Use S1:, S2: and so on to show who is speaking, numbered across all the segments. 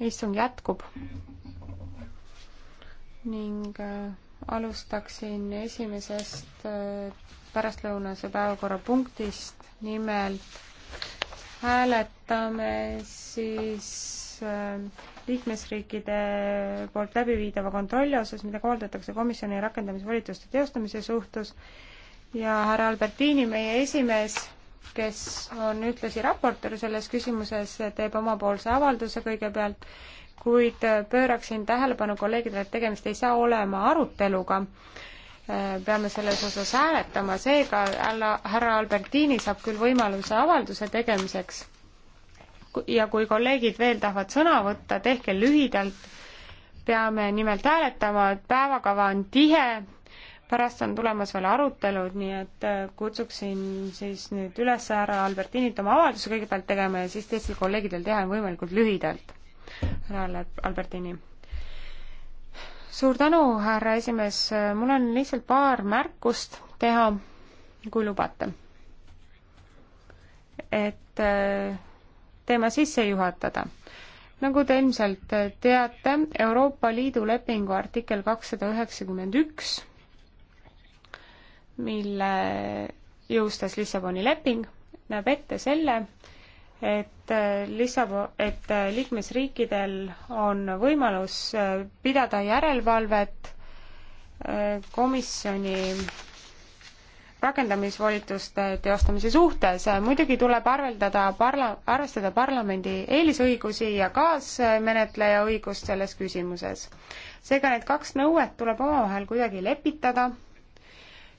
S1: istung jätkub ning äh, alustaksin esimesest äh, pärastlõunase päevakorrapunktist, nimelt hääletame siis äh, liikmesriikide poolt läbiviidava kontrolli osas, mida kohaldatakse komisjoni rakendamisvolituste teostamise suhtes ja härra Albertini, meie esimees, kes on ühtlasi raportöör selles küsimuses, teeb omapoolse avalduse kõigepealt, kuid pööraksin tähelepanu kolleegidele, et tegemist ei saa olema aruteluga, peame selles osas hääletama, seega härra Albertini saab küll võimaluse avalduse tegemiseks ja kui kolleegid veel tahavad sõna võtta, tehke lühidalt, peame nimelt hääletama, et päevakava on tihe pärast on tulemas veel arutelud, nii et äh, kutsuksin siis nüüd üles härra Albertinit oma avalduse kõigepealt tegema ja siis teistel kolleegidel teha võimalikult lühidalt. härra Albertini. suur tänu, härra esimees, mul on lihtsalt paar märkust teha, kui lubate. et äh, teema sisse juhatada nagu te ilmselt äh, teate, Euroopa Liidu lepingu artikkel kakssada üheksakümmend üks mille jõustas Lissaboni leping, näeb ette selle, et äh, Lissabo-, et äh, liikmesriikidel on võimalus äh, pidada järelevalvet komisjoni rakendamisvolituste teostamise suhtes. muidugi tuleb arveldada parla-, arvestada parlamendi eelisõigusi ja kaasmenetleja õigust selles küsimuses. seega need kaks nõuet tuleb omavahel kuidagi lepitada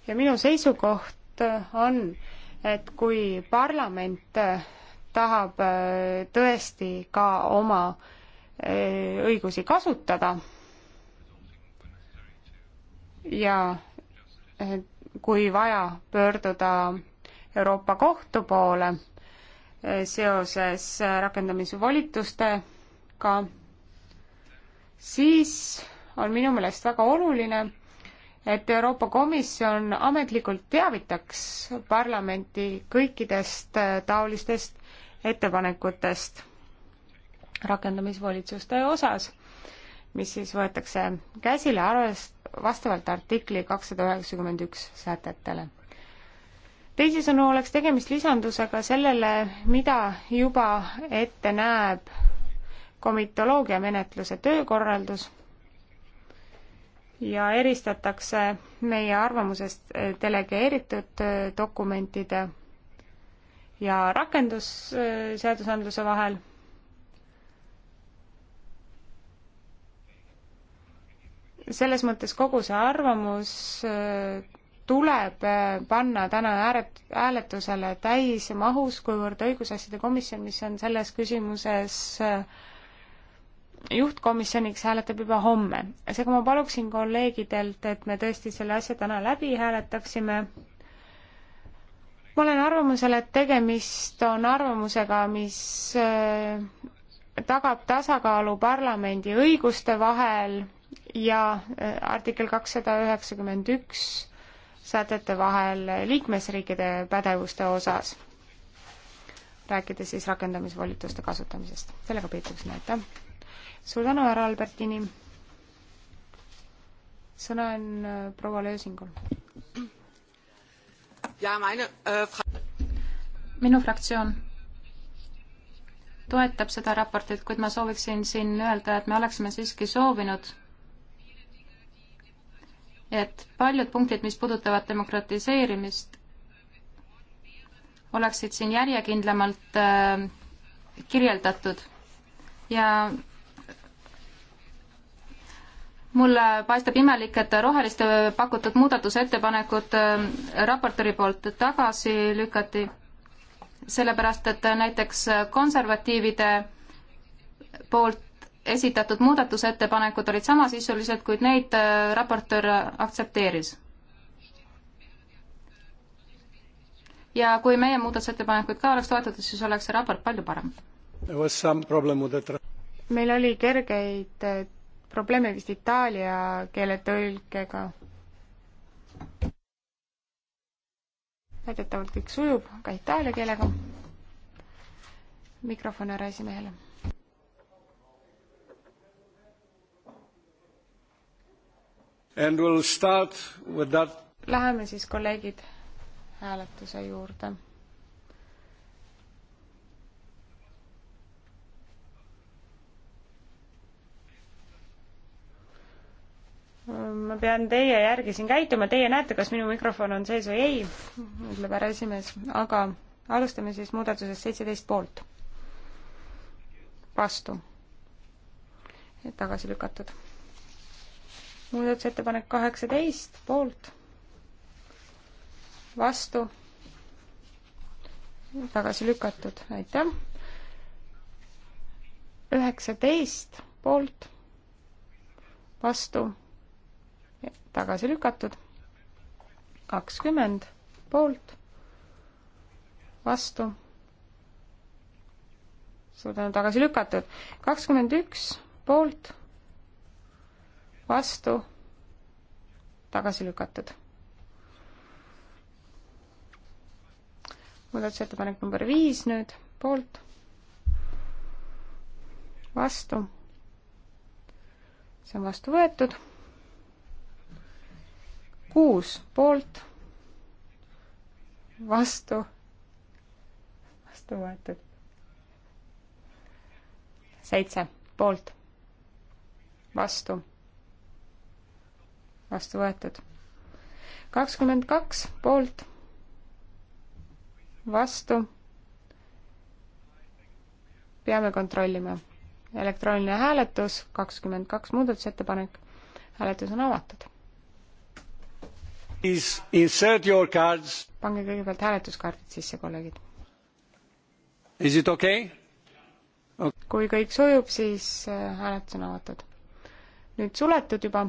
S1: ja minu seisukoht on, et kui parlament tahab äh, tõesti ka oma äh, õigusi kasutada ja äh, kui vaja, pöörduda Euroopa Kohtu poole seoses rakendamisvolitustega, siis on minu meelest väga oluline, et Euroopa Komisjon ametlikult teavitaks parlamenti kõikidest äh, taolistest ettepanekutest rakendamisvolitsuste osas, mis siis võetakse käsile arvest-, vastavalt artikli kakssada üheksakümmend üks sätetele. teisisõnu oleks tegemist lisandusega sellele, mida juba ette näeb komitoloogia menetluse töökorraldus ja eristatakse meie arvamusest delegeeritud äh, dokumentide ja rakendusseadusandluse äh, vahel. selles mõttes kogu see arvamus äh, tuleb panna täna hääletusele täismahus, kuivõrd õigusasjade komisjon, mis on selles küsimuses äh, juhtkomisjoniks hääletab juba homme. seega ma paluksin kolleegidelt, et me tõesti selle asja täna läbi hääletaksime. ma olen arvamusel, et tegemist on arvamusega, mis äh, tagab tasakaalu parlamendi õiguste vahel ja äh, artikkel kakssada üheksakümmend üks sätete vahel liikmesriikide pädevuste osas, rääkides siis rakendamisvolituste kasutamisest. sellega piituks, aitäh! suur tänu, härra Albertini.
S2: sõna on äh, proua Lösingul.
S3: Äh,
S2: minu fraktsioon toetab seda raportit, kuid ma sooviksin siin öelda, et me oleksime siiski soovinud, et paljud punktid, mis puudutavad demokratiseerimist, oleksid siin järjekindlamalt äh, kirjeldatud ja mulle paistab imelik, et roheliste pakutud muudatusettepanekud äh, raportööri poolt tagasi lükati, sellepärast et näiteks konservatiivide poolt esitatud muudatusettepanekud olid samasisulised, kuid neid äh, raportöör aktsepteeris. ja kui meie muudatusettepanekuid ka oleks toetatud, siis oleks see raport palju parem.
S1: meil oli kergeid äh, probleeme vist itaalia keele tõlkega. väidetavalt kõik sujub, aga itaalia keelega. mikrofon härra esimehele
S4: And we'll start with that.
S1: Läheme siis kolleegid hääletuse juurde. ma pean teie järgi siin käituma, teie näete, kas minu mikrofon on sees või ei, ütleb härra esimees, aga alustame siis muudatusest seitseteist poolt. vastu. tagasi lükatud. muudatusettepanek kaheksateist poolt. vastu. tagasi lükatud, aitäh. üheksateist poolt. vastu tagasi lükatud. kakskümmend poolt, vastu. suur tänu, tagasi lükatud. kakskümmend üks poolt, vastu, tagasi lükatud. muudatusettepanek number viis nüüd, poolt, vastu. see on vastu võetud kuus poolt, vastu, vastu võetud. seitse poolt, vastu, vastu võetud. kakskümmend kaks poolt, vastu. peame kontrollima. elektrooniline hääletus, kakskümmend kaks muudatusettepanek. hääletus on avatud
S4: pange
S1: kõigepealt hääletuskaardid sisse, kolleegid.
S4: Is it okay?
S1: okay.? kui kõik sujub, siis äh, hääletus on avatud. nüüd suletud juba.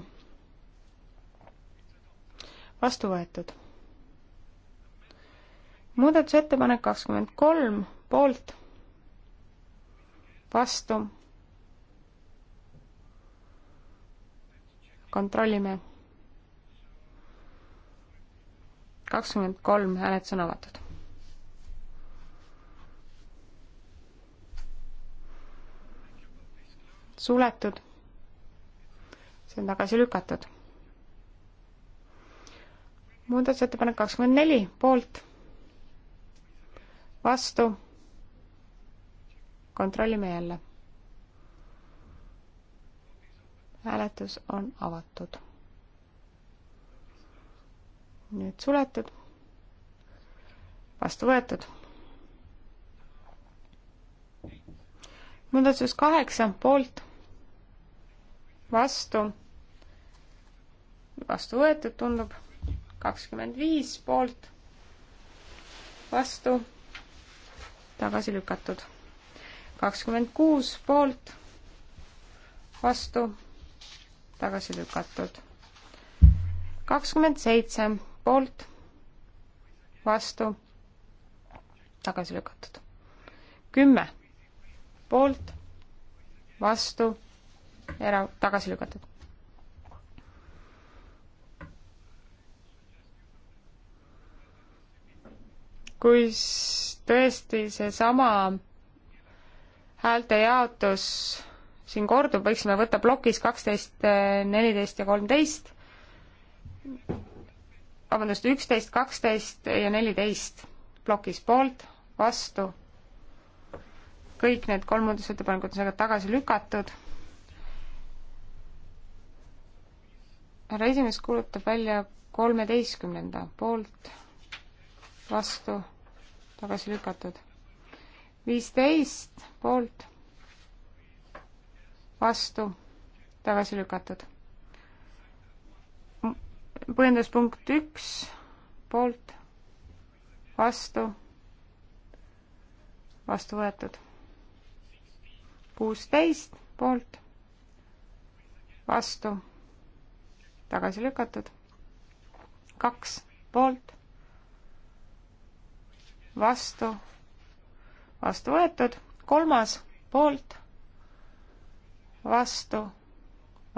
S1: vastu võetud. muudatusettepanek kakskümmend kolm, poolt, vastu. kontrollime kakskümmend kolm, hääletus on avatud. suletud. see on tagasi lükatud. muudatusettepanek kakskümmend neli, poolt, vastu. kontrollime jälle. hääletus on avatud nüüd suletud, vastu võetud. muudatus kaheksa, poolt, vastu, vastu võetud tundub, kakskümmend viis poolt, vastu, tagasi lükatud, kakskümmend kuus poolt, vastu, tagasi lükatud, kakskümmend seitse poolt, vastu, tagasi lükatud. kümme poolt, vastu, era-, tagasi lükatud. kui tõesti seesama häälte jaotus siin kordub, võiksime võtta plokis kaksteist, neliteist ja kolmteist vabandust, üksteist, kaksteist ja neliteist plokis poolt, vastu. kõik need kolm muudatusettepanekut on seega tagasi lükatud. härra esimees kuulutab välja kolmeteistkümnenda poolt, vastu, tagasi lükatud. viisteist poolt, vastu, tagasi lükatud põhjendus punkt üks, poolt, vastu, vastu võetud. kuusteist poolt, vastu, tagasi lükatud. kaks poolt, vastu, vastu võetud. kolmas poolt, vastu,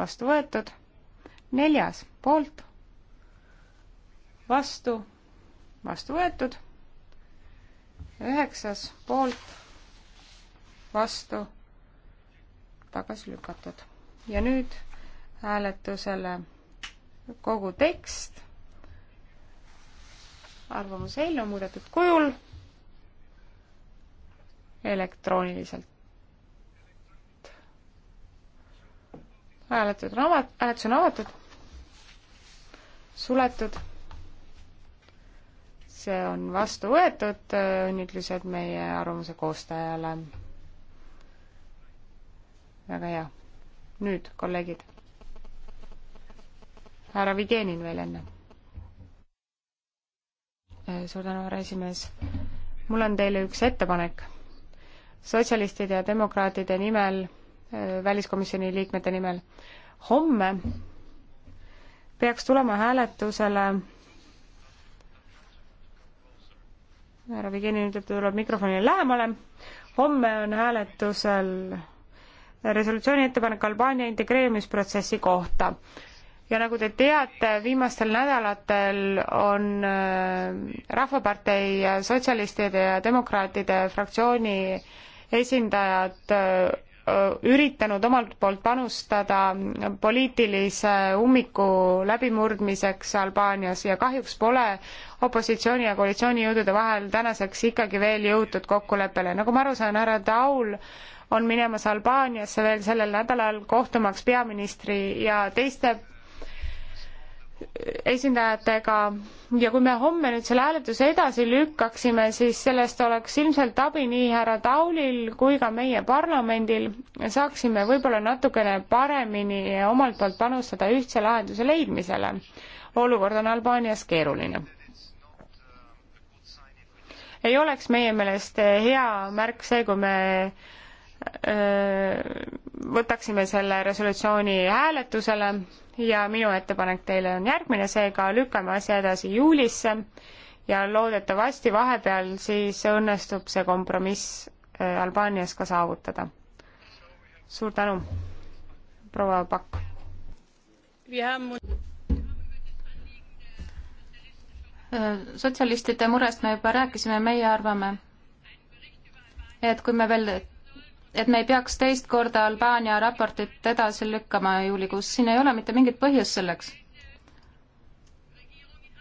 S1: vastu võetud. neljas poolt vastu, vastu võetud. üheksas poolt, vastu, tagasi lükatud. ja nüüd hääletusele kogu tekst, arvamuse eelnõu muudetud kujul, elektrooniliselt. hääletused on avatud, hääletus on avatud, suletud see on vastu võetud, õnnitlused meie arvamuse koostajale. väga hea. nüüd, kolleegid. härra Vigenin veel enne. suur tänu, härra esimees. mul on teile üks ettepanek. sotsialistide ja demokraatide nimel, väliskomisjoni liikmete nimel, homme peaks tulema hääletusele härra Vigenin ütleb, ta tuleb mikrofonile lähemale. homme on hääletusel resolutsiooni ettepanek Albaania integreerimisprotsessi kohta. ja nagu te teate, viimastel nädalatel on äh, Rahvapartei Sotsialistide ja Demokraatide fraktsiooni esindajad äh, üritanud omalt poolt panustada poliitilise ummiku läbimurdmiseks Albaanias ja kahjuks pole opositsiooni ja koalitsioonijõudude vahel tänaseks ikkagi veel jõutud kokkuleppele. nagu ma aru saan, härra Taul on minemas Albaaniasse veel sellel nädalal kohtumaks peaministri ja teiste esindajatega ja kui me homme nüüd selle hääletuse edasi lükkaksime, siis sellest oleks ilmselt abi nii härra Taulil kui ka meie parlamendil. saaksime võib-olla natukene paremini omalt poolt panustada ühtse lahenduse leidmisele. olukord on Albaanias keeruline. ei oleks meie meelest hea märk see, kui me võtaksime selle resolutsiooni hääletusele ja minu ettepanek teile on järgmine, seega lükkame asja edasi juulisse ja loodetavasti vahepeal siis õnnestub see kompromiss Albaanias ka saavutada.
S2: suur tänu, proua Pakk. sotsialistide murest me juba rääkisime, meie arvame, et kui me veel et me ei peaks teist korda Albaania raportit edasi lükkama juulikuus, siin ei ole mitte mingit põhjust selleks.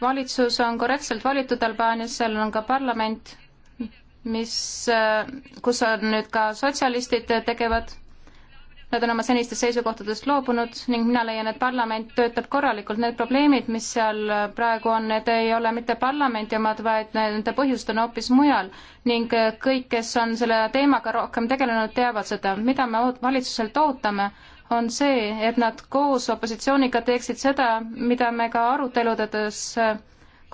S2: valitsus on korrektselt valitud Albaanias, seal on ka parlament, mis, kus on nüüd ka sotsialistid tegevad Nad on oma senistest seisukohtadest loobunud ning mina leian, et parlament töötab korralikult. Need probleemid, mis seal äh, praegu on, need ei ole mitte parlamendi omad, vaid nende põhjused on hoopis mujal ning äh, kõik, kes on selle teemaga rohkem tegelenud, teavad seda. mida me valitsuselt ootame, on see, et nad koos opositsiooniga teeksid seda, mida me ka aruteludes äh,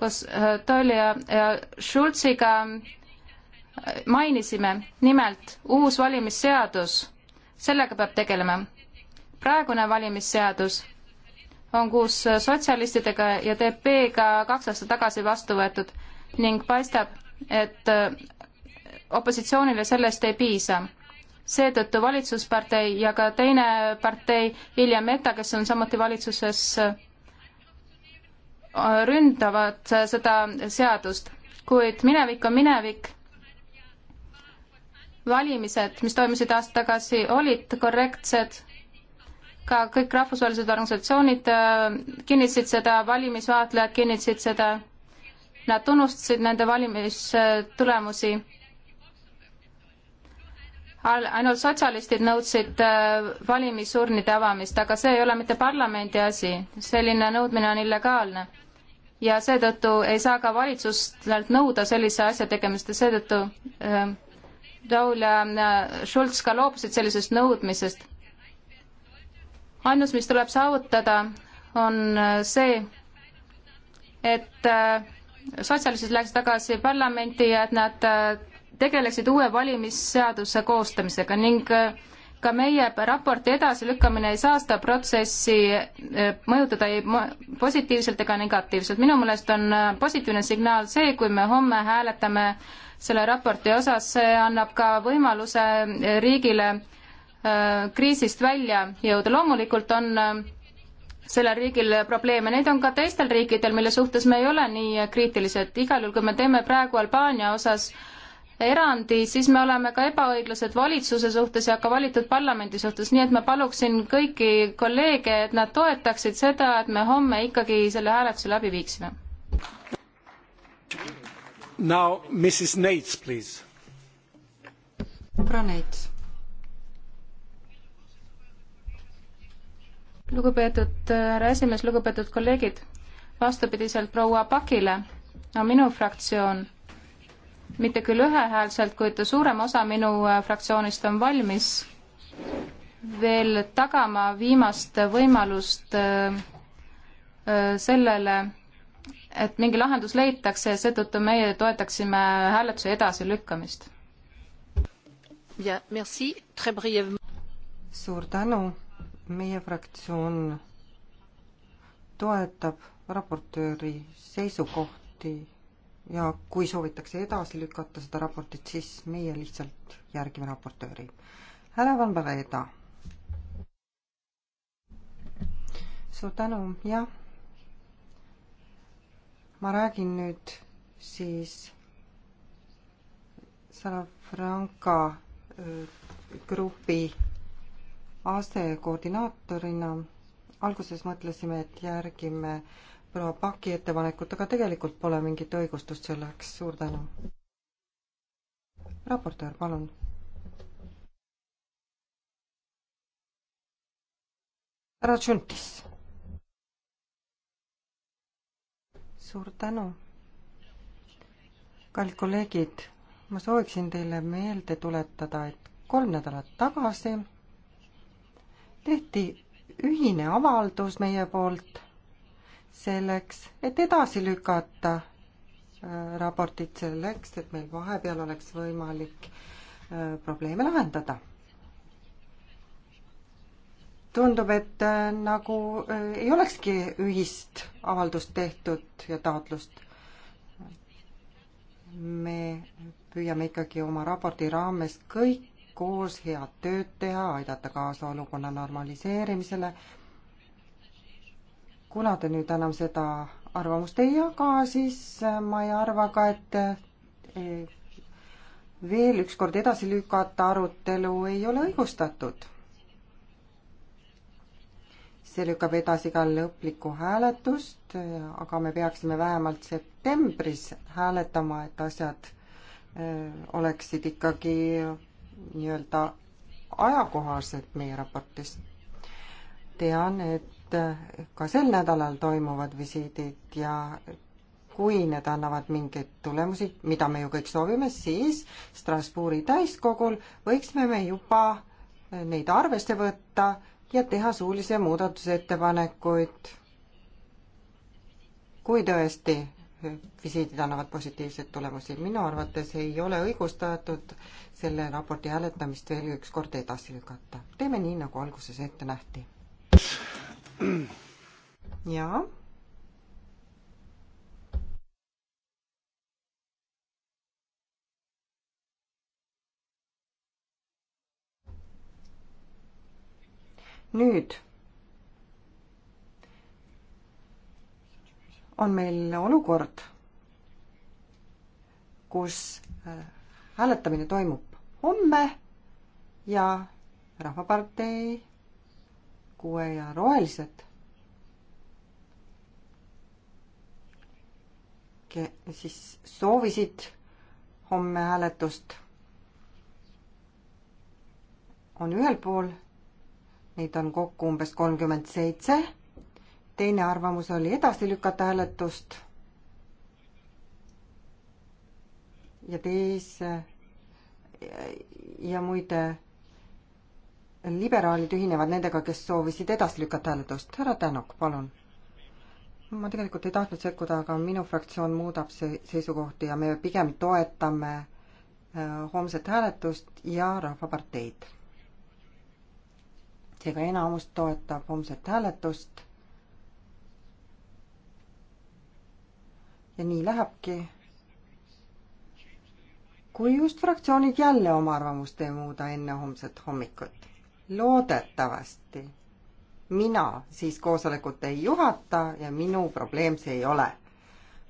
S2: koos Tolli ja, ja Schulziga mainisime, nimelt uus valimisseadus sellega peab tegelema. praegune valimisseadus on koos sotsialistidega ja DP-ga kaks aastat tagasi vastu võetud ning paistab, et äh, opositsioonile sellest ei piisa. seetõttu valitsuspartei ja ka teine partei, Ilja Meta, kes on samuti valitsuses, äh, ründavad seda seadust, kuid minevik on minevik valimised, mis toimusid aasta tagasi, olid korrektsed, ka kõik rahvusvahelised organisatsioonid äh, kinnitasid seda, valimisvaatlejad kinnitasid seda, nad tunnustasid nende valimistulemusi ainult sotsialistid nõudsid äh, valimisurnide avamist, aga see ei ole mitte parlamendi asi, selline nõudmine on illegaalne. ja seetõttu ei saa ka valitsustelt nõuda sellise asja tegemist ja seetõttu äh, Daul ja äh, Schulz ka loobusid sellisest nõudmisest. ainus, mis tuleb saavutada, on äh, see, et äh, sotsialistid läheks tagasi parlamenti ja et nad tegeleksid uue valimisseaduse koostamisega ning äh, ka meie raporti edasilükkamine ei saa seda protsessi eh, mõjutada ei positiivselt ega negatiivselt. minu meelest on eh, positiivne signaal see, kui me homme hääletame selle raporti osas, see annab ka võimaluse eh, riigile kriisist välja jõuda. loomulikult on sellel riigil probleeme, neid on ka teistel riikidel, mille suhtes me ei ole nii kriitilised. igal juhul, kui me teeme praegu Albaania osas äh, erandi, siis me oleme ka ebaõiglased valitsuse suhtes ja ka valitud parlamendi suhtes, nii et ma paluksin kõiki kolleege, et nad toetaksid seda, et me homme ikkagi selle hääletuse läbi viiksime.
S4: Now Mrs Neits, please.
S2: proua Neits. lugupeetud härra esimees, lugupeetud kolleegid, vastupidiselt proua Pakile on no, minu fraktsioon mitte küll ühehäälselt, kuid suurem osa minu äh, fraktsioonist on valmis veel tagama viimast võimalust äh, äh, sellele, et mingi lahendus leitakse ja seetõttu meie toetaksime
S3: hääletuse edasilükkamist. suur tänu, meie fraktsioon toetab raportööri seisukohti ja kui soovitakse edasi lükata seda raportit, siis meie lihtsalt järgime raportööri. härra Van Bareda. suur tänu, jah. ma räägin nüüd siis Salafranca äh, grupi asekoordinaatorina. alguses mõtlesime, et järgime äh, proua Paki ettepanekut, aga tegelikult pole mingit õigustust selleks, suur tänu. raportöör, palun. härra Tšuntis. suur tänu. kallid kolleegid, ma sooviksin teile meelde tuletada, et kolm nädalat tagasi tehti ühine avaldus meie poolt selleks, et edasi lükata äh, raportit selleks, et meil vahepeal oleks võimalik äh, probleeme lahendada. tundub, et äh, nagu ei olekski ühist avaldust tehtud ja taotlust. me püüame ikkagi oma raporti raames kõik koos head tööd teha, aidata kaasa olukorra normaliseerimisele kuna te nüüd enam seda arvamust ei jaga, siis äh, ma ei arva ka, et äh, veel ükskord edasi lükata arutelu ei ole õigustatud. see lükkab edasi ka lõplikku hääletust, äh, aga me peaksime vähemalt septembris hääletama, et asjad oleksid ikkagi nii-öelda ajakohased meie raportis. tean, et ka sel nädalal toimuvad visiidid ja kui need annavad mingeid tulemusi, mida me ju kõik soovime, siis Strasbourgi täiskogul võiksime me juba eh, neid arvesse võtta ja teha suulisi muudatusettepanekuid. kui tõesti eh, visiidid annavad positiivseid tulemusi, minu arvates ei ole õigustatud selle raporti hääletamist veel üks kord edasi lükata. teeme nii, nagu alguses ette nähti. jaa. nüüd on meil olukord, kus äh, hääletamine toimub homme ja Rahvapartei kuue ja rohelised. siis soovisid homme hääletust. on ühel pool, neid on kokku umbes kolmkümmend seitse. teine arvamus oli edasi lükata hääletust. ja teise ja muide liberaalid ühinevad nendega, kes soovisid edasi lükata hääletust. härra Tänok, palun. ma tegelikult ei tahtnud sekkuda, aga minu fraktsioon muudab see seisukohti ja me pigem toetame äh, homset hääletust ja Rahvaparteid. seega enamus toetab homset hääletust. ja nii lähebki kui just fraktsioonid jälle oma arvamust ei muuda enne homset hommikut loodetavasti mina siis koosolekut ei juhata ja minu probleem see ei ole.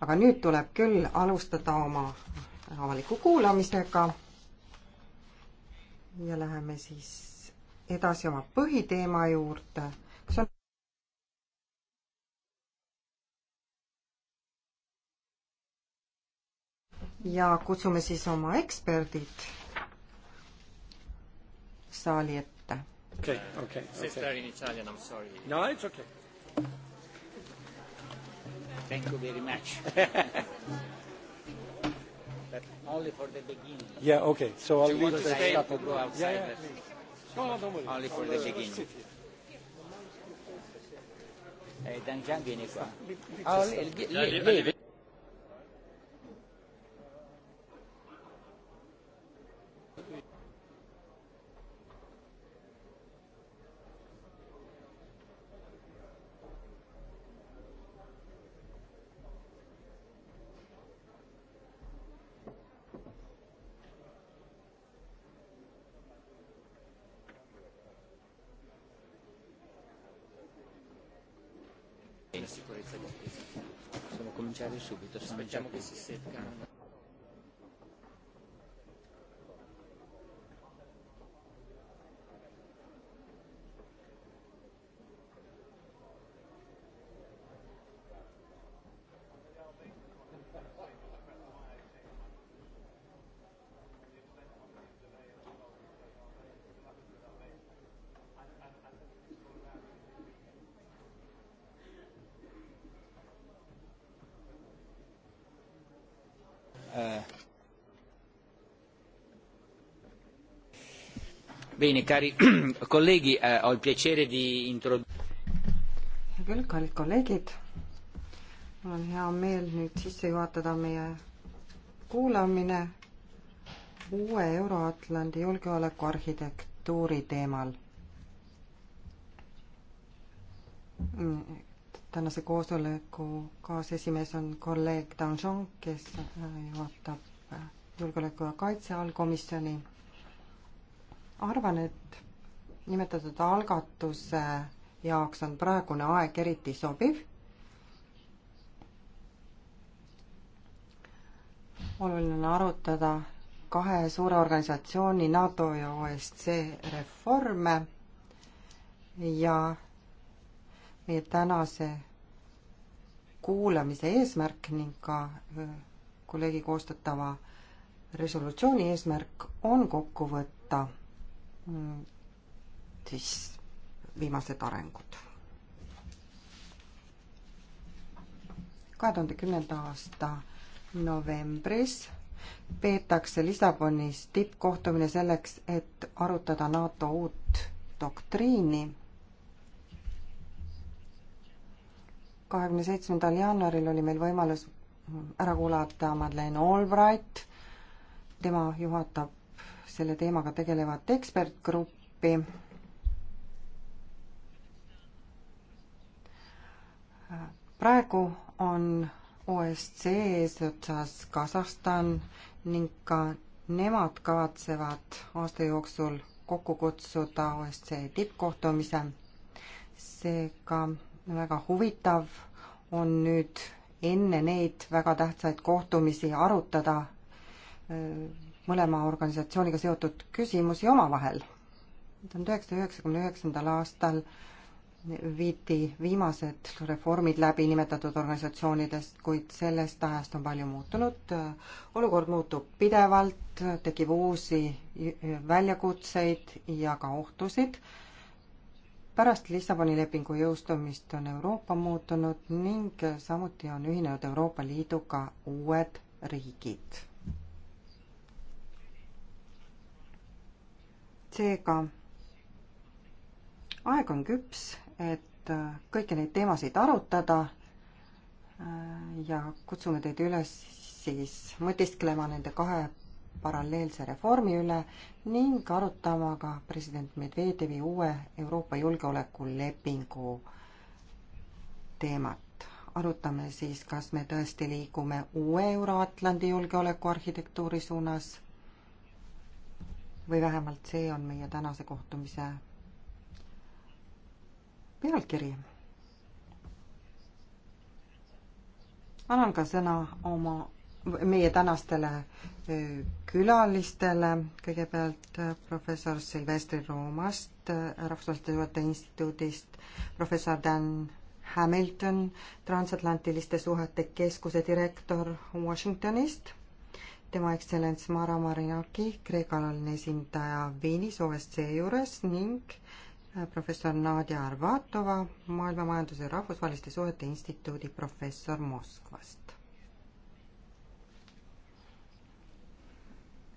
S3: aga nüüd tuleb küll alustada oma avaliku kuulamisega. ja läheme siis edasi oma põhiteema juurde, kus on ja kutsume siis oma eksperdid saali ette. Okay, okay. okay. If they're
S4: in Italian, I'm sorry. No, it's okay. Thank you very much. but only for the beginning. Yeah, okay. So I'll Do leave the stay up and go outside. Yeah, yeah, but no, no, don't worry. Only for I'll, the uh, beginning.
S2: Eh, Danjan viene qua.
S4: Oh, lì, lì, lì.
S1: subito. Aspettiamo che si seccano.
S4: Bene, cari colleghi, eh, ho il piacere di introdurre.
S3: hea küll, kallid kolleegid, mul on hea meel nüüd sisse juhatada meie kuulamine uue Euro-Atlandi julgeoleku arhitektuuri teemal. Mm, tänase koosoleku kaasesimees on kolleeg Danjon, kes äh, juhatab äh, julgeoleku ja kaitse allkomisjoni arvan, et nimetatud algatuse jaoks on praegune aeg eriti sobiv. oluline on arutada kahe suure organisatsiooni, NATO ja OSCE reforme ja meie tänase kuulamise eesmärk ning ka äh, kolleegi koostatava resolutsiooni eesmärk on kokku võtta Mm, siis viimased arengud. kahe tuhande kümnenda aasta novembris peetakse Lissabonis tippkohtumine selleks, et arutada NATO uut doktriini. kahekümne seitsmendal jaanuaril oli meil võimalus ära kuulata Madeleine Albright, tema juhatab selle teemaga tegelevat ekspertgruppi. praegu on OSCE eesotsas Kasahstan ning ka nemad kavatsevad aasta jooksul kokku kutsuda OSCE tippkohtumise. seega väga huvitav on nüüd enne neid väga tähtsaid kohtumisi arutada mõlema organisatsiooniga seotud küsimusi omavahel. tuhande üheksasaja üheksakümne üheksandal aastal viidi viimased reformid läbi nimetatud organisatsioonidest, kuid sellest ajast on palju muutunud. olukord muutub pidevalt, tekib uusi väljakutseid ja ka ohtusid. pärast Lissaboni lepingu jõustumist on Euroopa muutunud ning samuti on ühinenud Euroopa Liiduga uued riigid seega aeg on küps, et äh, kõiki neid teemasid arutada äh, ja kutsume teid üles siis mõtisklema nende kahe paralleelse reformi üle ning arutama ka president Medvedevi uue Euroopa julgeolekulepingu teemat. arutame siis, kas me tõesti liigume uue Euro-Atlandi julgeolekuarhitektuuri suunas või vähemalt see on meie tänase kohtumise pealkiri. annan ka sõna oma, meie tänastele külalistele, kõigepealt professor Silvestri Roomast, Rahvusvaheliste Suhete Instituudist, professor Dan Hamilton, Transatlantiliste Suhete Keskuse direktor Washingtonist tema ekstsellents Mara Marinaki, Kreeka alaline esindaja Viinis OSCE juures ning äh, professor Nadja Arvatova, Maailma Majanduse ja Rahvusvaheliste Suhete Instituudi professor Moskvast.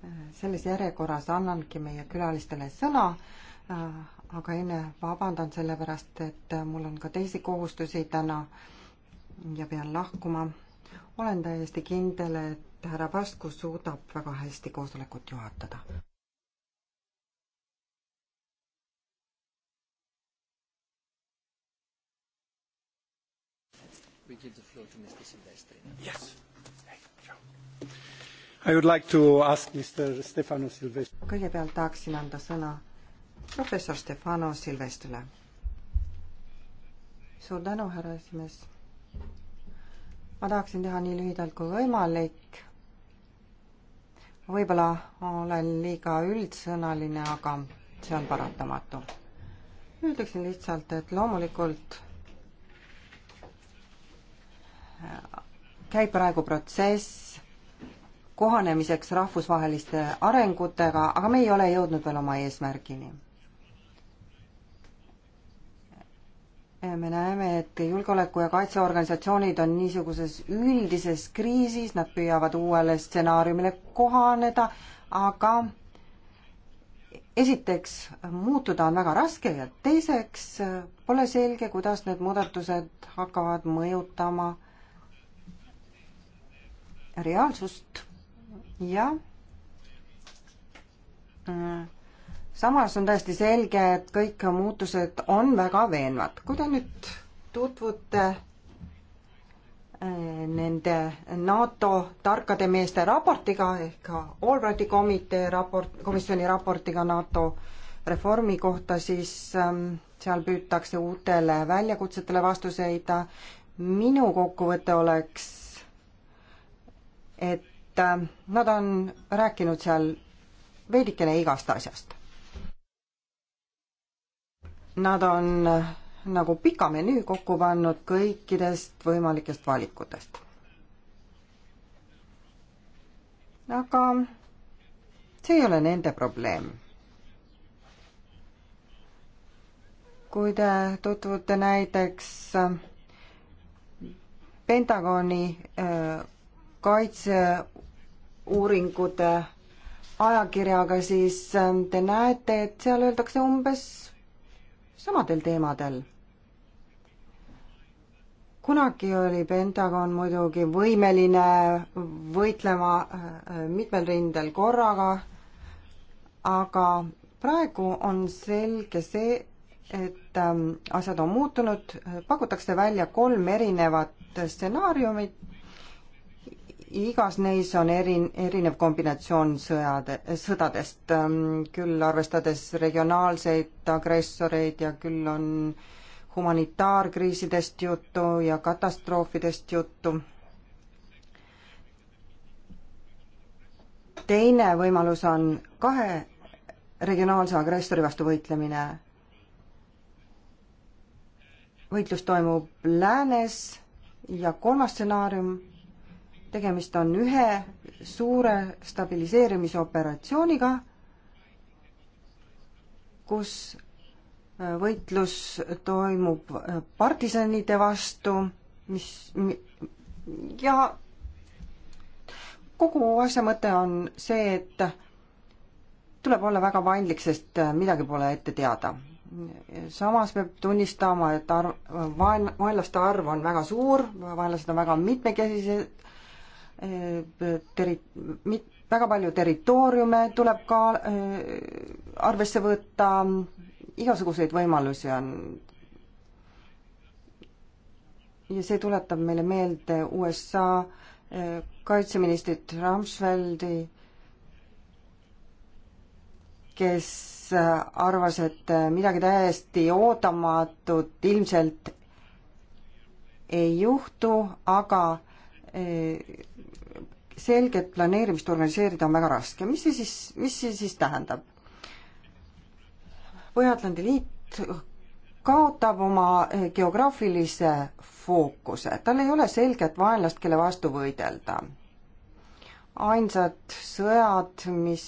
S3: Äh, selles järjekorras annangi meie külalistele sõna, äh, aga enne vabandan selle pärast, et mul on ka teisi kohustusi täna ja pean lahkuma olen täiesti kindel, et härra Pasku suudab väga hästi koosolekut juhatada.
S4: We give the floor to Mr. Silvestri. Yes. I would like to ask Mr Stefano Silvestri. kõigepealt
S3: tahaksin anda sõna professor Stefano Silvestrile. suur tänu, härra esimees ma tahaksin teha nii lühidalt kui võimalik. võib-olla olen liiga üldsõnaline, aga see on paratamatu. ütleksin lihtsalt, et loomulikult käib praegu protsess kohanemiseks rahvusvaheliste arengutega, aga me ei ole jõudnud veel oma eesmärgini me näeme, et julgeoleku- ja kaitseorganisatsioonid on niisuguses üldises kriisis, nad püüavad uuele stsenaariumile kohaneda, aga esiteks, muutuda on väga raske ja teiseks pole selge, kuidas need muudatused hakkavad mõjutama reaalsust ja mm, samas on täiesti selge, et kõik muutused on väga veenvad. kui te nüüd tutvute äh, nende NATO tarkade meeste raportiga ehk Albrighti komitee raport, komisjoni raportiga NATO reformi kohta, siis ähm, seal püütakse uutele väljakutsetele vastuseid. minu kokkuvõte oleks, et äh, nad on rääkinud seal veidikene igast asjast Nad on äh, nagu pika menüü kokku pannud kõikidest võimalikest valikutest. aga see ei ole nende probleem. kui te tutvute näiteks äh, Pentagoni äh, kaitseuuringute ajakirjaga, siis te näete, et seal öeldakse umbes samadel teemadel. kunagi oli Pentagon muidugi võimeline võitlema äh, mitmel rindel korraga, aga praegu on selge see, et ähm, asjad on muutunud, pakutakse välja kolm erinevat stsenaariumit igas neis on eri, erinev kombinatsioon sõjade, sõdadest, ähm, küll arvestades regionaalseid agressoreid ja küll on humanitaarkriisidest juttu ja katastroofidest juttu. teine võimalus on kahe regionaalse agressori vastu võitlemine võitlus toimub läänes ja kolmas stsenaarium tegemist on ühe suure stabiliseerimisoperatsiooniga, kus äh, võitlus toimub äh, partisanide vastu, mis ja kogu asja mõte on see, et tuleb olla väga paindlik, sest äh, midagi pole ette teada. samas peab tunnistama, et arv, vaen-, vaenlaste arv on väga suur, vaenlased on väga mitmekesised, teri-, mit-, väga palju territooriume tuleb ka äh, arvesse võtta, igasuguseid võimalusi on. ja see tuletab meile meelde USA äh, kaitseministrit Rumsfeldi, kes äh, arvas, et midagi täiesti ootamatut ilmselt ei juhtu, aga selget planeerimist organiseerida on väga raske. mis see siis, mis see siis tähendab? Põhja-Atlandi liit kaotab oma geograafilise fookuse, tal ei ole selget vaenlast, kelle vastu võidelda. ainsad sõjad, mis,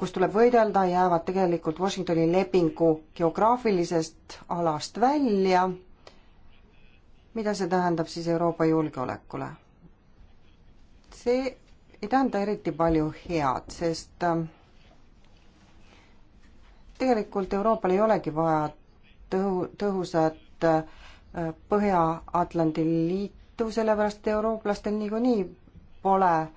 S3: kus tuleb võidelda, jäävad tegelikult Washingtoni lepingu geograafilisest alast välja. mida see tähendab siis Euroopa julgeolekule? see ei tähenda eriti palju head, sest ähm, tegelikult Euroopal ei olegi vaja tõhu, tõhusat äh, Põhja-Atlandi liitu, sellepärast eurooplastel niikuinii pole äh,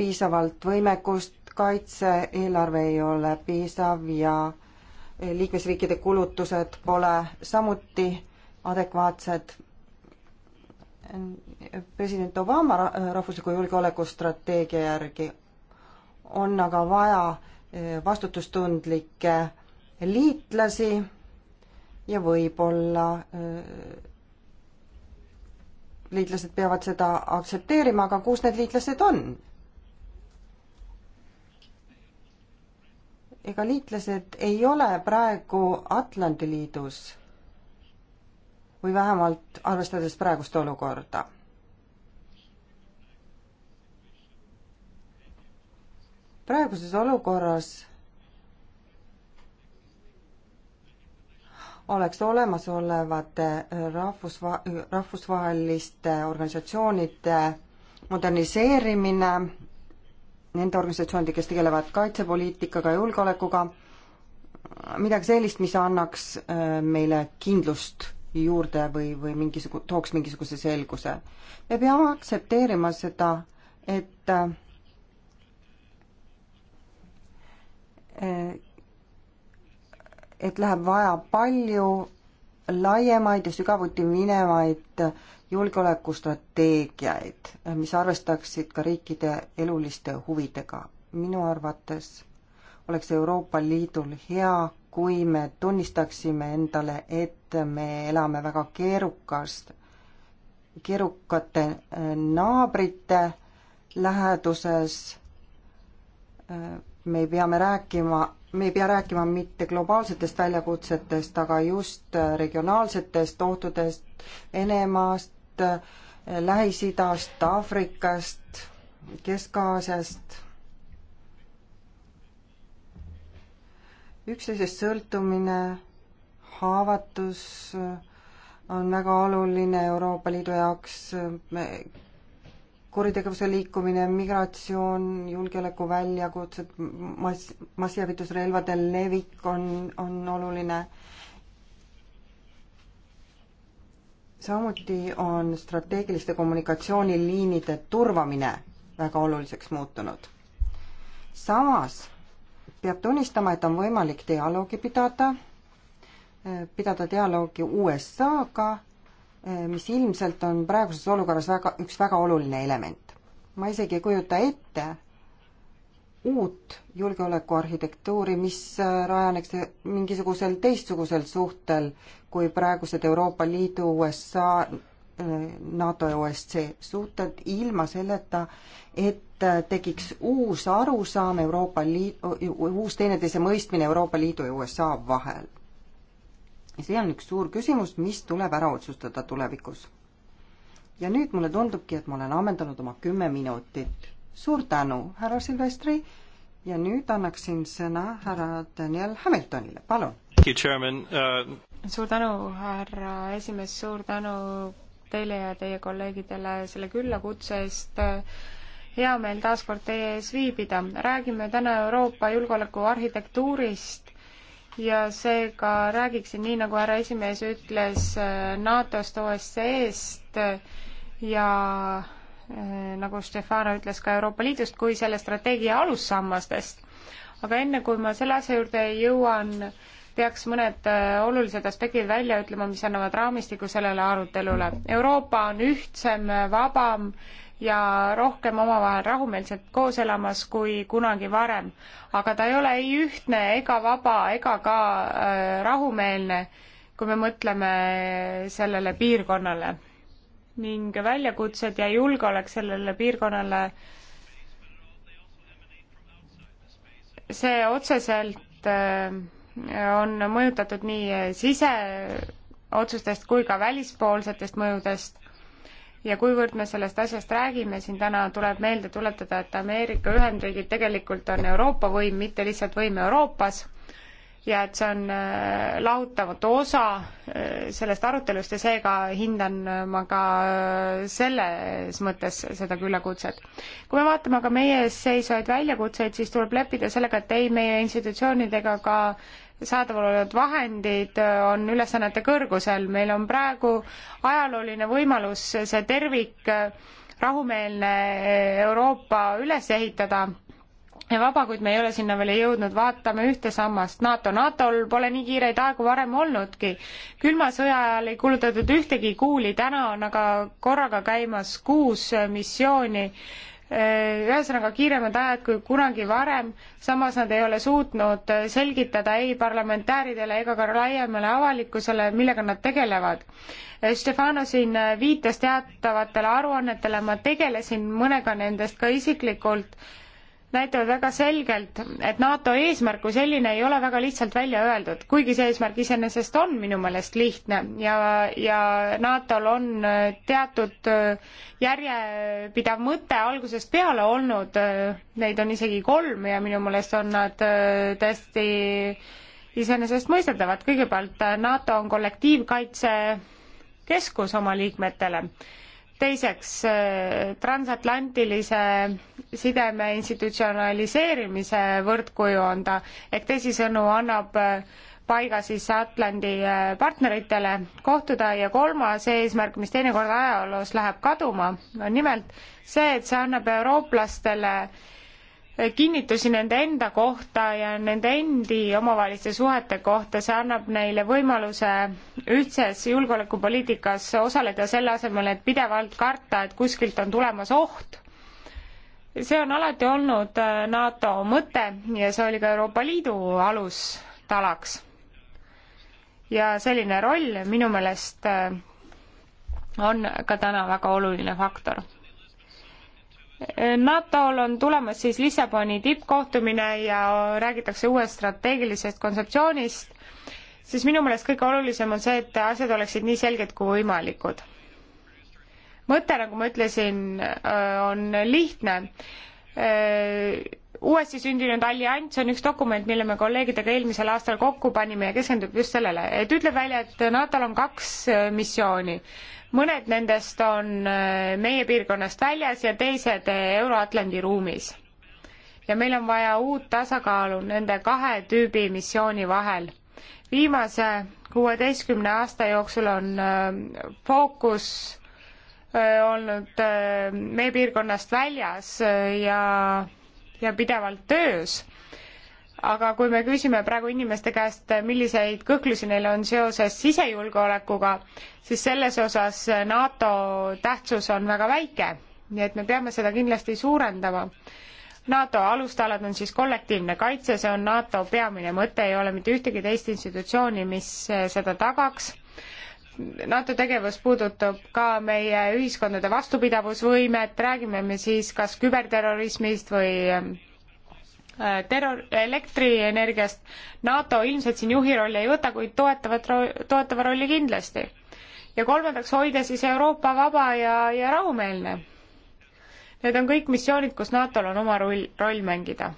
S3: piisavalt võimekust, kaitse-eelarve ei ole piisav ja äh, liikmesriikide kulutused pole samuti adekvaatsed president Obama rahvusliku julgeolekustrateegia järgi on aga vaja eh, vastutustundlikke liitlasi ja võib-olla eh, liitlased peavad seda aktsepteerima, aga kus need liitlased on? ega liitlased ei ole praegu Atlandi liidus või vähemalt arvestades praegust olukorda. praeguses olukorras oleks olemasolevate rahvusva-, rahvusvaheliste organisatsioonide moderniseerimine, nende organisatsioonide, kes tegelevad kaitsepoliitikaga, julgeolekuga, midagi sellist, mis annaks äh, meile kindlust juurde või, või mingisugune, tooks mingisuguse selguse. me peame aktsepteerima seda, et eh, et läheb vaja palju laiemaid ja sügavuti minevaid julgeolekustrateegiaid, mis arvestaksid ka riikide eluliste huvidega. minu arvates oleks Euroopa Liidul hea kui me tunnistaksime endale, et me elame väga keerukast, keerukate äh, naabrite läheduses. Äh, me peame rääkima, me ei pea rääkima mitte globaalsetest väljakutsetest, aga just äh, regionaalsetest ohtudest, Venemaast, Lähis-Idast, Aafrikast, Kesk-Aasiast üksteisest sõltumine, haavatus äh, on väga oluline Euroopa Liidu jaoks, äh, kuritegevuse liikumine, migratsioon, julgeoleku väljakutsed, mass, massihävitusrelvade levik on, on oluline samuti on strateegiliste kommunikatsiooniliinide turvamine väga oluliseks muutunud. samas peab tunnistama, et on võimalik dialoogi pidada, eh, pidada dialoogi USA-ga, eh, mis ilmselt on praeguses olukorras väga, üks väga oluline element. ma isegi ei kujuta ette uut julgeolekuarhitektuuri, mis eh, rajaneks mingisugusel teistsugusel suhtel kui praegused Euroopa Liidu, USA, NATO ja OSCE suhted ilma selleta, et Äh, tekiks uus arusaam Euroopa Liidu, uus teineteise mõistmine Euroopa Liidu ja USA vahel. ja see on üks suur küsimus, mis tuleb ära otsustada tulevikus. ja nüüd mulle tundubki, et ma olen ammendanud oma kümme minutit. suur tänu, härra Silvestri ja nüüd annaksin sõna härra Daniel Hamiltonile,
S4: palun. Uh...
S3: suur tänu, härra esimees, suur tänu
S1: teile ja teie kolleegidele selle küllakutse eest äh, hea meel taas kord teie ees viibida. räägime täna Euroopa julgeolekuarhitektuurist ja seega räägiksin nii, nagu härra esimees ütles, äh, NATO-st, OSCE-st ja äh, nagu Stefano ütles ka Euroopa Liidust kui selle strateegia alussammastest. aga enne, kui ma selle asja juurde jõuan, peaks mõned äh, olulised aspektid välja ütlema, mis annavad raamistiku sellele arutelule. Euroopa on ühtsem, vabam ja rohkem omavahel rahumeelselt koos elamas kui kunagi varem. aga ta ei ole ei ühtne ega vaba ega ka äh, rahumeelne, kui me mõtleme sellele piirkonnale. ning väljakutsed ja julgeolek sellele piirkonnale, see otseselt äh, on mõjutatud nii siseotsustest kui ka välispoolsetest mõjudest ja kuivõrd me sellest asjast räägime siin täna, tuleb meelde tuletada, et Ameerika Ühendriigid tegelikult on Euroopa võim, mitte lihtsalt võim Euroopas, ja et see on äh, lahutamatu osa äh, sellest arutelust ja seega hindan äh, ma ka selles mõttes seda küllakutset. kui me vaatame aga meie ees seisvaid väljakutseid, siis tuleb leppida sellega, et ei meie institutsioonid ega ka saadaval olevad vahendid äh, on ülesannete kõrgusel, meil on praegu ajalooline võimalus see tervik äh, rahumeelne äh, Euroopa üles ehitada ja vaba, kuid me ei ole sinna veel jõudnud, vaatame ühte sammast, NATO, NATO-l pole nii kiireid aegu varem olnudki. külma sõja ajal ei kulutatud ühtegi kuuli, täna on aga korraga käimas kuus missiooni Eh, ühesõnaga kiiremad ajad kui kunagi varem, samas nad ei ole suutnud eh, selgitada ei parlamentääridele ega ka laiemale avalikkusele, millega nad tegelevad. Eh, Stefano siin viitas teatavatele aruannetele, ma tegelesin mõnega nendest ka isiklikult näitavad väga selgelt, et NATO eesmärk kui selline ei ole väga lihtsalt välja öeldud, kuigi see eesmärk iseenesest on minu meelest lihtne ja, ja NATO-l on äh, teatud äh, järjepidev mõte algusest peale olnud, äh, neid on isegi kolm ja minu meelest on nad täiesti iseenesestmõistetavad, kõigepealt NATO on kollektiivkaitsekeskus oma liikmetele teiseks äh, transatlantilise sideme institutsionaliseerimise võrdkuju on ta, ehk teisisõnu annab äh, paiga siis Atlandi äh, partneritele kohtuda ja kolmas eesmärk, mis teinekord ajaloos läheb kaduma, on nimelt see, et see annab eurooplastele kinnitusi nende enda kohta ja nende endi omavaheliste suhete kohta, see annab neile võimaluse ühtses julgeolekupoliitikas osaleda, selle asemel, et pidevalt karta, et kuskilt on tulemas oht see on alati olnud äh, NATO mõte ja see oli ka Euroopa Liidu alustalaks. ja selline roll minu meelest äh, on ka täna väga oluline faktor NATO-l on tulemas siis Lissaboni tippkohtumine ja räägitakse uuest strateegilisest kontseptsioonist, siis minu meelest kõige olulisem on see, et asjad oleksid nii selged kui võimalikud. mõte, nagu ma ütlesin, on lihtne uuesti sündinud allianss on üks dokument, mille me kolleegidega eelmisel aastal kokku panime ja keskendub just sellele, et ütleb välja, et NATO-l on kaks missiooni mõned nendest on äh, meie piirkonnast väljas ja teised äh, Euro-Atlandi ruumis. ja meil on vaja uut tasakaalu nende kahe tüübi missiooni vahel. viimase kuueteistkümne aasta jooksul on äh, fookus olnud meie piirkonnast väljas ja, ja pidevalt töös aga kui me küsime praegu inimeste käest, milliseid kõhklusi neil on seoses sisejulgeolekuga, siis selles osas NATO tähtsus on väga väike, nii et me peame seda kindlasti suurendama. NATO alustalad on siis kollektiivne kaitse, see on NATO peamine mõte, ei ole mitte ühtegi teist institutsiooni, mis seda tagaks. NATO tegevus puudutab ka meie ühiskondade vastupidavusvõimet, räägime me siis kas küberterrorismist või Äh, terror, elektrienergiast. NATO ilmselt siin juhi rolli ei võta, kuid toetavat, toetava rolli kindlasti. ja kolmandaks, hoida siis Euroopa vaba ja, ja rahumeelne. Need on kõik missioonid, kus NATO-l on oma roll, roll mängida.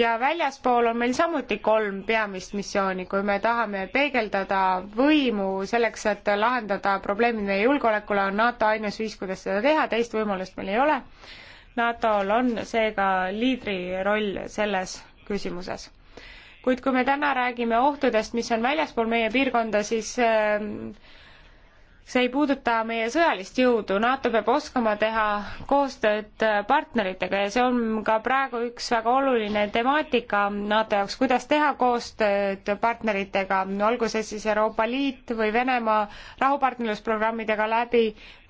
S1: ja väljaspool on meil samuti kolm peamist missiooni, kui me tahame peegeldada võimu selleks, et lahendada probleemid meie julgeolekule, on NATO ainus viis, kuidas seda teha, teist võimalust meil ei ole NATO-l on seega liidri roll selles küsimuses. kuid kui me täna räägime ohtudest, mis on väljaspool meie piirkonda, siis äh, see ei puuduta meie sõjalist jõudu, NATO peab oskama teha koostööd partneritega ja see on ka praegu üks väga oluline temaatika NATO jaoks, kuidas teha koostööd partneritega, olgu see siis Euroopa Liit või Venemaa rahupartnerlusprogrammidega läbi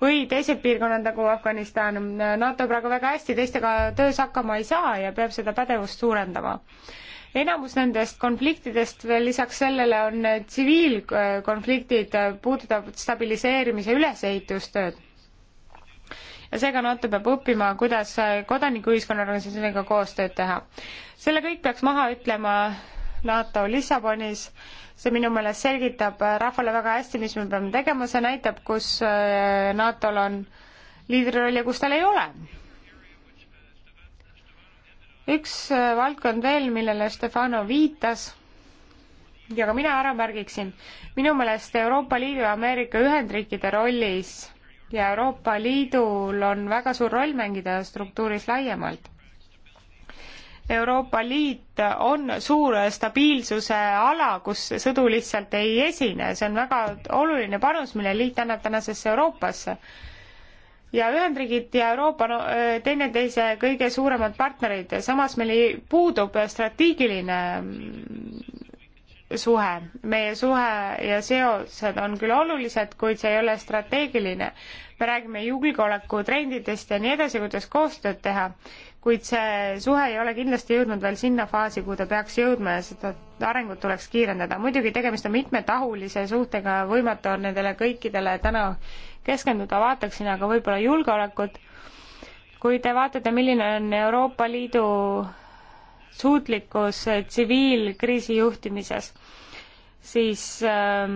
S1: või teised piirkonnad nagu Afganistan. NATO praegu väga hästi teistega töös hakkama ei saa ja peab seda pädevust suurendama enamus nendest konfliktidest veel lisaks sellele on tsiviilkonfliktid, äh, puudutab stabiliseerimise ülesehitustööd. ja seega NATO peab õppima, kuidas äh, kodanikuühiskonna organisatsiooniga koostööd teha. selle kõik peaks maha ütlema NATO Lissabonis, see minu meelest selgitab äh, rahvale väga hästi, mis me peame tegema, see näitab, kus NATO-l on liidriroll ja kus tal ei ole üks äh, valdkond veel, millele Stefano viitas ja ka mina ära märgiksin, minu meelest Euroopa Liidu ja Ameerika Ühendriikide rollis ja Euroopa Liidul on väga suur roll mängida struktuuris laiemalt. Euroopa Liit on suur stabiilsuse ala, kus sõdu lihtsalt ei esine, see on väga oluline panus, mille liit annab tänasesse Euroopasse ja Ühendriigid ja Euroopa no, äh, teineteise kõige suuremad partnerid, samas meil puudub strateegiline mm, suhe. meie suhe ja seosed on küll olulised, kuid see ei ole strateegiline. me räägime julgeolekutrendidest ja nii edasi, kuidas koostööd teha, kuid see suhe ei ole kindlasti jõudnud veel sinna faasi, kuhu ta peaks jõudma ja seda arengut tuleks kiirendada. muidugi tegemist on mitmetahulise suhtega, võimatu on nendele kõikidele täna keskenduda, vaataksin aga võib-olla julgeolekut. kui te vaatate, milline on Euroopa Liidu suutlikkus tsiviilkriisi juhtimises, siis ähm,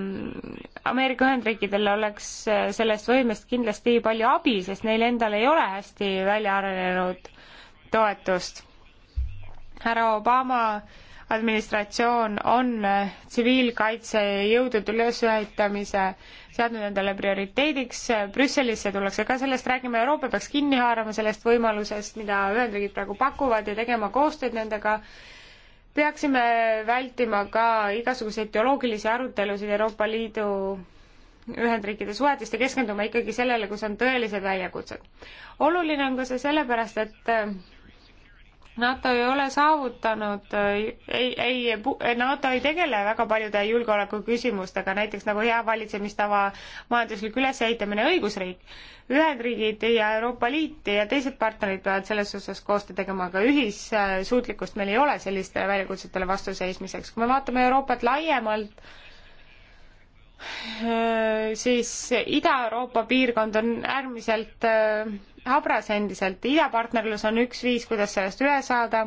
S1: Ameerika Ühendriikidel oleks äh, sellest võimest kindlasti palju abi, sest neil endal ei ole hästi välja arenenud toetust. härra Obama äh, administratsioon on eh, tsiviilkaitsejõudude ülesehitamise seadnud endale prioriteediks, Brüsselisse tullakse ka sellest räägima, Euroopa peaks kinni haarama sellest võimalusest, mida Ühendriigid praegu pakuvad ja tegema koostööd nendega, peaksime vältima ka igasuguseid teoloogilisi arutelusid Euroopa Liidu Ühendriikide suhetest ja keskenduma ikkagi sellele, kus on tõelised väljakutsed. oluline on ka see sellepärast, et eh, NATO ei ole saavutanud, ei, ei, NATO ei tegele väga paljude julgeolekuküsimustega, näiteks nagu hea valitsemistava, majanduslik ülesehitamine, õigusriik. Ühendriigid ja Euroopa Liit ja teised partnerid peavad selles osas koostöö tegema, aga ühissuutlikkust meil ei ole sellistele väljakutsetele vastuseismiseks. kui me vaatame Euroopat laiemalt, siis Ida-Euroopa piirkond on äärmiselt habras endiselt, idapartnerlus on üks viis, kuidas sellest üle saada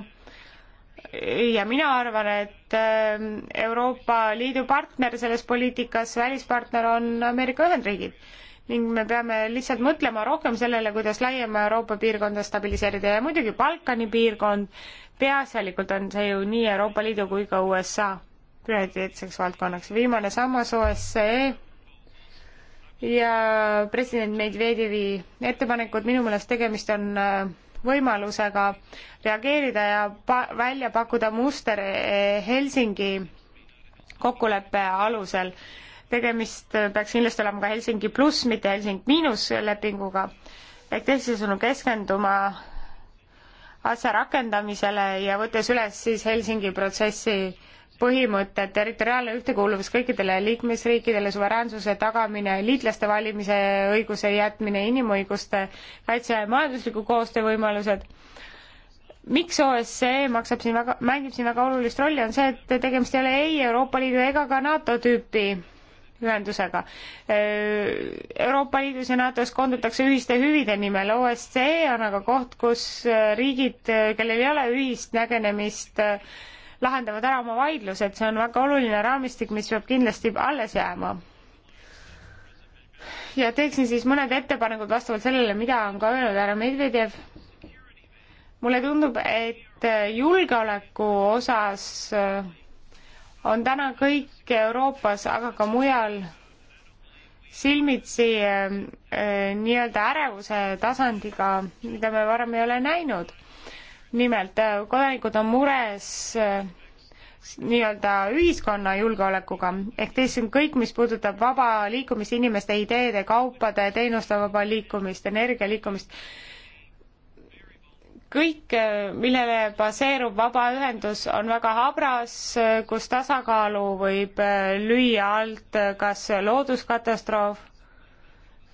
S1: ja mina arvan, et ähm, Euroopa Liidu partner selles poliitikas, välispartner on Ameerika Ühendriigid ning me peame lihtsalt mõtlema rohkem sellele, kuidas laiema Euroopa piirkonda stabiliseerida ja muidugi Balkani piirkond, peaasjalikult on see ju nii Euroopa Liidu kui ka USA prioriteetseks valdkonnaks. viimane sammas OSCE ja president Medvedjevi ettepanekud, minu meelest tegemist on äh, võimalusega reageerida ja pa-, välja pakkuda muster äh, Helsingi kokkuleppe alusel. tegemist äh, peaks kindlasti olema ka Helsingi pluss, mitte Helsingi miinus lepinguga, ehk teisisõnu keskenduma asja rakendamisele ja võttes üles siis Helsingi protsessi äh, põhimõte, territoriaalne ühtekuuluvus kõikidele liikmesriikidele, suveräänsuse tagamine, liitlaste valimise õiguse jätmine, inimõiguste kaitse, majandusliku koostöö võimalused. miks OSCE maksab siin väga, mängib siin väga olulist rolli, on see, et tegemist ei ole ei Euroopa Liidu ega ka NATO tüüpi ühendusega. Euroopa Liidus ja NATO-s koondutakse ühiste hüvide nimel, OSCE on aga koht, kus riigid, kellel ei ole ühist nägenemist äh, lahendavad ära oma vaidlused, see on väga oluline raamistik, mis peab kindlasti alles jääma. ja teeksin siis mõned ettepanekud vastavalt sellele, mida on ka öelnud härra Medvedjev. mulle tundub, et äh, julgeoleku osas äh, on täna kõik Euroopas, aga ka mujal silmitsi äh, äh, nii-öelda ärevuse tasandiga, mida me varem ei ole näinud nimelt äh, kodanikud on mures äh, nii-öelda ühiskonna julgeolekuga, ehk teisisõnu kõik, mis puudutab vaba liikumist, inimeste ideede, kaupade, teenuste vaba liikumist, energia liikumist, kõik, äh, millele baseerub vabaühendus, on väga habras, kus tasakaalu võib lüüa alt kas looduskatastroof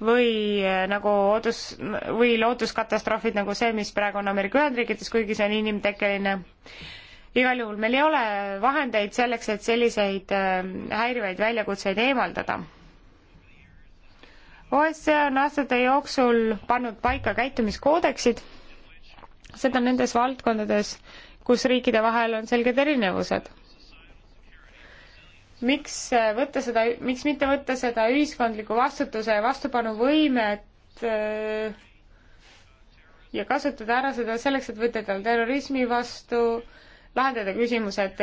S1: või eh, nagu oodus, või looduskatastroofid nagu see, mis praegu on Ameerika Ühendriikides, kuigi see on inimtekkeline. igal juhul meil ei ole vahendeid selleks, et selliseid eh, häirivaid väljakutseid eemaldada. OSCE on aastate jooksul pannud paika käitumiskoodeksid, seda nendes valdkondades, kus riikide vahel on selged erinevused miks võtta seda, miks mitte võtta seda ühiskondliku vastutuse ja vastupanuvõimet äh, ja kasutada ära seda selleks, et võidelda terrorismi vastu, lahendada küsimused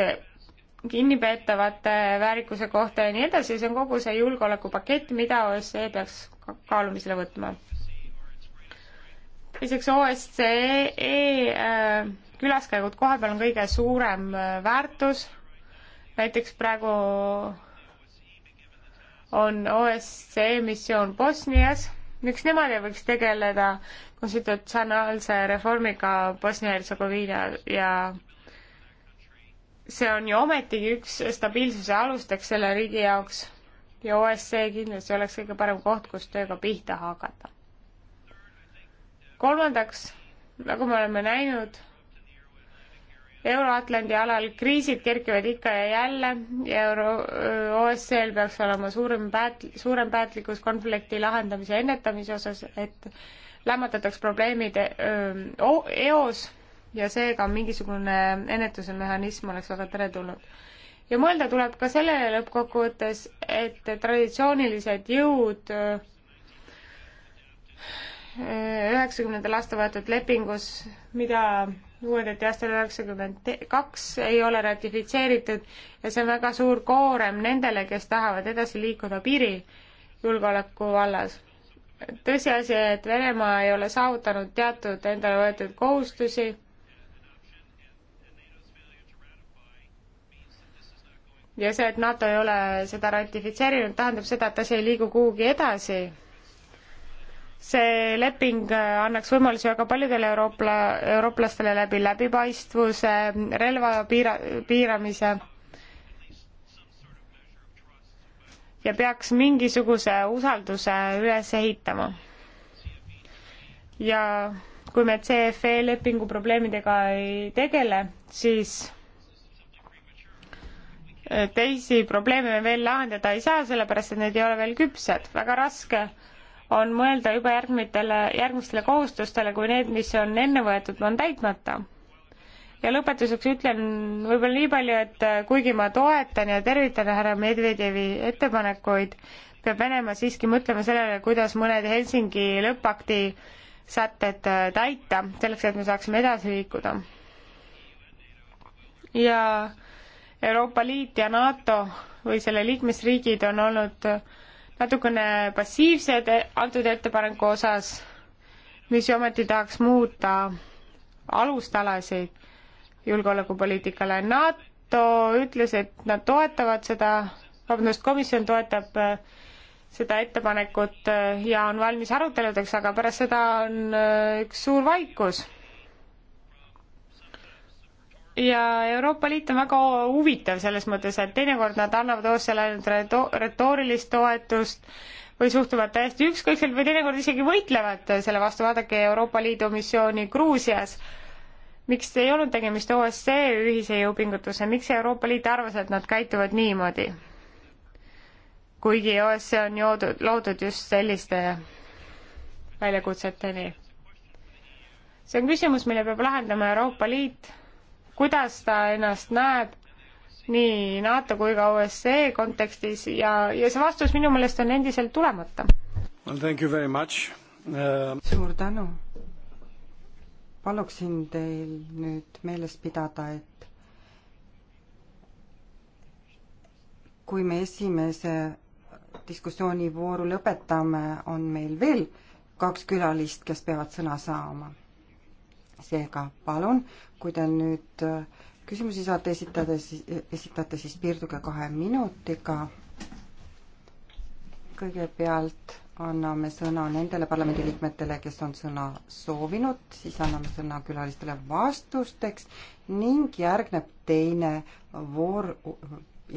S1: kinnipeetavate väärikuse kohta ja nii edasi, see on kogu see julgeolekupakett, mida OSCE peaks kaalumisele võtma. teiseks OSCE äh, külaskäigud kohapeal on kõige suurem äh, väärtus näiteks praegu on OSCE missioon Bosnias, miks nemad ei võiks tegeleda konstitutsionaalse reformiga Bosnia-Hertsegoviina ja see on ju ometigi üks stabiilsuse alusteks selle riigi jaoks ja OSCE kindlasti oleks kõige parem koht, kus tööga pihta hakata. kolmandaks, nagu me oleme näinud Euro-Atlandi alal kriisid kerkivad ikka ja jälle ja Euro-, OSCE-l peaks olema suurem päät-, suurem päätlikkus konflikti lahendamise ja ennetamise osas, et lämmatataks probleemid öö, eos ja seega mingisugune ennetuse mehhanism oleks väga teretulnud. ja mõelda tuleb ka sellele lõppkokkuvõttes, et traditsioonilised jõud üheksakümnendal aastal võetud lepingus, mida uuendati aastal üheksakümmend kaks, ei ole ratifitseeritud ja see on väga suur koorem nendele, kes tahavad edasi liikuda piirijulgeoleku vallas. tõsiasi, et Venemaa ei ole saavutanud teatud endale võetud kohustusi ja see, et NATO ei ole seda ratifitseerinud, tähendab seda, et asi ei liigu kuhugi edasi see leping äh, annaks võimalusi väga paljudele euroopla, eurooplastele läbi läbipaistvuse, relva piira, piiramise ja peaks mingisuguse usalduse üles ehitama. ja kui me CFE lepingu probleemidega ei tegele, siis äh, teisi probleeme me veel lahendada ei saa, sellepärast et need ei ole veel küpsed, väga raske on mõelda juba järgmitele, järgmistele kohustustele, kui need, mis on enne võetud, on täitmata ja lõpetuseks ütlen võib-olla nii palju, et äh, kuigi ma toetan ja tervitan härra Medvedjevi ettepanekuid, peab Venemaa siiski mõtlema sellele, kuidas mõned Helsingi lõppakti sätted äh, täita, selleks et me saaksime edasi liikuda. ja Euroopa Liit ja NATO või selle liikmesriigid on olnud äh, natukene passiivsed antud ettepaneku osas, mis ju ometi tahaks muuta alustalasid julgeolekupoliitikale. NATO ütles, et nad toetavad seda, vabandust, komisjon toetab äh, seda ettepanekut äh, ja on valmis aruteludeks, aga pärast seda on äh, üks suur vaikus ja Euroopa Liit on väga huvitav selles mõttes, et teinekord nad annavad OSCE-le ainult reto-, retoorilist toetust või suhtuvad täiesti ükskõikselt või teinekord isegi võitlevad selle vastu, vaadake Euroopa Liidu missiooni Gruusias, miks ei olnud tegemist OSCE ühise jõupingutuse, miks Euroopa Liit arvas, et nad käituvad niimoodi? kuigi OSCE on joodud, loodud just selliste väljakutseteni. see on küsimus, mille peab lahendama Euroopa Liit kuidas ta ennast näeb nii NATO kui ka OSCE kontekstis ja, ja see vastus minu meelest on endiselt tulemata
S4: well,. Uh... suur
S3: tänu. paluksin teil nüüd meeles pidada, et kui me esimese diskussioonivooru lõpetame, on meil veel kaks külalist, kes peavad sõna saama seega palun, kui te nüüd äh, küsimusi saate esitada, äh, esitate, siis piirduge kahe minutiga. kõigepealt anname sõna nendele parlamendiliikmetele, kes on sõna soovinud, siis anname sõna külalistele vastusteks ning järgneb teine voor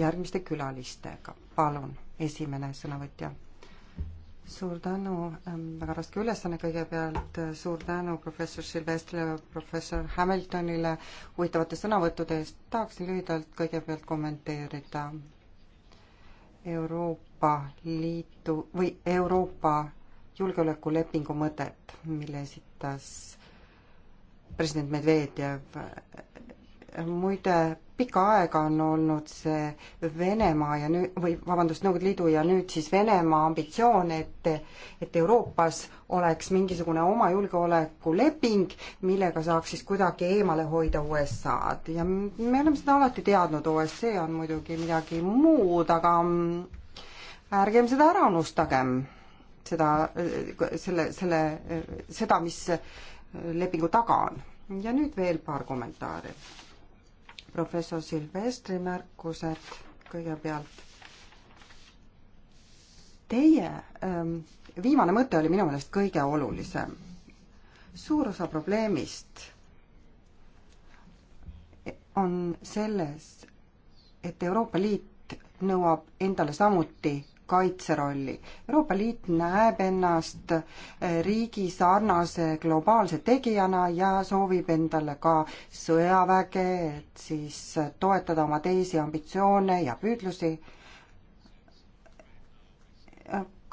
S3: järgmiste külalistega. palun, esimene sõnavõtja suur tänu, ähm, väga raske ülesanne kõigepealt, suur tänu professor Silvestrile, professor Hamiltonile huvitavate sõnavõttude eest, tahaksin lühidalt kõigepealt kommenteerida Euroopa Liitu või Euroopa julgeolekulepingu mõtet, mille esitas president Medvedjev muide, pikka aega on olnud see Venemaa ja nüüd, või vabandust, Nõukogude Liidu ja nüüd siis Venemaa ambitsioon, et et Euroopas oleks mingisugune oma julgeolekuleping, millega saaks siis kuidagi eemale hoida USA-d ja me oleme seda alati teadnud, OSCE on muidugi midagi muud, aga mm, ärgem seda ära unustagem, seda, selle, selle, seda, mis lepingu taga on. ja nüüd veel paar kommentaari professor Silvestri märkused kõigepealt. Teie ähm, viimane mõte oli minu meelest kõige olulisem. suur osa probleemist on selles, et Euroopa Liit nõuab endale samuti kaitserolli. Euroopa Liit näeb ennast eh, riigi sarnase globaalse tegijana ja soovib endale ka sõjaväge, et siis toetada oma teisi ambitsioone ja püüdlusi.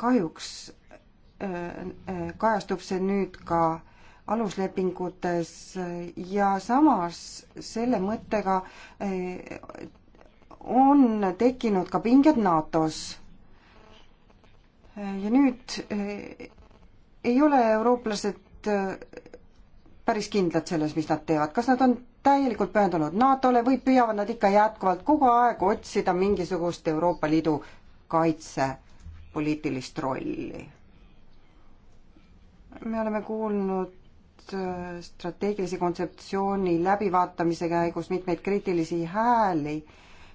S3: kahjuks eh, eh, kajastub see nüüd ka aluslepingutes ja samas selle mõttega on tekkinud ka pinged NATO-s ja nüüd eh, ei ole eurooplased eh, päris kindlad selles, mis nad teevad, kas nad on täielikult pühendunud NATO-le või püüavad nad ikka jätkuvalt kogu aeg otsida mingisugust Euroopa Liidu kaitsepoliitilist rolli? me oleme kuulnud eh, strateegilise kontseptsiooni läbivaatamise käigus mitmeid kriitilisi hääli äh,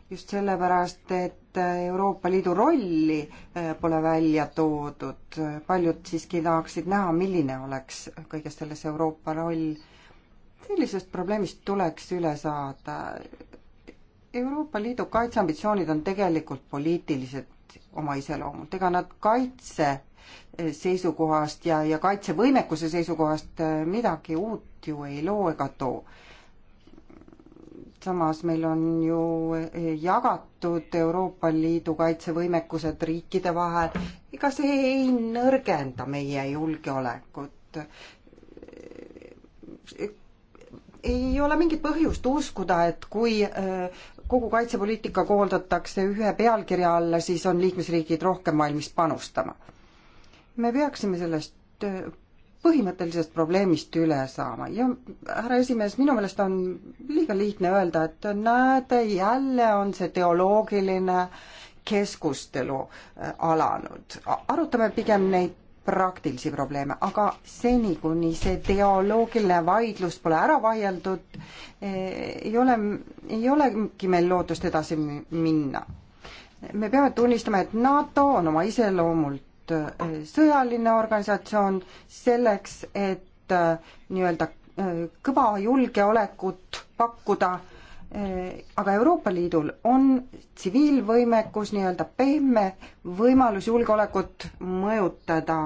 S3: just sellepärast, et Euroopa Liidu rolli eh, pole välja toodud. paljud siiski tahaksid näha, milline oleks kõiges selles Euroopa roll. sellisest probleemist tuleks üle saada. Euroopa Liidu kaitseambitsioonid on tegelikult poliitilised oma iseloomult, ega nad kaitse eh, seisukohast ja, ja kaitsevõimekuse seisukohast eh, midagi uut ju ei loo ega too samas meil on ju eh, jagatud Euroopa Liidu kaitsevõimekused riikide vahel, ega see ei nõrgenda meie julgeolekut. Eh, ei ole mingit põhjust uskuda, et kui eh, kogu kaitsepoliitika koondatakse ühe pealkirja alla, siis on liikmesriigid rohkem valmis panustama. me peaksime sellest põhimõttelisest probleemist üle saama ja härra esimees, minu meelest on liiga lihtne öelda, et näete, jälle on see teoloogiline keskustelu äh, alanud. arutame pigem neid praktilisi probleeme, aga seni, kuni see teoloogiline vaidlus pole ära vaieldud, e-, ei ole, ei olegi meil lootust edasi minna. me peame tunnistama, et NATO on oma iseloomult loodud äh, sõjaline organisatsioon selleks, et äh, nii-öelda äh, kõva julgeolekut pakkuda, aga Euroopa Liidul on tsiviilvõimekus, nii-öelda pehme võimalus julgeolekut mõjutada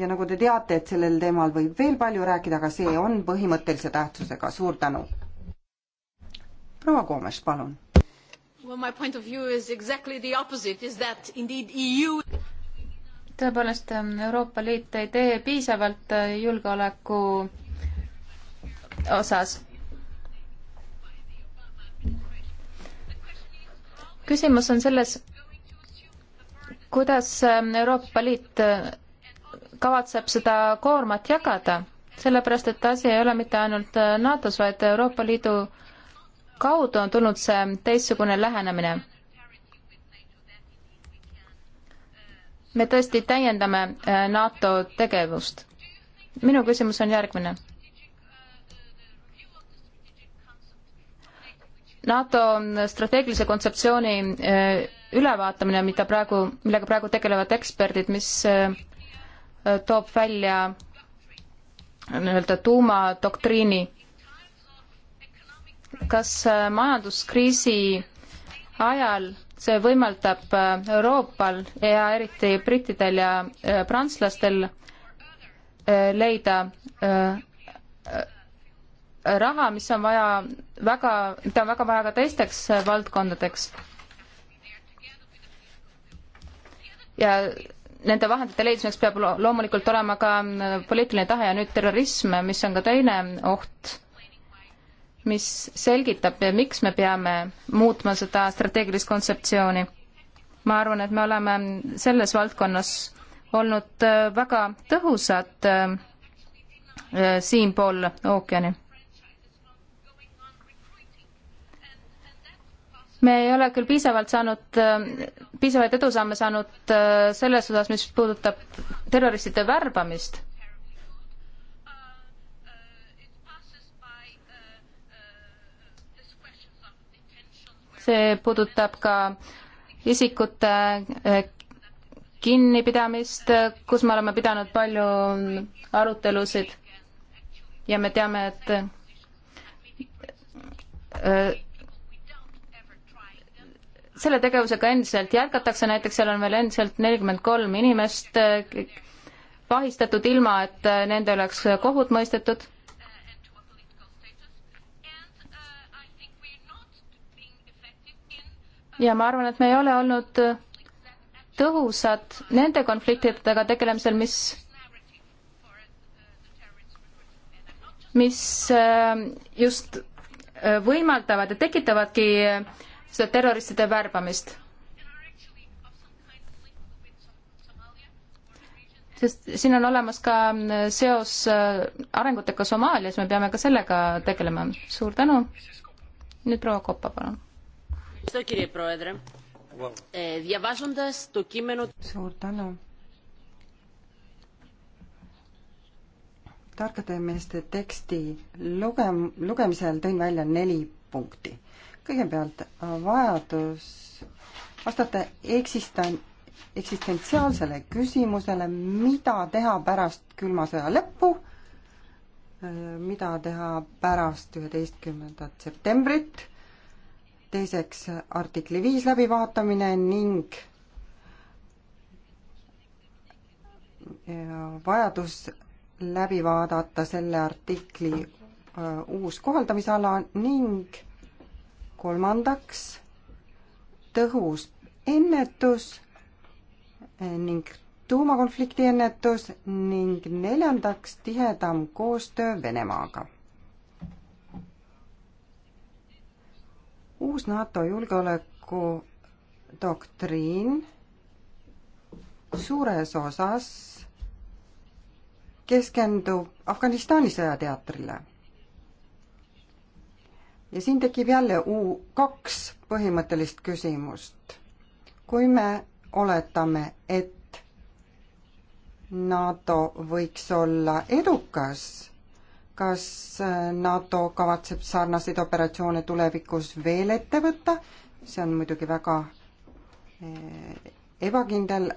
S3: ja nagu te teate, et sellel teemal võib veel palju rääkida, aga see on põhimõttelise tähtsusega, suur tänu. proua Koomes, palun.
S2: Well, my point of view is exactly the opposite, is that indeed EU tõepoolest, ähm, Euroopa Liit ei tee piisavalt äh, julgeoleku osas. küsimus on selles, kuidas ähm, Euroopa Liit äh, kavatseb seda koormat jagada, sellepärast et asi ei ole mitte ainult äh, NATO-s, vaid Euroopa Liidu kaudu on tulnud see teistsugune lähenemine me tõesti täiendame äh, NATO tegevust. minu küsimus on järgmine. NATO strateegilise kontseptsiooni äh, ülevaatamine, mida praegu, millega praegu tegelevad eksperdid, mis äh, toob välja nii-öelda tuumadoktriini. kas majanduskriisi ajal see võimaldab äh, Euroopal ja eriti brittidel ja äh, prantslastel äh, leida raha, mis on vaja väga, mida on väga vaja ka teisteks valdkondadeks. ja nende vahendite leidmiseks peab loomulikult olema ka poliitiline tahe ja nüüd terrorism, mis on ka teine oht mis selgitab, miks me peame muutma seda strateegilist kontseptsiooni. ma arvan, et me oleme selles valdkonnas olnud äh, väga tõhusad äh, äh, siinpool ookeani. me ei ole küll piisavalt saanud, piisavaid edusamme saanud selles osas, mis puudutab terroristide värbamist see puudutab ka isikute eh, kinnipidamist, kus me oleme pidanud palju arutelusid ja me teame, et eh, selle tegevusega endiselt jätkatakse, näiteks seal on veel endiselt nelikümmend kolm inimest eh, vahistatud, ilma et nende oleks kohut mõistetud ja ma arvan, et me ei ole olnud tõhusad nende konfliktidega tegelemisel, mis, mis äh, just äh, võimaldavad ja tekitavadki seda terroristide värbamist. sest siin on olemas ka äh, seos arengutega Somaalias, me peame ka sellega tegelema. suur tänu. nüüd proua Koppa, palun
S1: suur
S3: tänu. tarkade meeste teksti lugem-, lugemisel tõin välja neli punkti. kõigepealt vajadus vastata eksisten-, eksistentsiaalsele küsimusele, mida teha pärast külma sõja lõppu, äh, mida teha pärast üheteistkümnendat septembrit teiseks artikli viis läbivaatamine ning vajadus läbi vaadata selle artikli äh, uus kohaldamisala ning kolmandaks tõhus ennetus ning tuumakonflikti ennetus ning neljandaks tihedam koostöö Venemaaga uus NATO julgeolekudoktriin suures osas keskendub Afganistani sõjateatrile. ja siin tekib jälle uu-, kaks põhimõttelist küsimust. kui me oletame, et NATO võiks olla edukas kas äh, NATO kavatseb sarnaseid operatsioone tulevikus veel ette võtta, see on muidugi väga äh, ebakindel.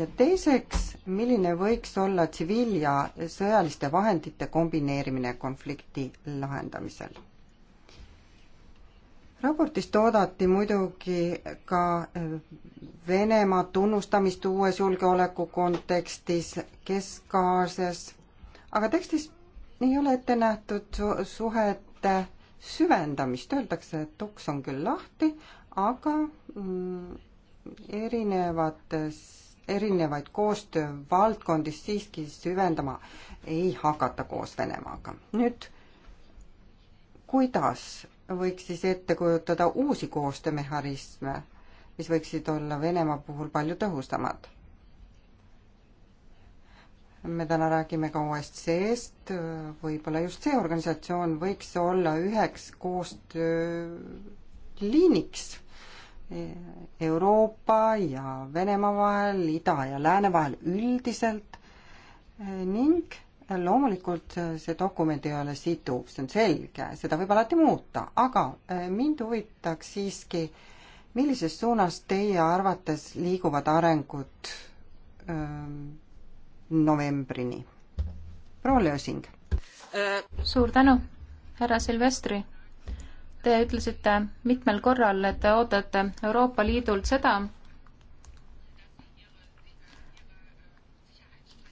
S3: ja teiseks, milline võiks olla tsiviil- ja sõjaliste vahendite kombineerimine konflikti lahendamisel? raportist oodati muidugi ka äh, Venemaa tunnustamist uues julgeoleku kontekstis Kesk-Aasias, aga tekstis ei ole ette nähtud suhete süvendamist, öeldakse, et uks on küll lahti, aga mm, erinevates, erinevaid koostöövaldkondi siiski süvendama ei hakata koos Venemaaga. nüüd, kuidas võiks siis ette kujutada uusi koostöömehhanisme, mis võiksid olla Venemaa puhul palju tõhusamad? me täna räägime ka OSCE-st, võib-olla just see organisatsioon võiks olla üheks koostööliiniks Euroopa ja Venemaa vahel, ida ja lääne vahel üldiselt ning loomulikult see dokument ei ole siduv, see on selge, seda võib alati muuta, aga mind huvitaks siiski, millises suunas teie arvates liiguvad arengud öö, ähm, novembrini. proua Lösing.
S2: suur tänu, härra Silvestri. Te ütlesite mitmel korral, et te ootate Euroopa Liidult seda,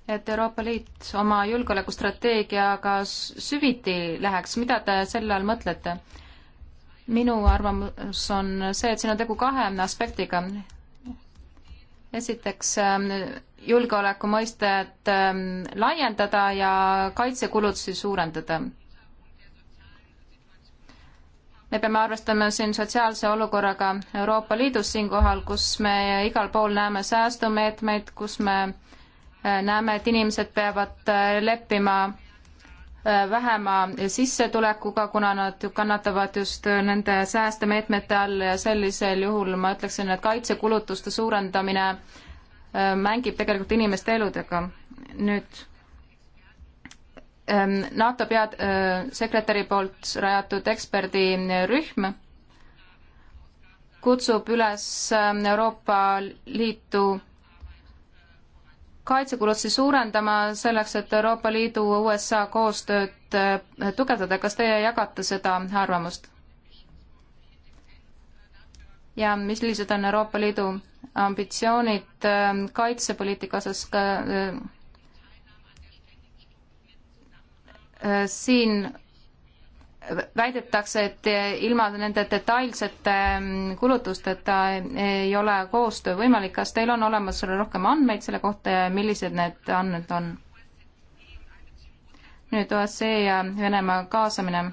S2: et Euroopa Liit oma julgeolekustrateegiaga süviti läheks, mida te selle all mõtlete? minu arvamus on see, et siin on tegu kahe aspektiga esiteks ähm, julgeoleku mõistet ähm, laiendada ja kaitsekulutusi suurendada. me peame arvestama siin sotsiaalse olukorraga Euroopa Liidus siinkohal, kus me igal pool näeme säästumeetmeid, kus me äh, näeme, et inimesed peavad äh, leppima Äh, vähema sissetulekuga, kuna nad kannatavad just äh, nende säästemeetmete all ja sellisel juhul ma ütleksin, et kaitsekulutuste suurendamine äh, mängib tegelikult inimeste eludega. nüüd ähm, NATO peasekretäri poolt rajatud eksperdirühm kutsub üles Euroopa Liitu kaitsekulutusi suurendama selleks, et Euroopa Liidu USA koostööd äh, tugevdada, kas teie jagate seda arvamust? ja millised on Euroopa Liidu ambitsioonid äh, kaitsepoliitika osas ka äh, siin väidetakse, et ilma nende detailsete mm, kulutusteta ei ole koostöö võimalik. kas teil on olemas rohkem andmeid selle kohta ja millised need andmed on? nüüd OSCE ja Venemaa kaasamine.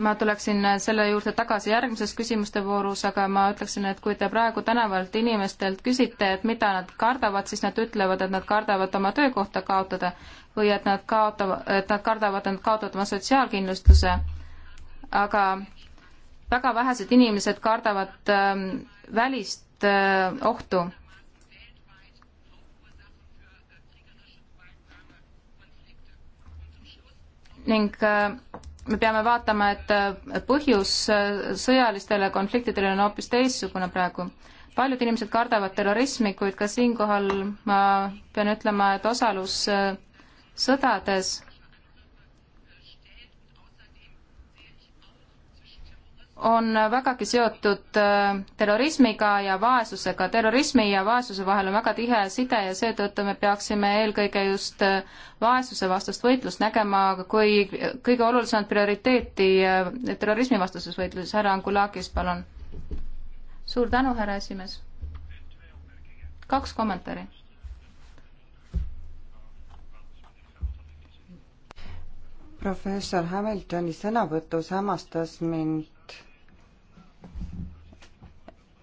S2: ma tuleksin selle juurde tagasi järgmises küsimuste voorus, aga ma ütleksin, et kui te praegu tänavalt inimestelt küsite, et mida nad kardavad, siis nad ütlevad, et nad kardavad oma töökohta kaotada või et nad kaotavad, et nad kardavad, et nad kaotavad oma sotsiaalkindlustuse, aga väga vähesed inimesed kardavad ähm, välist äh, ohtu. ning äh, me peame vaatama, et äh, põhjus äh, sõjalistele konfliktidele on hoopis teistsugune praegu. paljud inimesed kardavad terrorismi, kuid ka siinkohal ma pean ütlema, et osalus äh, sõdades on vägagi seotud äh, terrorismiga ja vaesusega. terrorismi ja vaesuse vahel on väga tihe side ja seetõttu me peaksime eelkõige just äh, vaesusevastast võitlust nägema kui kõige olulisemat prioriteeti äh, terrorismivastases võitluses. härra Angulakis, palun. suur tänu, härra esimees. kaks kommentaari
S3: professor Hamiltoni sõnavõtus hämmastas mind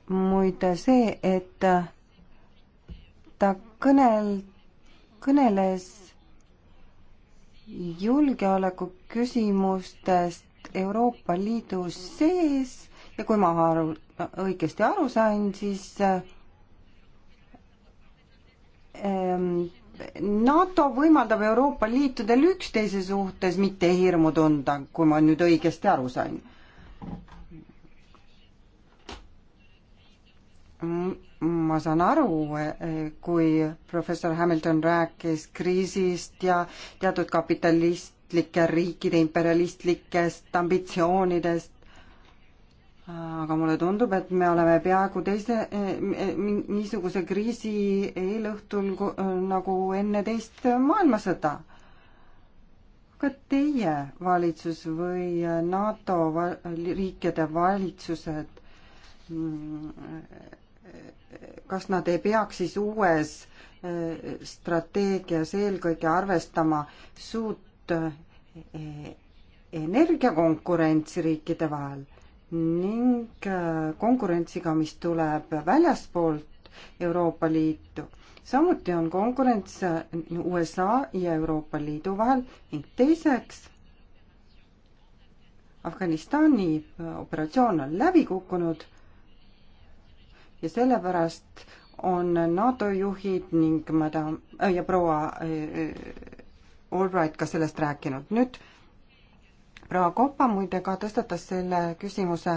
S3: muide see, et ta kõnel, kõneles julgeoleku küsimustest Euroopa Liidu sees ja kui ma aru, õigesti aru sain, siis ähm, NATO võimaldab Euroopa Liitudel üksteise suhtes mitte hirmu tunda, kui ma nüüd õigesti aru sain. ma saan aru, kui professor Hamilton rääkis kriisist ja teatud kapitalist riiklike riikide imperialistlikest ambitsioonidest, aga mulle tundub, et me oleme peaaegu teise, eh, eh, niisuguse kriisi eelõhtul eh, nagu enne teist maailmasõda. ka teie valitsus või NATO riikide valitsused, mm, kas nad ei peaks siis uues strateegias eelkõige arvestama suurt energiakonkurentsi riikide vahel? ning äh, konkurentsiga, mis tuleb väljaspoolt Euroopa Liitu. samuti on konkurents äh, USA ja Euroopa Liidu vahel ning teiseks Afganistani äh, operatsioon on läbi kukkunud ja sellepärast on NATO juhid ning madam äh, ja proua äh, Albright ka sellest rääkinud. nüüd äh, proua Kopa muide ka tõstatas selle küsimuse.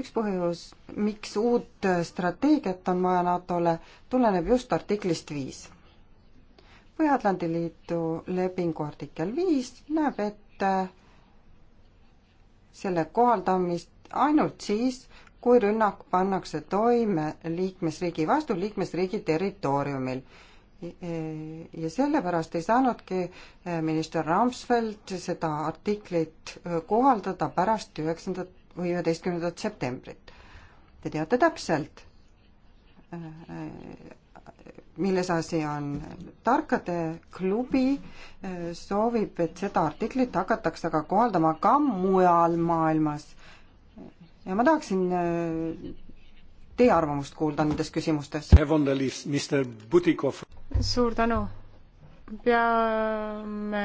S3: üks põhjus, miks uut strateegiat on vaja NATO-le, tuleneb just artiklist viis. Põhja-Atlandi Liidu lepingu artikkel viis näeb ette selle kohaldamist ainult siis, kui rünnak pannakse toime liikmesriigi vastu liikmesriigi territooriumil ja sellepärast ei saanudki eh, minister Ramsfeld seda artiklit eh, kohaldada pärast üheksandat või üheteistkümnendat septembrit. Te teate täpselt, eh, milles asi on. tarkade klubi soovib, et seda artiklit hakatakse aga kohaldama ka mujal maailmas. ja ma tahaksin teie arvamust kuulda nendes küsimustes
S1: suur tänu. peame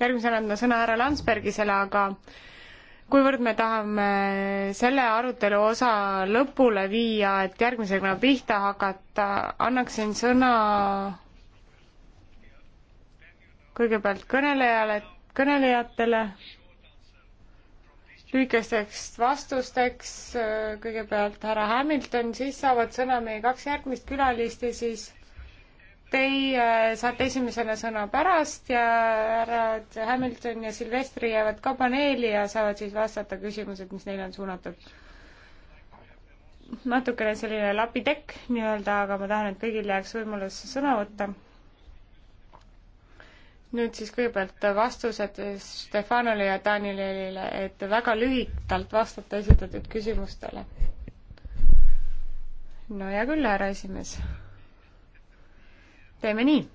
S1: järgmisena andma sõna härra Landsbergisele, aga kuivõrd me tahame selle arutelu osa lõpule viia, et järgmisega pihta hakata, annaksin sõna kõigepealt kõnelejale, kõnelejatele lühikesteks vastusteks. kõigepealt härra Hamilton, siis saavad sõna meie kaks järgmist külalist ja siis Teie saate esimesena sõna pärast ja härrad Hamilton ja Silvestri jäävad ka paneeli ja saavad siis vastata küsimused, mis neile on suunatud. natukene selline lapitekk nii-öelda, aga ma tahan, et kõigil jääks võimalus sõna võtta nüüd siis kõigepealt vastused Stefanole ja Danilile, et väga lühidalt vastata esitatud küsimustele. no hea küll, härra esimees teeme nii.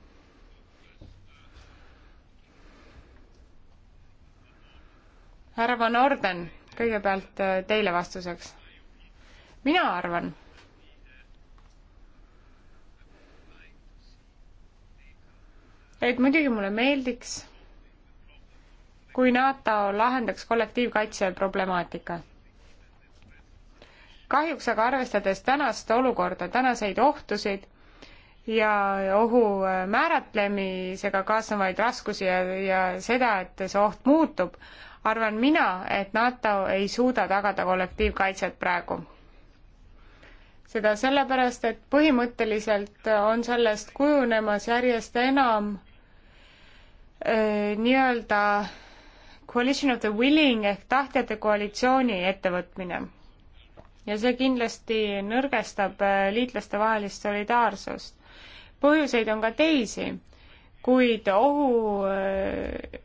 S1: härra Van Orden, kõigepealt äh, teile vastuseks. mina arvan, et muidugi mulle meeldiks, kui NATO lahendaks kollektiivkaitse problemaatika. kahjuks aga arvestades tänast olukorda, tänaseid ohtusid, ja ohu äh, määratlemisega kaasnevaid raskusi ja, ja seda, et see oht muutub, arvan mina, et NATO ei suuda tagada kollektiivkaitset praegu. seda sellepärast, et põhimõtteliselt on sellest kujunemas järjest enam äh, nii-öelda coalition of the willing ehk tahtjate koalitsiooni ettevõtmine. ja see kindlasti nõrgestab äh, liitlaste vahelist solidaarsust põhjuseid on ka teisi, kuid ohu äh,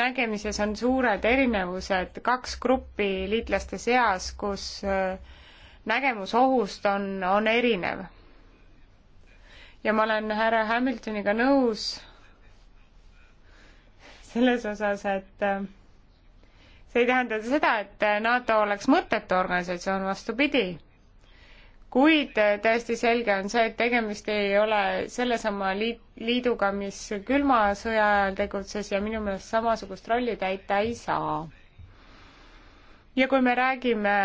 S1: nägemises on suured erinevused, kaks gruppi liitlaste seas, kus äh, nägemus ohust on, on erinev. ja ma olen härra Hamiltoniga nõus selles osas, et äh, see ei tähenda seda, et NATO oleks mõttetu organisatsioon, vastupidi kuid täiesti selge on see, et tegemist ei ole sellesama liit, liiduga, mis külma sõja ajal tegutses ja minu meelest samasugust rolli täita ei saa. ja kui me räägime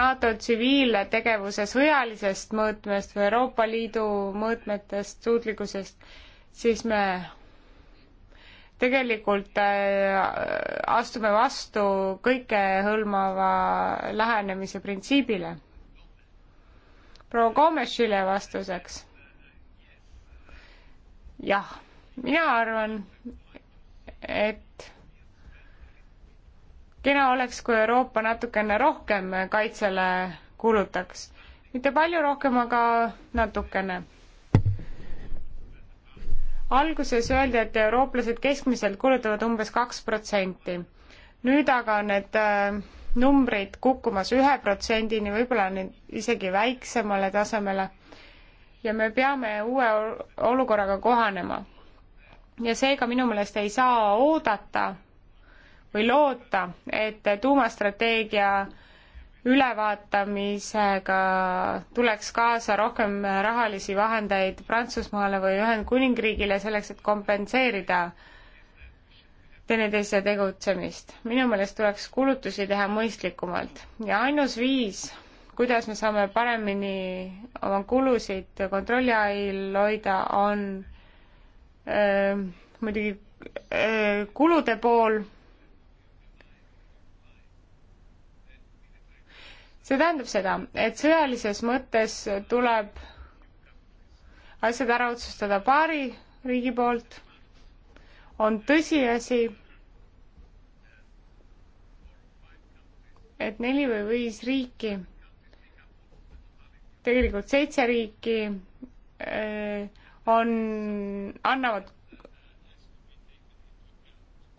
S1: NATO tsiviiltegevuse sõjalisest mõõtmest või Euroopa Liidu mõõtmetest, suutlikkusest, siis me tegelikult äh, astume vastu kõikehõlmava lähenemise printsiibile. proua Komešile vastuseks. jah, mina arvan, et kena oleks, kui Euroopa natukene rohkem kaitsele kulutaks. mitte palju rohkem, aga natukene alguses öeldi, et eurooplased keskmiselt kulutavad umbes kaks protsenti. nüüd aga on need äh, numbrid kukkumas ühe protsendini, võib-olla nüüd isegi väiksemale tasemele. ja me peame uue olukorraga kohanema. ja seega minu meelest ei saa oodata või loota, et tuumastrateegia ülevaatamisega tuleks kaasa rohkem rahalisi vahendeid Prantsusmaale või Ühendkuningriigile selleks, et kompenseerida teineteise tegutsemist. minu meelest tuleks kulutusi teha mõistlikumalt ja ainus viis, kuidas me saame paremini oma kulusid kontrolli all hoida, on öö, äh, muidugi öö, äh, kulude pool see tähendab seda, et sõjalises mõttes tuleb asjad ära otsustada paari riigi poolt. on tõsiasi, et neli või viis riiki, tegelikult seitse riiki eh, on, annavad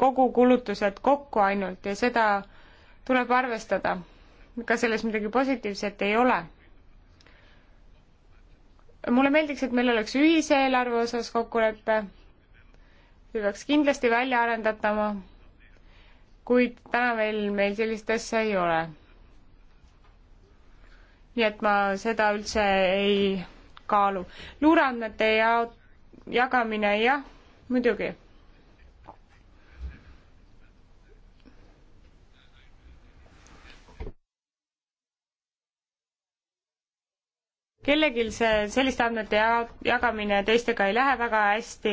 S1: kogu kulutused kokku ainult ja seda tuleb arvestada ka selles midagi positiivset ei ole. mulle meeldiks, et meil oleks ühise eelarve osas kokkulepe, see peaks kindlasti välja arendatama, kuid täna veel meil sellist asja ei ole. nii et ma seda üldse ei kaalu. luureandmete ja jagamine, jah, muidugi kellelgi see selliste andmete jagamine teistega ei lähe väga hästi,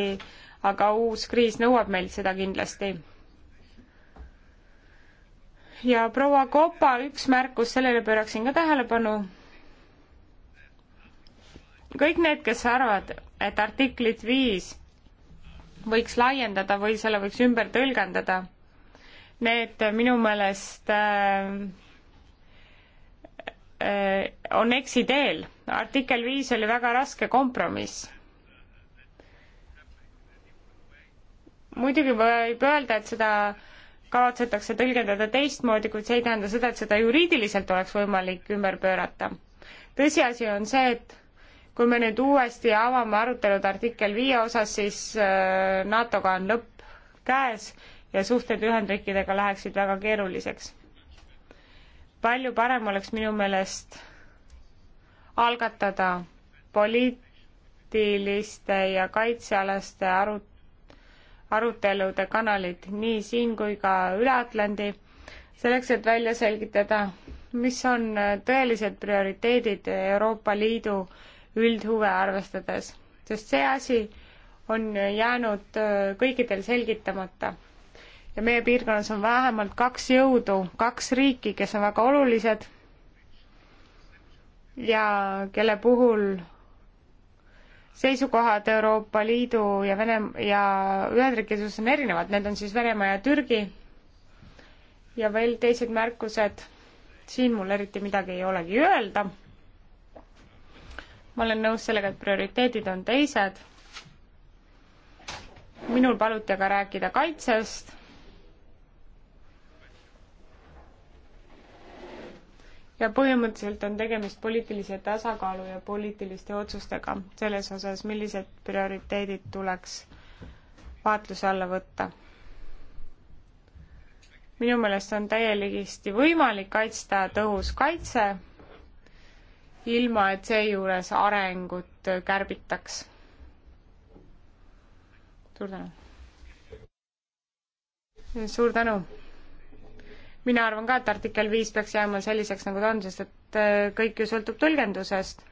S1: aga uus kriis nõuab meilt seda kindlasti. ja proua Kopa üks märkus, sellele pööraksin ka tähelepanu. kõik need, kes arvavad, et artiklit viis võiks laiendada või selle võiks ümber tõlgendada, need minu meelest äh, äh, on eksiteel artikkel viis oli väga raske kompromiss. muidugi võib öelda, et seda kavatsetakse tõlgendada teistmoodi, kuid see ei tähenda seda, et seda juriidiliselt oleks võimalik ümber pöörata. tõsiasi on see, et kui me nüüd uuesti avame arutelud artikkel viie osas, siis äh, NATO-ga on lõpp käes ja suhted Ühendriikidega läheksid väga keeruliseks. palju parem oleks minu meelest algatada poliitiliste ja kaitsealaste arut-, arutelude kanalid nii siin kui ka üle Atlandi, selleks, et välja selgitada, mis on tõelised prioriteedid Euroopa Liidu üldhuve arvestades, sest see asi on jäänud äh, kõikidel selgitamata. ja meie piirkonnas on vähemalt kaks jõudu, kaks riiki, kes on väga olulised ja kelle puhul seisukohad Euroopa Liidu ja Vene- ja Ühendriikide suhtes on erinevad, need on siis Venemaa ja Türgi. ja veel teised märkused, siin mul eriti midagi ei olegi öelda. ma olen nõus sellega, et prioriteedid on teised. minul paluti aga rääkida kaitsest ja põhimõtteliselt on tegemist poliitilise tasakaalu ja poliitiliste otsustega selles osas, millised prioriteedid tuleks vaatluse alla võtta. minu meelest on täieligisti võimalik kaitsta tõhus kaitse, ilma et seejuures arengut kärbitaks. suur tänu! suur tänu! mina arvan ka, et artikkel viis peaks jääma selliseks, nagu ta on, sest et äh, kõik ju sõltub tõlgendusest.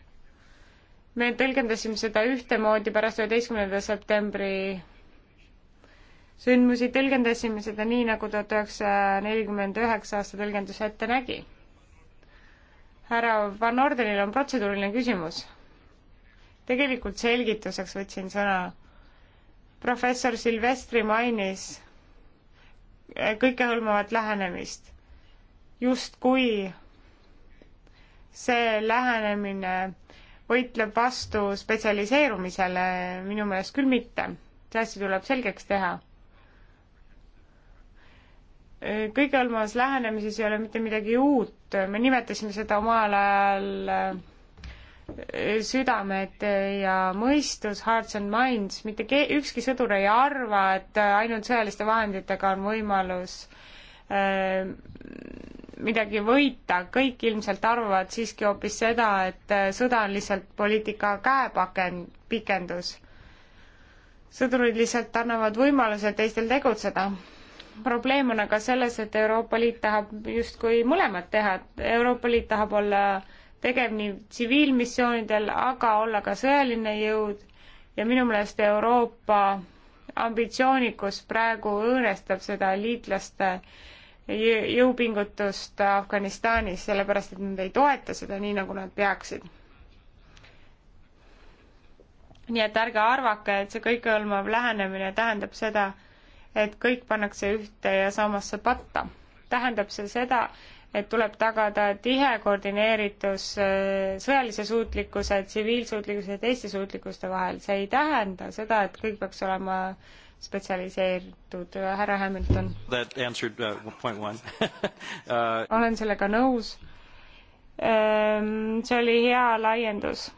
S1: me tõlgendasime seda ühtemoodi pärast üheteistkümnenda septembri sündmusi, tõlgendasime seda nii, nagu tuhat üheksasada nelikümmend üheksa aasta tõlgendus ette nägi. härra Van Ordenil on protseduuriline küsimus. tegelikult selgituseks võtsin sõna. professor Silvestri mainis kõikehõlmavat lähenemist. justkui see lähenemine võitleb vastu spetsialiseerumisele, minu meelest küll mitte. see asi tuleb selgeks teha. kõikehõlmavas lähenemises ei ole mitte midagi uut, me nimetasime seda omal ajal südamed ja mõistus, hearts and minds, mitte ke-, ükski sõdur ei arva, et ainult sõjaliste vahenditega on võimalus äh, midagi võita, kõik ilmselt arvavad siiski hoopis seda, et äh, sõda on lihtsalt poliitika käepaken-, pikendus. sõdurid lihtsalt annavad võimaluse teistel tegutseda probleem on aga selles, et Euroopa Liit tahab justkui mõlemat teha, et Euroopa Liit tahab olla äh, tegev nii tsiviilmissioonidel, aga olla ka sõjaline jõud ja minu meelest Euroopa ambitsioonikus praegu õõnestab seda liitlaste jõupingutust Afganistanis, sellepärast et nad ei toeta seda nii, nagu nad peaksid. nii et ärge arvake, et see kõikehõlmav lähenemine tähendab seda, et kõik pannakse ühte ja samasse patta. tähendab see seda, et tuleb tagada tihe koordineeritus äh, sõjalise suutlikkuse, tsiviilsuutlikkuse ja teiste suutlikkuste vahel. see ei tähenda seda, et kõik peaks olema spetsialiseeritud. härra Hamilton.
S3: Uh, uh,
S1: olen sellega nõus. Ähm, see oli hea laiendus.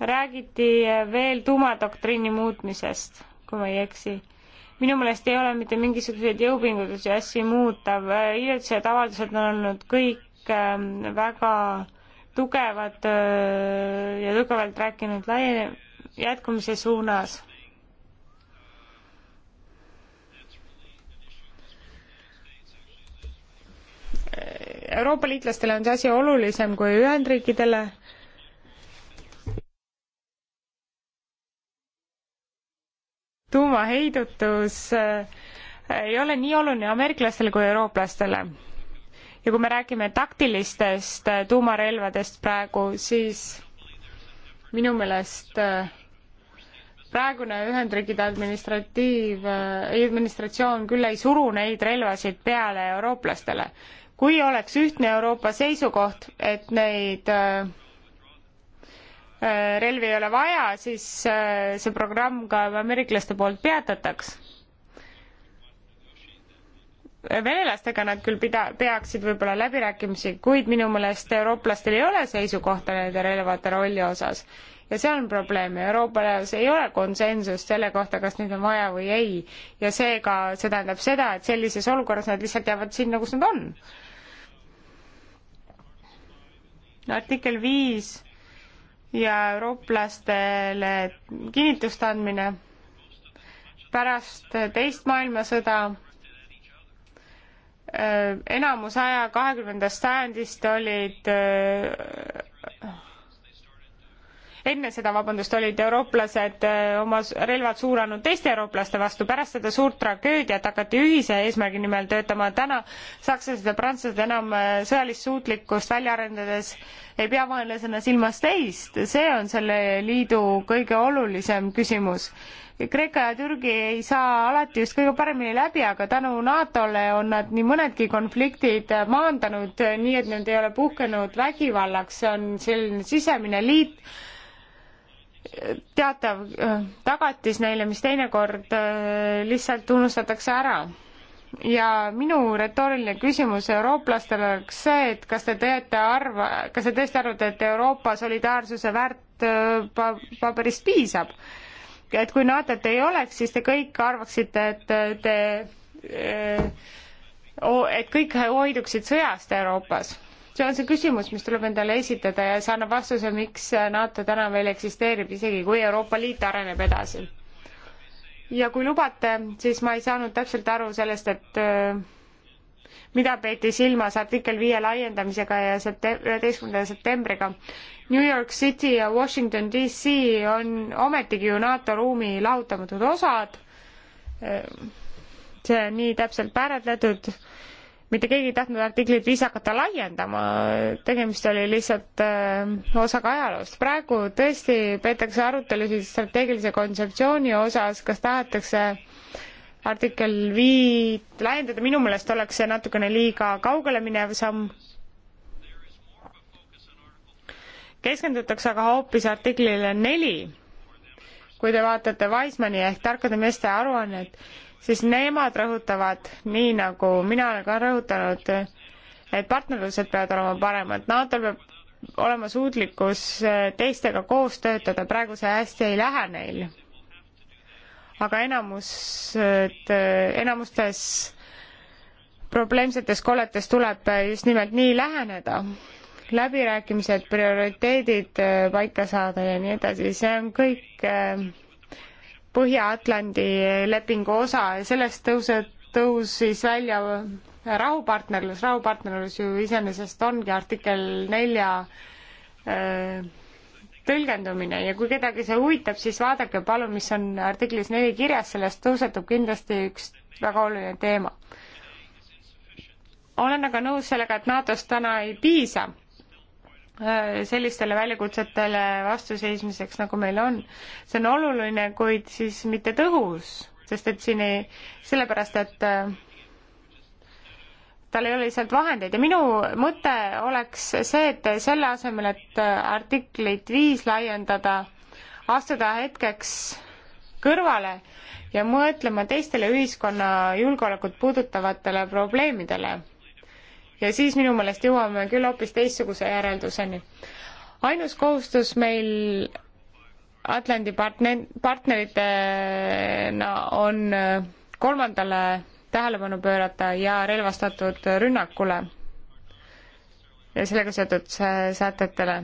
S1: räägiti veel tuumadoktriini muutmisest, kui ma ei eksi minu meelest ei ole mitte mingisuguseid jõupingutusi asju muuta, hiljutised avaldused on olnud kõik ähm, väga tugevad äh, ja tugevalt rääkinud laie-, jätkumise suunas. Euroopa liitlastele on see asi olulisem kui Ühendriikidele tuumaheidutus äh, ei ole nii oluline ameeriklastele kui eurooplastele. ja kui me räägime taktilistest äh, tuumarelvadest praegu, siis minu meelest äh, praegune Ühendriikide administratiiv, administratsioon küll ei suru neid relvasid peale eurooplastele. kui oleks ühtne Euroopa seisukoht, et neid äh, Äh, relvi ei ole vaja, siis äh, see programm ka ameeriklaste poolt peatataks. venelastega nad küll pida-, peaksid võib-olla läbirääkimisi, kuid minu meelest eurooplastel ei ole seisukohta nende relvade rolli osas ja see on probleem ja Euroopas ei ole konsensust selle kohta, kas neid on vaja või ei. ja seega see tähendab seda, et sellises olukorras nad lihtsalt jäävad sinna, kus nad on. artikkel viis ja eurooplastele kinnitust andmine pärast teist maailmasõda enamus aja kahekümnendast sajandist olid
S4: öö,
S1: enne seda, vabandust, olid eurooplased äh, oma relvad suunanud teiste eurooplaste vastu, pärast seda suurt tragöödiat hakati ühise eesmärgi nimel töötama, täna sakslased ja prantslased enam äh, sõjalist suutlikkust välja arendades ei pea vaenlasena silmas teist, see on selle liidu kõige olulisem küsimus Kreeka ja Türgi ei saa alati just kõige paremini läbi, aga tänu NATO-le on nad nii mõnedki konfliktid maandanud, nii et need ei ole puhkenud vägivallaks, see on selline sisemine liit teatav äh, tagatis neile, mis teinekord äh, lihtsalt unustatakse ära. ja minu retooriline küsimus eurooplastele oleks see, et kas te teete arva, kas te tõesti arvate, et Euroopa solidaarsuse väärt äh, pa-, paberist piisab? et kui NATO-t ei oleks, siis te kõik arvaksite, et te, et kõik hoiduksid sõjast Euroopas see on see küsimus, mis tuleb endale esitada ja see annab vastuse, miks NATO täna veel eksisteerib, isegi kui Euroopa Liit areneb edasi. ja kui lubate, siis ma ei saanud täpselt aru sellest, et äh, mida peeti silmas artikkel viie laiendamisega ja septem-, üheteistkümnenda septembriga. New York City ja Washington DC on ometigi ju NATO ruumi lahutamatud osad, äh, see on nii täpselt määratletud mitte keegi ei tahtnud artiklit viis hakata laiendama, tegemist oli lihtsalt äh, osaga ajaloost. praegu tõesti peetakse arutelusid strateegilise kontseptsiooni osas, kas tahetakse artikkel viit laiendada, minu meelest oleks see natukene liiga kaugele minev samm. keskendutakse aga hoopis artiklile neli, kui te vaatate Wisemani ehk tarkade meeste aruannet siis nemad rõhutavad, nii nagu mina olen ka rõhutanud, et partnerlused peavad olema paremad, NATO-l peab olema suutlikkus teistega koos töötada, praegu see hästi ei lähe neil. aga enamus, enamustes probleemsetes kolletes tuleb just nimelt nii läheneda, läbirääkimised, prioriteedid paika saada ja nii edasi, see on kõik äh, Põhja-Atlandi lepingu osa ja sellest tõuseb, tõusis välja rahupartnerlus, rahupartnerlus ju iseenesest ongi artikkel nelja äh, tõlgendumine ja kui kedagi see huvitab, siis vaadake palun, mis on artiklis neli kirjas, sellest tõusetub kindlasti üks väga oluline teema. olen aga nõus sellega, et NATO-st täna ei piisa Äh, sellistele väljakutsetele vastuseismiseks, nagu meil on. see on oluline, kuid siis mitte tõhus, sest et siin ei, sellepärast et äh, tal ei ole lihtsalt vahendeid ja minu mõte oleks see, et selle asemel, et äh, artiklit viis laiendada, astuda hetkeks kõrvale ja mõtlema teistele ühiskonna julgeolekut puudutavatele probleemidele ja siis minu meelest jõuame küll hoopis teistsuguse järelduseni. ainus kohustus meil Atlandi partner, partneritena on äh, kolmandale tähelepanu pöörata ja relvastatud rünnakule ja sellega seotud sätetele.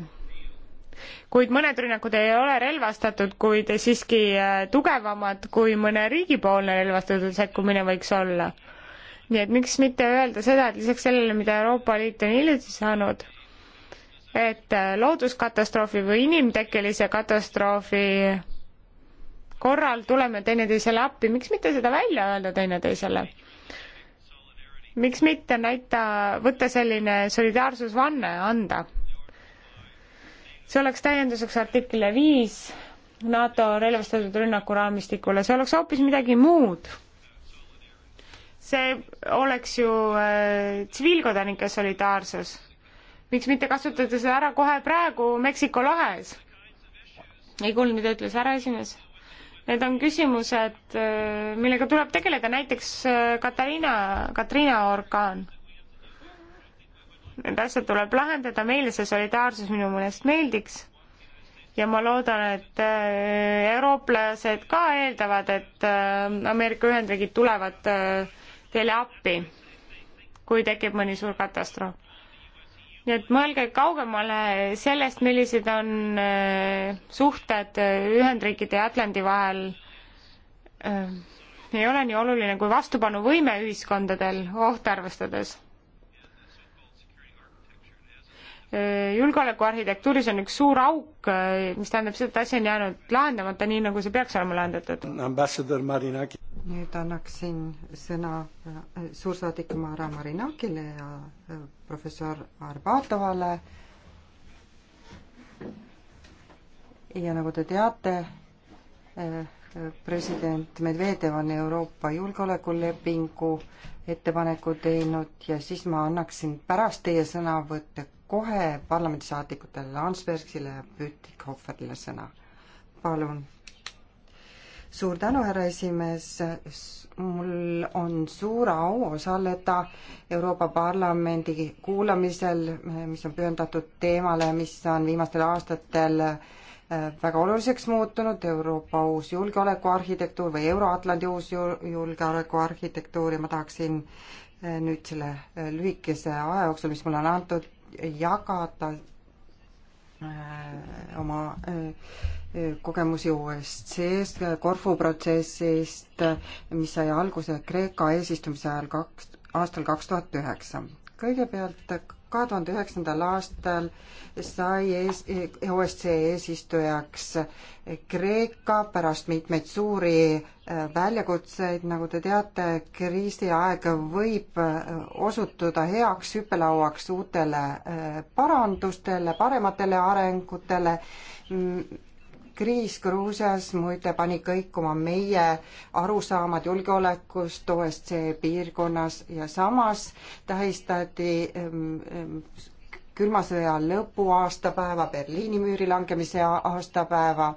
S1: kuid mõned rünnakud ei ole relvastatud, kuid siiski äh, tugevamad kui mõne riigipoolne relvastatud sekkumine võiks olla nii et miks mitte öelda seda, et lisaks sellele, mida Euroopa Liit on hiljuti saanud, et äh, looduskatastroofi või inimtekkelise katastroofi korral tuleme teineteisele appi, miks mitte seda välja öelda teineteisele? miks mitte näita, võtta selline solidaarsusvanne anda? see oleks täienduseks artiklile viis NATO relvastatud rünnaku raamistikule, see oleks hoopis midagi muud see oleks ju äh, tsiviilkodanike solidaarsus. miks mitte kasutada seda ära kohe praegu Meksiko lahes? ei kuulnud, mida ütles härra esimees? Need on küsimused, äh, millega tuleb tegeleda, näiteks äh, Katariina, Katriina orkaan. Need asjad tuleb lahendada, meile see solidaarsus minu meelest meeldiks ja ma loodan, et äh, eurooplased ka eeldavad, et Ameerika Ühendriigid tulevad äh, teile appi, kui tekib mõni suur katastroof. nii et mõelge kaugemale sellest, millised on äh, suhted äh, Ühendriikide ja Atlandi vahel. Äh, ei ole nii oluline kui vastupanuvõime ühiskondadel ohte arvestades julgeolekuarhitektuuris on üks suur auk, mis tähendab seda, et asi on jäänud lahendamata nii, nagu see peaks olema
S4: lahendatud. ambassador Marinaki.
S3: nüüd annaksin sõna äh, suursaadik Mara Marinakile ja äh, professor Arbatovale. ja nagu te teate, äh, president Medvedev on Euroopa julgeolekulepingu ettepaneku teinud ja siis ma annaksin pärast teie sõnavõtte kohe parlamendisaadikutele Landsbergisele ja Pütikhoferile sõna. palun. suur tänu, härra esimees. mul on suur au osaleda Euroopa Parlamendi kuulamisel, mis on pühendatud teemale, mis on viimastel aastatel äh, väga oluliseks muutunud, Euroopa uus julgeolekuarhitektuur või Euro-Atlandi uus julgeolekuarhitektuur ja ma tahaksin äh, nüüd selle äh, lühikese aja jooksul, mis mulle on antud, jagada äh, oma äh, kogemusi OSCE-st, Corfu protsessist, mis sai alguse Kreeka eesistumise ajal kaks, aastal kaks tuhat üheksa. kõigepealt kahe tuhande üheksandal aastal sai ees, OSCE eesistujaks Kreeka pärast mitmeid suuri äh, väljakutseid, nagu te teate, kriisiaeg võib äh, osutuda heaks hüppelauaks uutele äh, parandustele, parematele arengutele kriis Gruusias muide pani kõikuma meie arusaamad julgeolekust OSCE piirkonnas ja samas tähistati ehm, ehm, külma sõja lõpuaastapäeva, Berliini müüri langemise aastapäeva.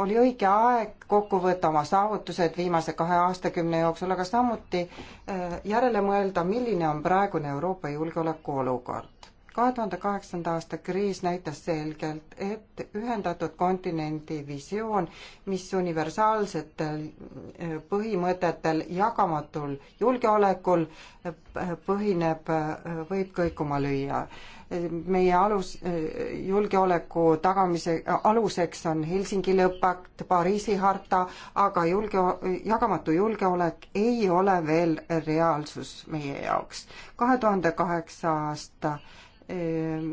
S3: oli õige aeg kokku võtta oma saavutused viimase kahe aastakümne jooksul, aga samuti ehm, järele mõelda, milline on praegune Euroopa julgeolekuolukord kahe tuhande kaheksanda aasta kriis näitas selgelt, et ühendatud kontinendi visioon, mis universaalsetel eh, põhimõtetel jagamatul julgeolekul eh, põhineb, eh, võib kõikuma lüüa. meie alus, julgeoleku tagamise aluseks on Helsingi lõppakt, Pariisi harta, aga julge, jagamatu julgeolek ei ole veel reaalsus meie jaoks. kahe tuhande kaheksa aasta Ehm,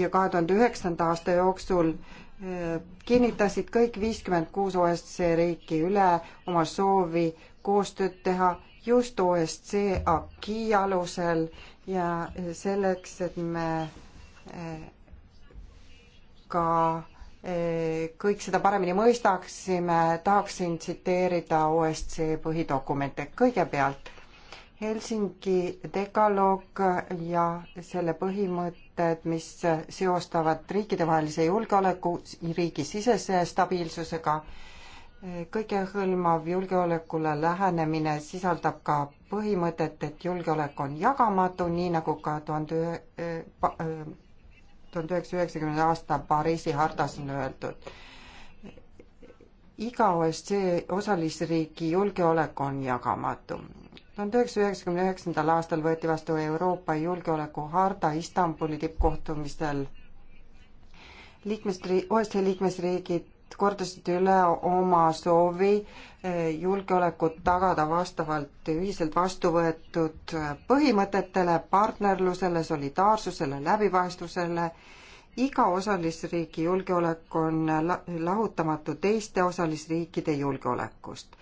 S3: ja kahe tuhande üheksanda aasta jooksul ehm, kinnitasid kõik viiskümmend kuus OSCE riiki üle oma soovi koostööd teha just OSCE aki alusel ja selleks, et me ehm, ka kõik seda paremini mõistaksime, tahaksin tsiteerida OSCE põhidokumente kõigepealt Helsingi dekaloog ja selle põhimõtted, mis seostavad riikidevahelise julgeoleku riigisisese stabiilsusega, kõigehõlmav julgeolekule lähenemine sisaldab ka põhimõtet, et julgeolek on jagamatu, nii nagu ka tuhande ühe, eh, eh, tuhande üheksasaja üheksakümnenda aasta Pariisi hartas on öeldud. iga OSCE osalisriigi julgeolek on jagamatu tuhande üheksasaja üheksakümne üheksandal aastal võeti vastu Euroopa julgeolekuharta Istanbuli tippkohtumisel. liikmesriik, OSCE liikmesriigid kordasid üle oma soovi eh, julgeolekut tagada vastavalt ühiselt vastu võetud eh, põhimõtetele, partnerlusele, solidaarsusele, läbipaistvusele. iga osalisriigi julgeolek on lahutamatu teiste osalisriikide julgeolekust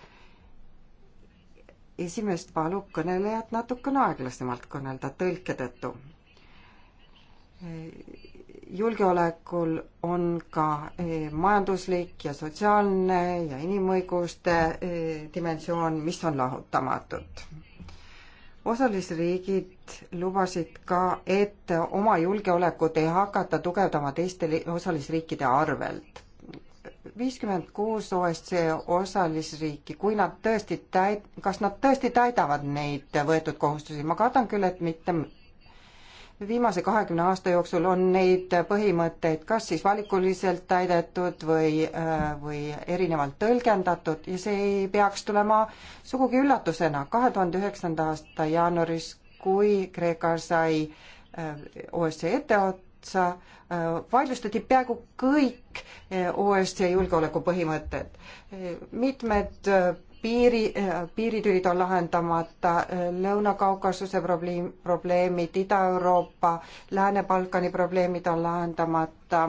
S3: esimest palub kõnelejat natukene aeglasemalt kõnelda tõlke tõttu. julgeolekul on ka eh, majanduslik ja sotsiaalne ja inimõiguste eh, dimensioon, mis on lahutamatud osalisriigid lubasid ka, et oma julgeolekut ei hakata tugevdama teiste osalisriikide arvelt viiskümmend kuus OSCE osalisriiki, kui nad tõesti täid-, kas nad tõesti täidavad neid võetud kohustusi, ma kardan küll, et mitte viimase kahekümne aasta jooksul on neid põhimõtteid kas siis valikuliselt täidetud või, äh, või erinevalt tõlgendatud ja see ei peaks tulema sugugi üllatusena. kahe tuhande üheksanda aasta jaanuaris, kui Kreeka sai äh, OSCE etteotsa, otsa äh, vaidlustati peaaegu kõik äh, OSCE julgeolekupõhimõtted. Äh, mitmed piiri, piiritülid on lahendamata, Lõuna-Kaukasuse probleem, probleemid, Ida-Euroopa, Lääne-Balkani probleemid on lahendamata,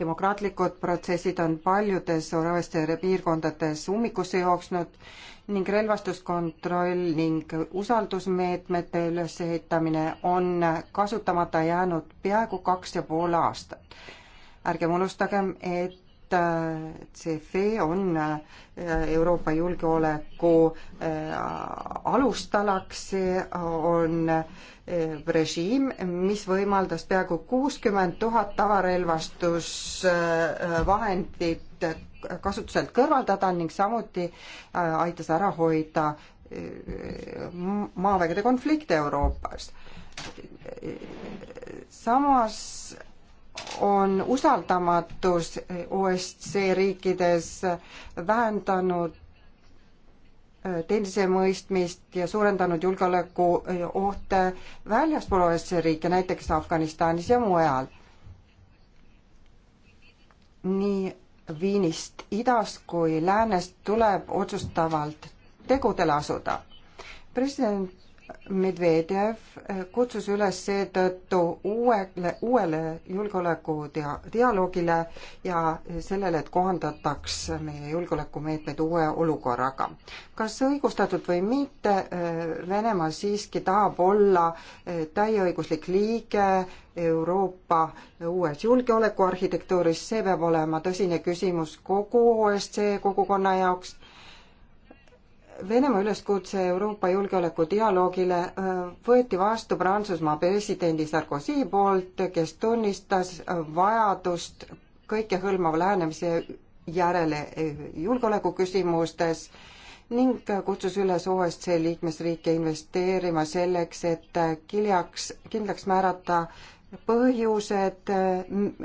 S3: demokraatlikud protsessid on paljudes OSCE piirkondades ummikusse jooksnud ning relvastuskontroll ning usaldusmeetmete ülesehitamine on kasutamata jäänud peaaegu kaks ja pool aastat. ärgem unustagem, et äh, CFE on äh, Euroopa julgeoleku äh, alustalaks, see on režiim, mis võimaldas peaaegu kuuskümmend tuhat tavarelvastusvahendit kasutuselt kõrvaldada ning samuti äh, aitas ära hoida äh, maavägede konflikte Euroopas. samas on usaldamatus OSCE riikides vähendanud äh, teinesemõistmist ja suurendanud julgeolekuohte väljaspool OSCE riike, näiteks Afganistanis ja mujal. nii Viinist idast kui läänest tuleb otsustavalt tegudele asuda. president Medvedev kutsus üles seetõttu uuele, uuele julgeolekudialoogile ja sellele, et kohandataks meie julgeolekumeetmed uue olukorraga. kas õigustatud või mitte, Venemaa siiski tahab olla täieõiguslik liige Euroopa uues julgeolekuarhitektuuris, see peab olema tõsine küsimus kogu OSCE kogukonna jaoks Venemaa üleskutse Euroopa julgeolekudialoogile äh, võeti vastu Prantsusmaa presidendi Sarkozy poolt, kes tunnistas äh, vajadust kõikehõlmava lähenemise järele äh, julgeolekuküsimustes ning kutsus üles OSCE liikmesriike investeerima selleks, et kiljaks, kindlaks määrata põhjused,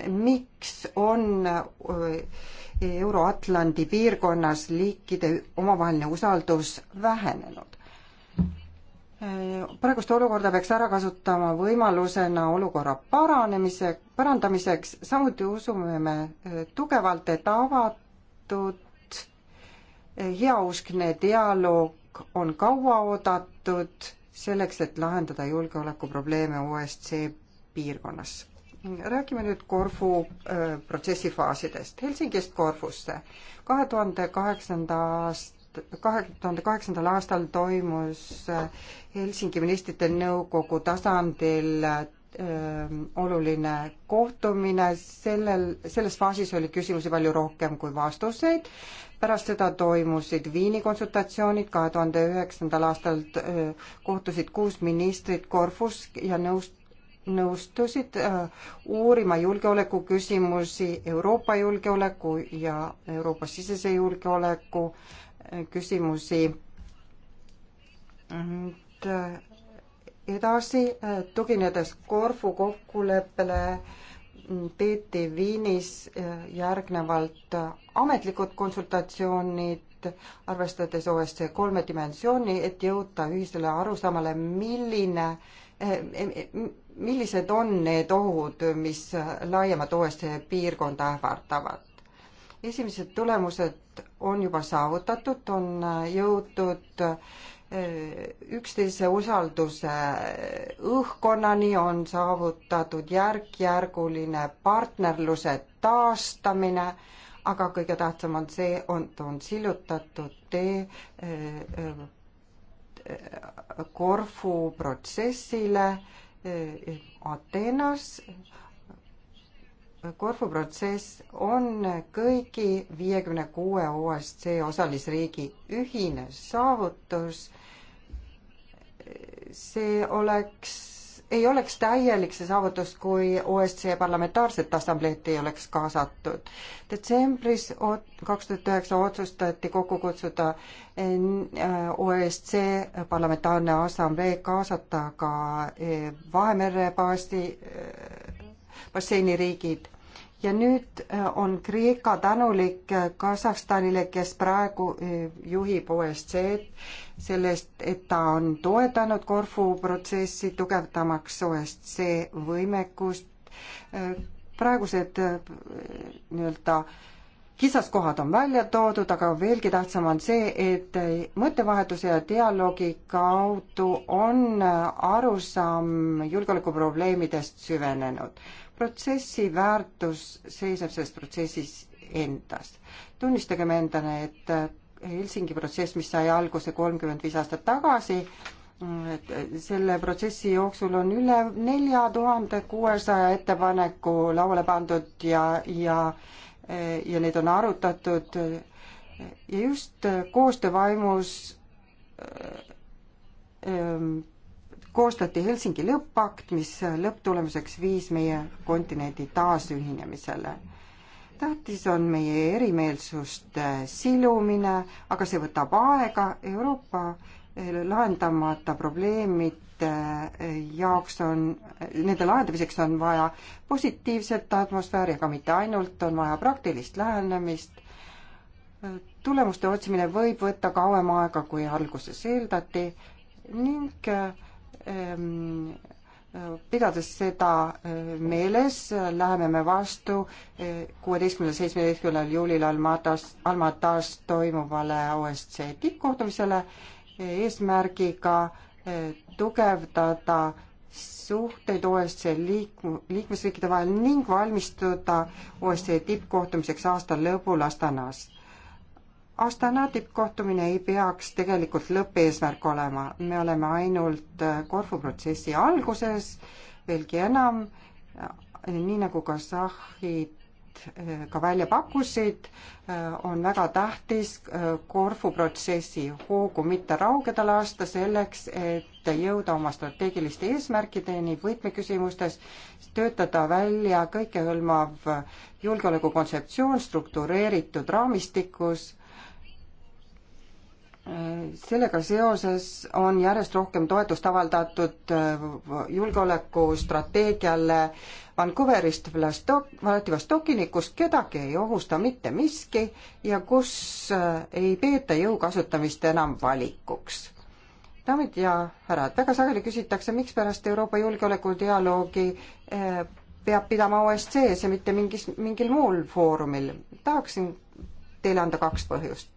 S3: miks on äh, Euro-Atlandi piirkonnas liikide omavaheline usaldus vähenenud. Äh, praegust olukorda peaks ära kasutama võimalusena olukorra paranemise, parandamiseks, samuti usume me äh, tugevalt, et avatud heauskne dialoog on kaua oodatud selleks, et lahendada julgeolekuprobleeme OSCE piirkonnas. räägime nüüd Korfu äh, protsessi faasidest. Helsingist Korfusse. kahe tuhande kaheksanda aasta, kahe tuhande kaheksandal aastal toimus äh, Helsingi ministrite nõukogu tasandil äh, oluline kohtumine, sellel, selles faasis oli küsimusi palju rohkem kui vastuseid. pärast seda toimusid Viini konsultatsioonid, kahe tuhande üheksandal aastal kohtusid kuus ministrit Korfus ja nõust-, nõustusid äh, uurima julgeoleku küsimusi, Euroopa julgeoleku ja Euroopa sisese julgeoleku äh, küsimusi. Äh, edasi, tuginedes Korfu kokkuleppele, mm, peeti Viinis järgnevalt ametlikud konsultatsioonid, arvestades OSCE kolme dimensiooni, et jõuda ühisele arusaamale, milline millised on need ohud, mis laiemat OSCE piirkonda ähvardavad? esimesed tulemused on juba saavutatud, on jõutud eh, üksteise usalduse õhkkonnani, on saavutatud järk-järguline partnerluse taastamine, aga kõige tähtsam on see, on, on sillutatud tee eh, eh, Korfu protsessile Ateenas. Korfu protsess on kõigi viiekümne kuue OSCE osalisriigi ühine saavutus. see oleks ei oleks täielik see saavutus, kui OSCE parlamentaarset assambleed ei oleks kaasatud. detsembris kaks tuhat üheksa otsustati kokku kutsuda äh, OSCE parlamentaarne assamblee, kaasata ka äh, Vahemere baasi, äh, basseini riigid ja nüüd äh, on Kreeka tänulik äh, Kasahstanile, kes praegu äh, juhib OSCE-d, sellest, et ta on toetanud Korfu protsessi, tugevdamaks OSCE võimekust. praegused nii-öelda kitsaskohad on välja toodud, aga veelgi tähtsam on see, et mõttevahetuse ja dialoogi kaudu on arusaam julgeolekuprobleemidest süvenenud protsessi väärtus seisneb selles protsessis endas. tunnistagem endale, et äh, Helsingi protsess, mis sai alguse kolmkümmend viis aastat tagasi, et äh, selle protsessi jooksul on üle nelja tuhande kuuesaja ettepaneku lauale pandud ja, ja äh, ja neid on arutatud ja just koostöövaimus ähm, koostati Helsingi lõppakt, mis lõpptulemuseks viis meie kontinendi taasühinemisele. tähtis on meie erimeelsuste eh, silumine, aga see võtab aega, Euroopa eh, lahendamata probleemide eh, jaoks on, nende lahendamiseks on vaja positiivset atmosfääri, aga mitte ainult, on vaja praktilist lähenemist, tulemuste otsimine võib võtta kauem aega, kui alguses eeldati ning äh, Ehm, pidades seda eh, meeles, läheme me vastu eh, kuueteistkümnendal, seitsmeteistkümnendal juulil Almatas, Almatas toimuvale OSCE tippkohtumisele eh, eesmärgiga tugevdada suhteid OSCE liikm-, liikmesriikide vahel ning valmistuda OSCE tippkohtumiseks aasta lõpul Astanas Astana tippkohtumine ei peaks tegelikult lõppeesmärk olema, me oleme ainult äh, Korfu protsessi alguses, veelgi enam, äh, nii nagu ka Sahhid äh, ka välja pakkusid, on väga tähtis Korfu protsessi hoogu mitte raugeda lasta selleks, et jõuda oma strateegiliste eesmärkideni võtmeküsimustes, töötada välja kõikehõlmav julgeolekukontseptsioon struktureeritud raamistikus sellega seoses on järjest rohkem toetust avaldatud äh, julgeolekustrateegiale Vancouverist Vladivostokini, kus kedagi ei ohusta mitte miski ja kus äh, ei peeta jõu kasutamist enam valikuks. daamid ja härrad, väga sageli küsitakse, mikspärast Euroopa julgeolekudialoogi äh, peab pidama OSCE-s ja mitte mingis, mingil muul foorumil. tahaksin teile anda kaks põhjust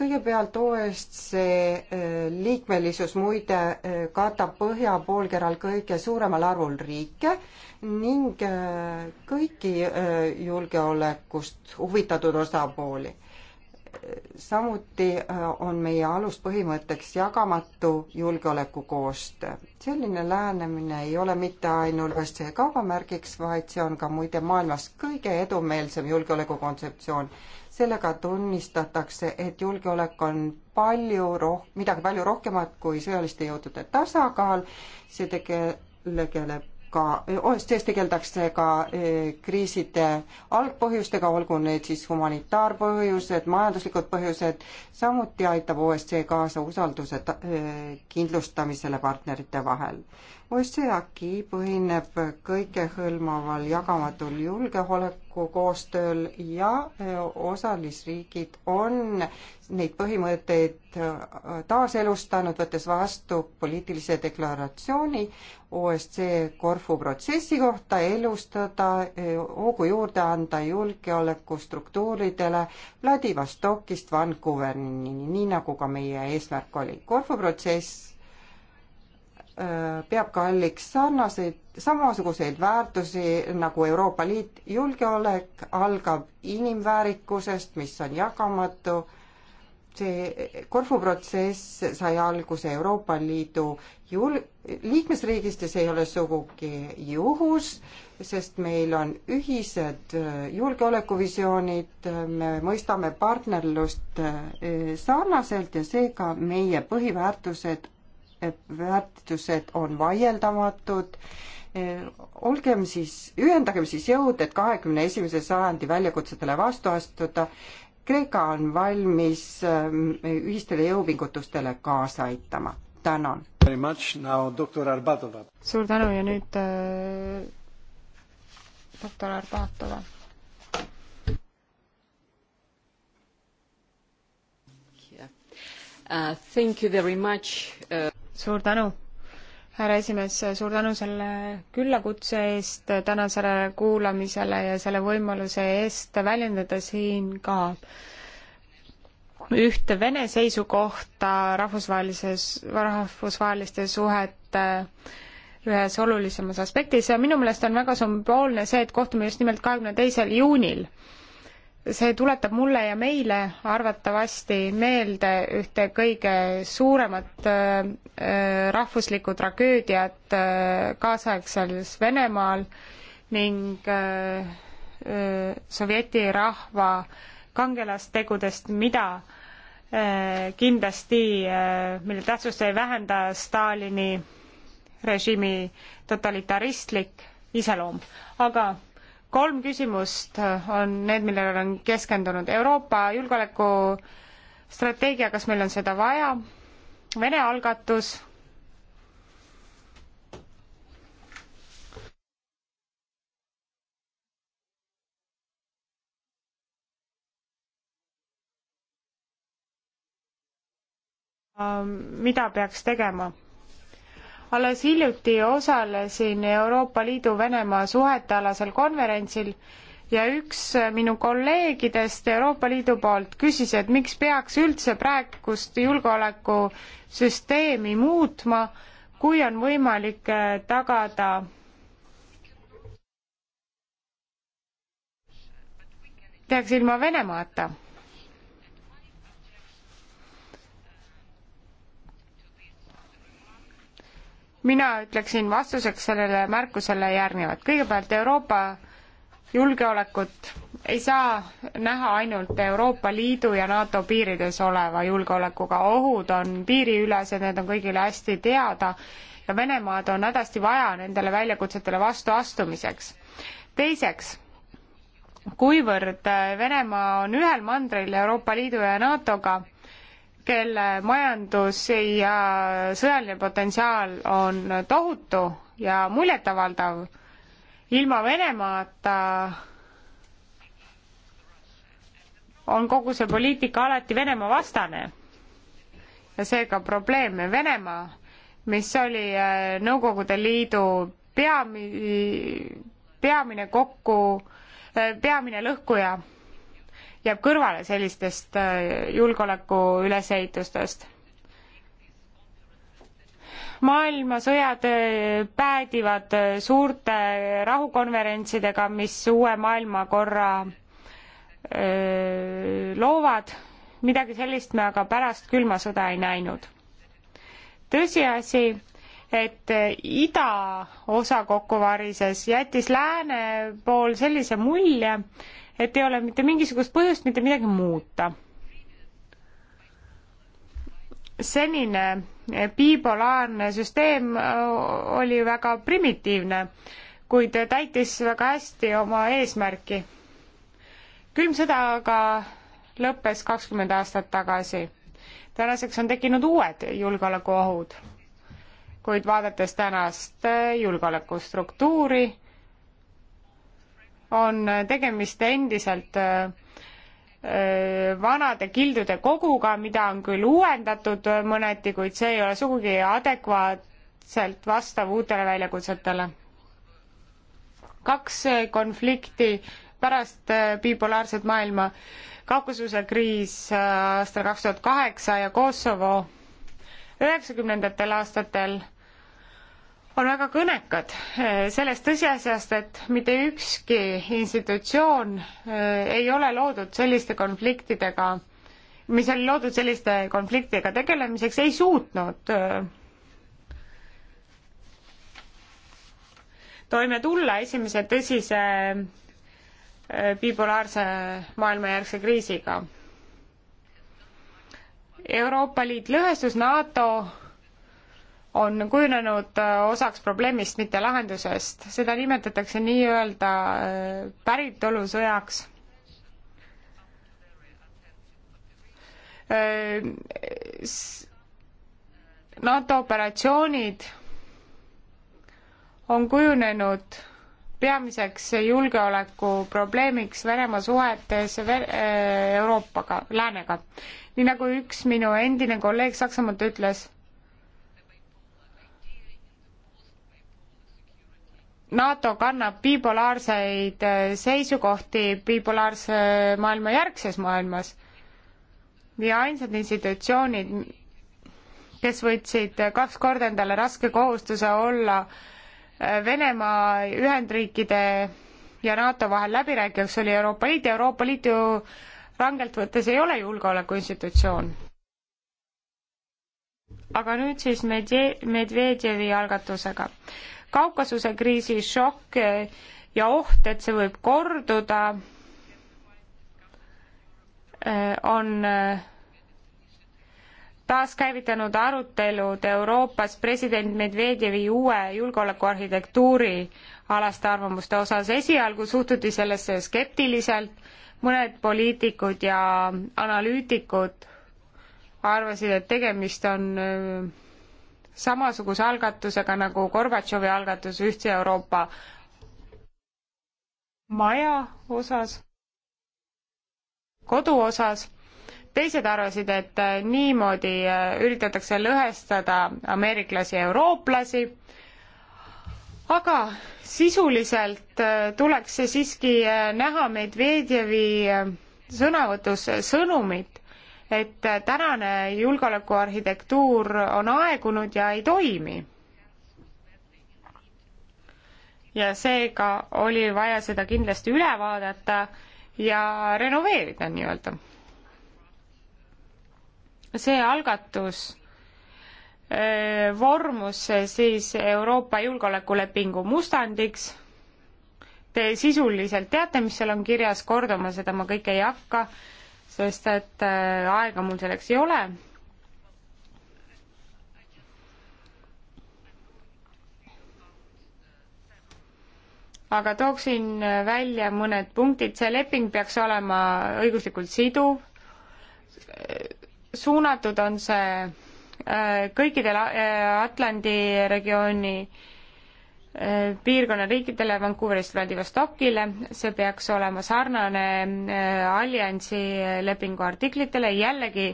S3: kõigepealt OSCE eh, liikmelisus muide eh, katab põhja poolkeral kõige suuremal arvul riike ning eh, kõiki julgeolekust huvitatud osapooli. samuti on meie aluspõhimõtteks jagamatu julgeolekukoostöö. selline lähenemine ei ole mitte ainult OSCE kaubamärgiks, vaid see on ka muide maailmas kõige edumeelsem julgeolekukontseptsioon sellega tunnistatakse, et julgeolek on palju roh-, midagi palju rohkemat kui sõjaliste jõudude tasakaal, see tege-, tegeleb ka, OSCE-s oh, tegeldakse ka eh, kriiside algpõhjustega, olgu need siis humanitaarpõhjused, majanduslikud põhjused, samuti aitab OSCE kaasa usalduse eh, kindlustamisele partnerite vahel. OSCE-AKI põhineb kõikehõlmaval jagamatul julgeolekukoostööl ja e, osalisriigid on neid põhimõtteid e, taaselustanud, võttes vastu poliitilise deklaratsiooni OSCE Corfu protsessi kohta, elustada, e, hoogu juurde anda julgeolekustruktuuridele Vladivostokist Vancouverini, nii nagu ka meie eesmärk oli. Corfu protsess Äh, peab kalliks sarnaseid, samasuguseid väärtusi nagu Euroopa Liit. julgeolek algab inimväärikusest, mis on jagamatu. see Korfu protsess sai alguse Euroopa Liidu jul-, liikmesriigist ja see ei ole sugugi juhus, sest meil on ühised äh, julgeolekuvisioonid, äh, me mõistame partnerlust sarnaselt ja seega meie põhiväärtused väärtused on vaieldamatud. olgem siis, ühendagem siis jõud, et kahekümne esimese sajandi väljakutsetele vastu astuda. Kreeka on valmis ähm, ühistele jõupingutustele kaasa aitama. tänan. suur tänu ja nüüd äh,
S1: doktor Arbatova. Uh, thank you very much. Uh suur tänu, härra esimees, suur tänu selle küllakutse eest tänasele kuulamisele ja selle võimaluse eest väljendada siin ka ühte Vene seisukohta rahvusvahelises, rahvusvaheliste suhete ühes olulisemas aspektis ja minu meelest on väga sümboolne see, et kohtume just nimelt kahekümne teisel juunil see tuletab mulle ja meile arvatavasti meelde ühte kõige suuremat äh, äh, rahvuslikku tragöödiat äh, kaasaegses Venemaal ning sovjeti rahva kangelastegudest, mida kindlasti, mille tähtsust ei vähenda Stalini režiimi totalitaristlik iseloom, aga kolm küsimust on need, millele olen keskendunud. Euroopa julgeolekustrateegia, kas meil on seda vaja? Vene algatus. mida peaks tegema? alles hiljuti osalesin Euroopa Liidu Venemaa suhetealasel konverentsil ja üks minu kolleegidest Euroopa Liidu poolt küsis, et miks peaks üldse praegust julgeolekusüsteemi muutma, kui on võimalik äh, tagada tehakse ilma Venemaata mina ütleksin vastuseks sellele märkusele järgnevat. kõigepealt Euroopa julgeolekut ei saa näha ainult Euroopa Liidu ja NATO piirides oleva julgeolekuga, ohud on piiriülesed, need on kõigile hästi teada ja Venemaad on hädasti vaja nendele väljakutsetele vastu astumiseks. teiseks, kuivõrd Venemaa on ühel mandril Euroopa Liidu ja NATO-ga, kelle majandus ja sõjaline potentsiaal on tohutu ja muljetavaldav, ilma Venemaata on kogu see poliitika alati Venemaa vastane. ja seega probleem Venemaa, mis oli äh, Nõukogude Liidu peami-, peamine kokku, äh, peamine lõhkuja jääb kõrvale sellistest äh, julgeoleku ülesehitustest. maailmasõjad äh, päädivad äh, suurte rahukonverentsidega, mis uue maailmakorra loovad, midagi sellist me aga pärast külma sõda ei näinud. tõsiasi, et idaosa kokku varises, jättis lääne pool sellise mulje, et ei ole mitte mingisugust põhjust mitte midagi muuta. senine bipolaarne süsteem oli väga primitiivne, kuid täitis väga hästi oma eesmärki. külm sõda aga lõppes kakskümmend aastat tagasi. tänaseks on tekkinud uued julgeolekuohud, kuid vaadates tänast julgeolekustruktuuri, on tegemist endiselt äh, äh, vanade kildude koguga, mida on küll uuendatud mõneti, kuid see ei ole sugugi adekvaatselt vastav uutele väljakutsetele. kaks äh, konflikti pärast bipolaarset maailma, Kaukasuse kriis aastal kaks tuhat kaheksa ja Kosovo üheksakümnendatel aastatel on väga kõnekad eh, sellest tõsiasjast, et mitte ükski institutsioon eh, ei ole loodud selliste konfliktidega, mis oli loodud selliste konfliktidega tegelemiseks, ei suutnud eh, toime tulla esimese tõsise bipolaarse maailmajärgse kriisiga. Euroopa Liit lõhestus, NATO on kujunenud äh, osaks probleemist, mitte lahendusest. seda nimetatakse nii-öelda äh, päritolusõjaks. Äh, NATO operatsioonid on kujunenud peamiseks julgeolekuprobleemiks Venemaa suhetes Euroopaga, läänega. nii nagu üks minu endine kolleeg Saksamaalt ütles NATO kannab bipolaarseid äh, seisukohti bipolaarse maailma järgses maailmas ja ainsad institutsioonid, kes võtsid kaks korda endale raske kohustuse olla äh, Venemaa, Ühendriikide ja NATO vahel läbirääkijaks, oli Euroopa Liit ja Euroopa Liit ju rangelt võttes ei ole julgeolekuinstitutsioon. aga nüüd siis Medje-, Medvedjevi algatusega Kaukasuse kriisi šokk ja oht, et see võib korduda, on äh, taaskäivitanud arutelud Euroopas president Medvedjevi uue julgeolekuarhitektuuri alaste arvamuste osas. esialgu suhtuti sellesse skeptiliselt, mõned poliitikud ja analüütikud arvasid, et tegemist on äh, samasuguse algatusega nagu Gorbatšovi algatus Ühtse Euroopa maja osas, kodu osas, teised arvasid, et äh, niimoodi äh, üritatakse lõhestada ameeriklasi ja eurooplasi, aga sisuliselt äh, tuleks siiski näha Medvedjevi sõnavõtus sõnumit, et tänane julgeolekuarhitektuur on aegunud ja ei toimi. ja seega oli vaja seda kindlasti üle vaadata ja renoveerida nii-öelda. see algatus vormus siis Euroopa julgeolekulepingu mustandiks. Te sisuliselt teate, mis seal on kirjas, kordama seda ma kõike ei hakka sest et äh, aega mul selleks ei ole. aga tooksin välja mõned punktid, see leping peaks olema õiguslikult siduv, suunatud on see äh, kõikidele äh, Atlandi regiooni äh, piirkonna riikidele Vancouverist Vladivostokile, see peaks olema sarnane äh, alliansi lepingu artiklitele, jällegi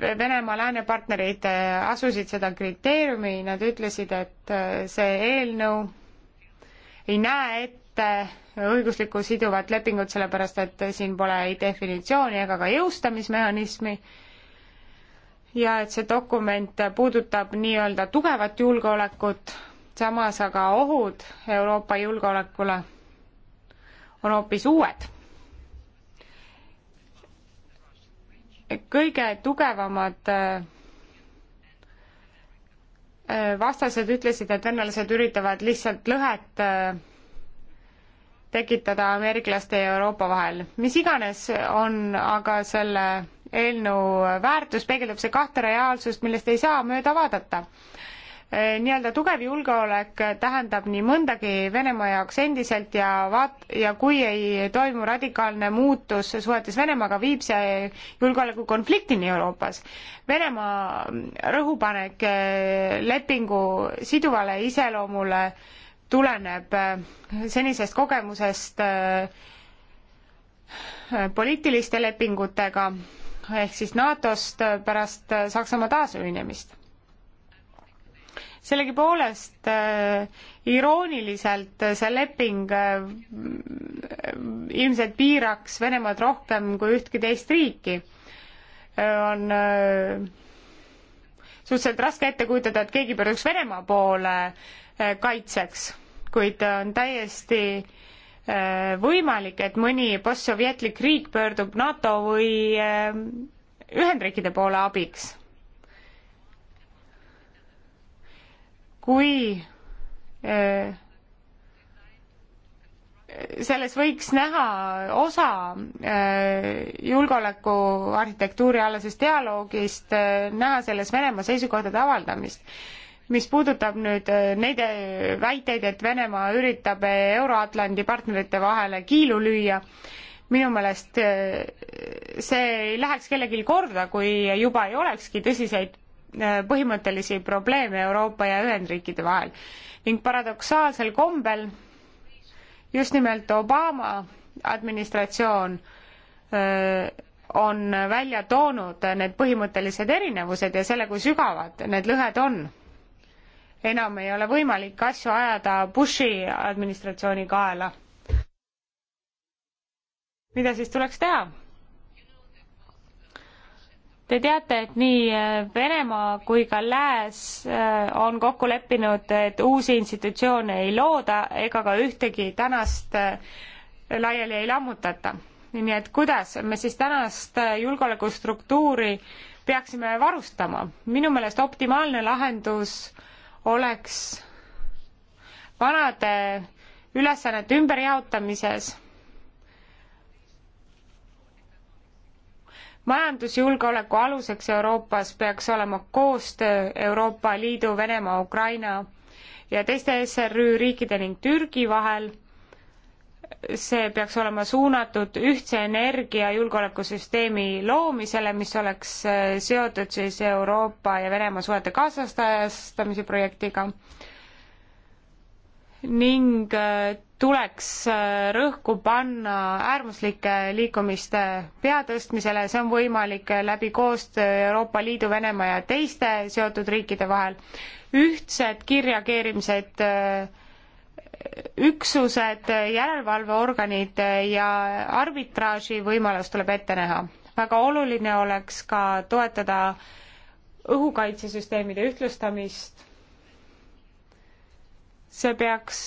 S1: Venemaa läänepartnerid äh, asusid seda kriteeriumi, nad ütlesid, et äh, see eelnõu ei näe ette õiguslikku siduvat lepingut, sellepärast et siin pole ei definitsiooni ega ka jõustamismehhanismi ja et see dokument puudutab nii-öelda tugevat julgeolekut samas aga ohud Euroopa julgeolekule on hoopis uued. kõige tugevamad äh, äh, vastased ütlesid, et venelased üritavad lihtsalt lõhet äh, tekitada ameeriklaste ja Euroopa vahel. mis iganes on aga selle eelnõu väärtus, peegeldab see kahte reaalsust, millest ei saa mööda vaadata Eh, nii-öelda tugev julgeolek tähendab nii mõndagi Venemaa jaoks endiselt ja vaat- ja kui ei toimu radikaalne muutus suhetes Venemaaga, viib see julgeolekukonfliktini Euroopas. Venemaa rõhupanek eh, lepingu siduvale iseloomule tuleneb eh, senisest kogemusest poliitiliste lepingutega ehk siis NATO-st pärast Saksamaa taasühinemist sellegipoolest äh, irooniliselt äh, see leping äh, ilmselt piiraks Venemaad rohkem kui ühtki teist riiki äh,. on äh, suhteliselt raske ette kujutada, et keegi pöörduks Venemaa poole äh, kaitseks, kuid äh, on täiesti äh, võimalik, et mõni postsovjetlik riik pöördub NATO või äh, Ühendriikide poole abiks kui eh, selles võiks näha osa eh, julgeolekuarhitektuuri alasest dialoogist, eh, näha selles Venemaa seisukohtade avaldamist. mis puudutab nüüd neid väiteid, et Venemaa üritab Euro-Atlandi partnerite vahele kiilu lüüa, minu meelest see ei läheks kellelgi korda, kui juba ei olekski tõsiseid põhimõttelisi probleeme Euroopa ja Ühendriikide vahel ning paradoksaalsel kombel just nimelt Obama administratsioon öö, on välja toonud need põhimõttelised erinevused ja selle, kui sügavad need lõhed on. enam ei ole võimalik asju ajada Bushi administratsiooni kaela. mida siis tuleks teha? Te teate, et nii äh, Venemaa kui ka Lääs äh, on kokku leppinud, et uusi institutsioone ei looda ega ka ühtegi tänast äh, laiali ei lammutata. nii et kuidas me siis tänast julgeolekustruktuuri peaksime varustama? minu meelest optimaalne lahendus oleks vanade ülesannete ümberjaotamises majandusjulgeoleku aluseks Euroopas peaks olema koostöö Euroopa Liidu, Venemaa, Ukraina ja teiste SRÜ riikide ning Türgi vahel. see peaks olema suunatud ühtse energiajulgeolekusüsteemi loomisele, mis oleks äh, seotud siis Euroopa ja Venemaa suhete kaasastajastamise projektiga ning äh, tuleks äh, rõhku panna äärmuslike liikumiste peatõstmisele, see on võimalik äh, läbi koostöö Euroopa Liidu, Venemaa ja teiste seotud riikide vahel. ühtsed kiirreageerimised, äh, üksused, järelevalveorganid ja arbitraaži võimalus tuleb ette näha. väga oluline oleks ka toetada õhukaitsesüsteemide ühtlustamist see peaks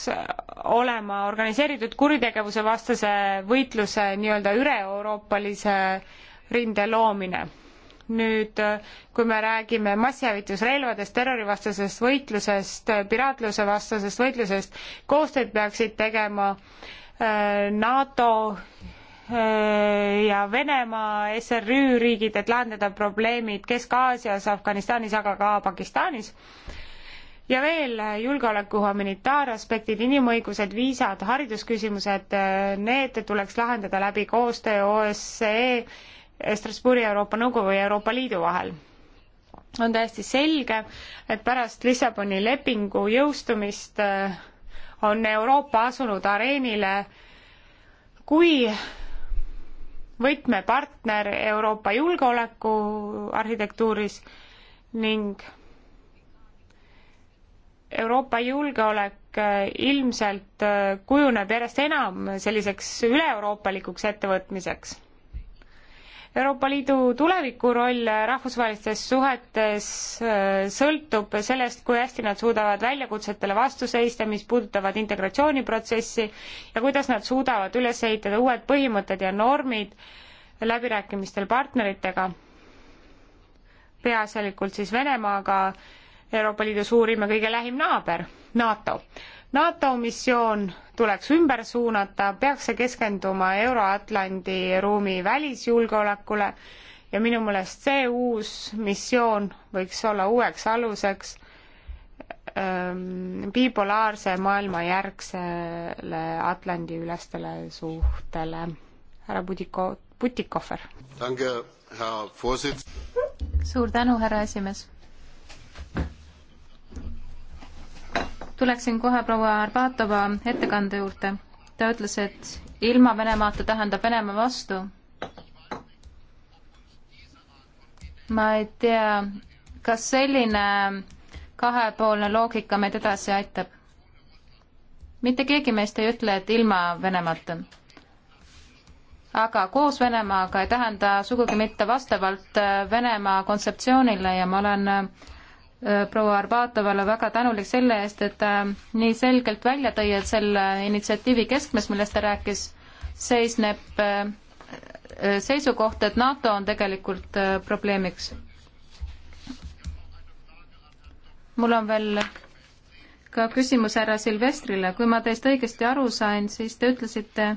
S1: olema organiseeritud kuritegevuse vastase võitluse nii-öelda üle-euroopalise rinde loomine. nüüd, kui me räägime massihävitusrelvadest, terrorivastasest võitlusest, piraatluse vastasest võitlusest, koostööd peaksid tegema äh, NATO äh, ja Venemaa, SRÜ riigid, et lahendada probleemid Kesk-Aasias, Afganistanis, aga ka Pakistanis ja veel äh, julgeoleku humanitaaraspektid, inimõigused, viisad, haridusküsimused, äh, need tuleks lahendada läbi koostöö OSCE, äh, Strasbourgi Euroopa Nõukogu ja Euroopa Liidu vahel. on täiesti selge, et pärast Lissaboni lepingu jõustumist on Euroopa asunud areenile kui võtmepartner Euroopa julgeoleku arhitektuuris ning Euroopa julgeolek äh, ilmselt äh, kujuneb järjest enam selliseks üle-euroopalikuks ettevõtmiseks. Euroopa Liidu tuleviku roll äh, rahvusvahelistes suhetes sõltub sellest, kui hästi nad suudavad väljakutsetele vastu seista, mis puudutavad integratsiooniprotsessi ja kuidas nad suudavad üles ehitada uued põhimõtted ja normid läbirääkimistel partneritega, peaasjalikult siis Venemaaga, Euroopa Liidu suurim ja kõige lähim naaber, NATO. NATO missioon tuleks ümber suunata, peaks see keskenduma Euro-Atlandi ruumi välisjulgeolekule ja minu meelest see uus missioon võiks olla uueks aluseks ähm, bipolaarse maailma järgsele Atlandi ülestele suhtele. härra Budiko, Putikohver.
S2: suur tänu, härra esimees tuleksin kohe proua Arbatova ettekande juurde. ta ütles, et ilma Venemaata tähendab Venemaa vastu. ma ei tea, kas selline kahepoolne loogika meid edasi aitab? mitte keegi meist ei ütle, et ilma Venemaata. aga koos Venemaaga ei tähenda sugugi mitte vastavalt Venemaa kontseptsioonile ja ma olen äh, Äh, proua Arbatovale väga tänulik selle eest, et ta nii selgelt välja tõi, et selle initsiatiivi keskmes, millest ta rääkis, seisneb äh, äh, seisukoht, et NATO on tegelikult probleemiks. mul on veel ka küsimus härra Silvestrile, kui ma teist õigesti aru sain, siis te ütlesite,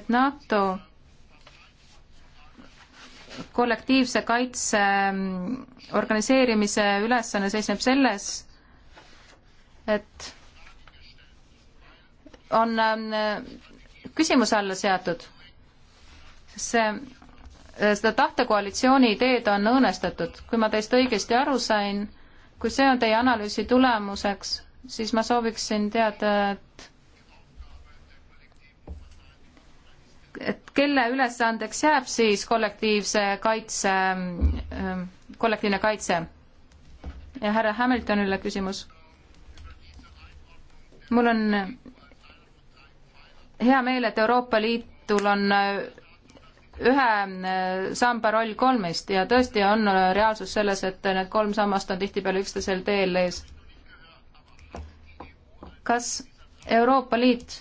S2: et NATO kollektiivse kaitse mm, organiseerimise ülesanne seisneb selles, et on mm, küsimuse alla seatud, sest see, eh, seda tahtekoalitsiooni ideed on õõnestatud. kui ma teist õigesti aru sain, kui see on teie analüüsi tulemuseks, siis ma sooviksin teada, et et kelle ülesandeks jääb siis kollektiivse kaitse, ähm, kollektiivne kaitse? ja härra Hamiltonile küsimus. mul on hea meel, et Euroopa Liitul on äh, ühe äh, samba roll kolmest ja tõesti on äh, reaalsus selles, et need kolm sammast on tihtipeale üksteisel teel ees. kas Euroopa Liit